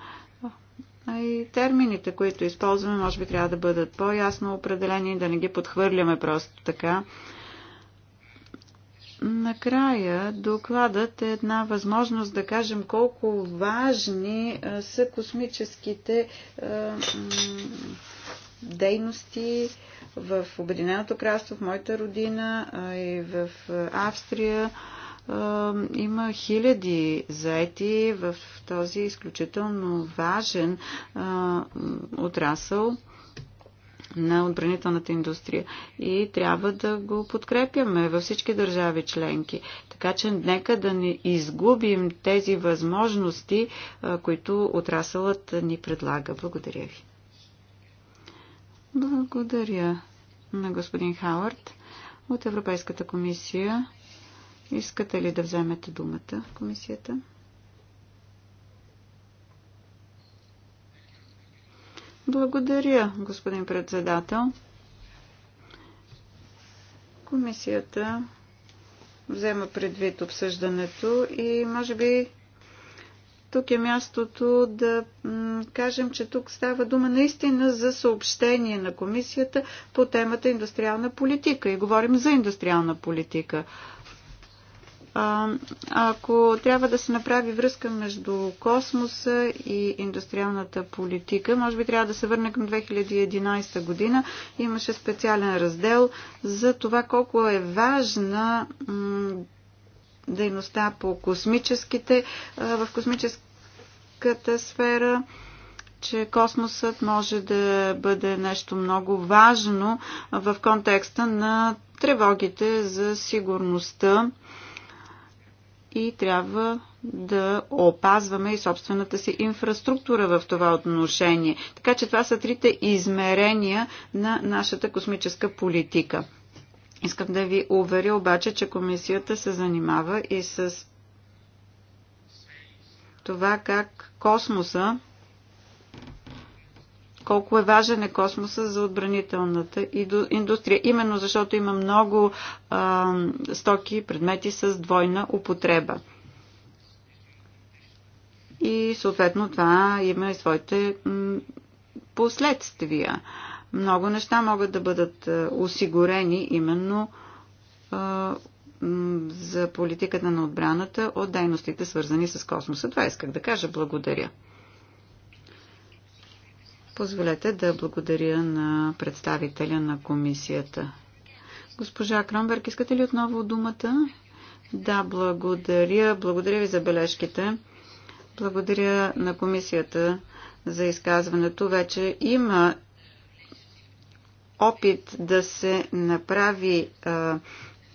А е, и термините, които използваме, може би трябва да бъдат по-ясно определени, да не ги подхвърляме просто така. Накрая докладът е една възможност да кажем колко важни са космическите дейности в Обединеното кралство, в моята родина и в Австрия. Има хиляди заети в този изключително важен отрасъл на отбранителната индустрия и трябва да го подкрепяме във всички държави членки. Така че нека да не изгубим тези възможности, които отрасълът ни предлага. Благодаря ви. Благодаря на господин Хауърд от Европейската комисия. Искате ли да вземете думата в комисията? Благодаря, господин председател. Комисията взема предвид обсъждането и може би тук е мястото да кажем, че тук става дума наистина за съобщение на комисията по темата индустриална политика и говорим за индустриална политика. Ако трябва да се направи връзка между космоса и индустриалната политика, може би трябва да се върне към 2011 година. Имаше специален раздел за това колко е важна дейността по космическите, в космическата сфера че космосът може да бъде нещо много важно в контекста на тревогите за сигурността и трябва да опазваме и собствената си инфраструктура в това отношение. Така че това са трите измерения на нашата космическа политика. Искам да ви уверя обаче, че комисията се занимава и с това как космоса колко е важен е космоса за отбранителната индустрия. Именно защото има много а, стоки, предмети с двойна употреба. И съответно това има и своите последствия. Много неща могат да бъдат осигурени именно а, за политиката на отбраната от дейностите свързани с космоса. Това исках да кажа. Благодаря. Позволете да благодаря на представителя на комисията. Госпожа Кромберг, искате ли отново думата? Да, благодаря. Благодаря ви за бележките. Благодаря на комисията за изказването. Вече има опит да се направи а,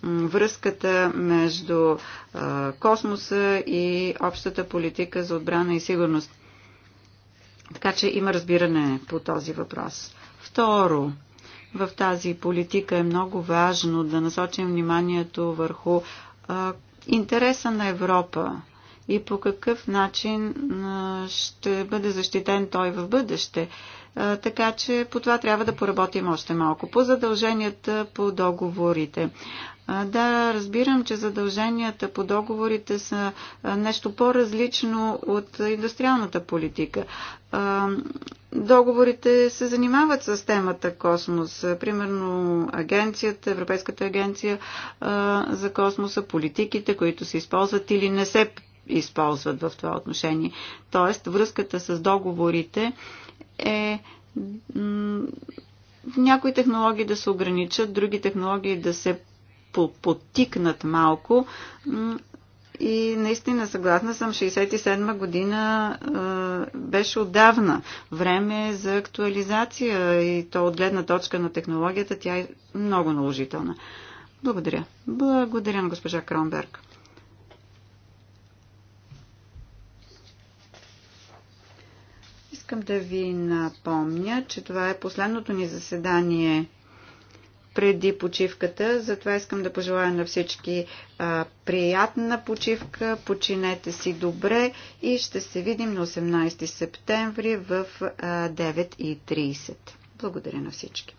връзката между а, космоса и общата политика за отбрана и сигурност. Така че има разбиране по този въпрос. Второ, в тази политика е много важно да насочим вниманието върху а, интереса на Европа и по какъв начин а, ще бъде защитен той в бъдеще. А, така че по това трябва да поработим още малко. По задълженията, по договорите. Да, разбирам, че задълженията по договорите са нещо по-различно от индустриалната политика. Договорите се занимават с темата космос. Примерно агенцията, Европейската агенция за космоса, политиките, които се използват или не се използват в това отношение. Тоест, връзката с договорите е някои технологии да се ограничат, други технологии да се потикнат малко. И наистина съгласна съм, 67-ма година е, беше отдавна. Време е за актуализация и то от гледна точка на технологията тя е много наложителна. Благодаря. Благодаря на госпожа Кронберг. Искам да ви напомня, че това е последното ни заседание преди почивката. Затова искам да пожелая на всички а, приятна почивка, починете си добре и ще се видим на 18 септември в 9.30. Благодаря на всички.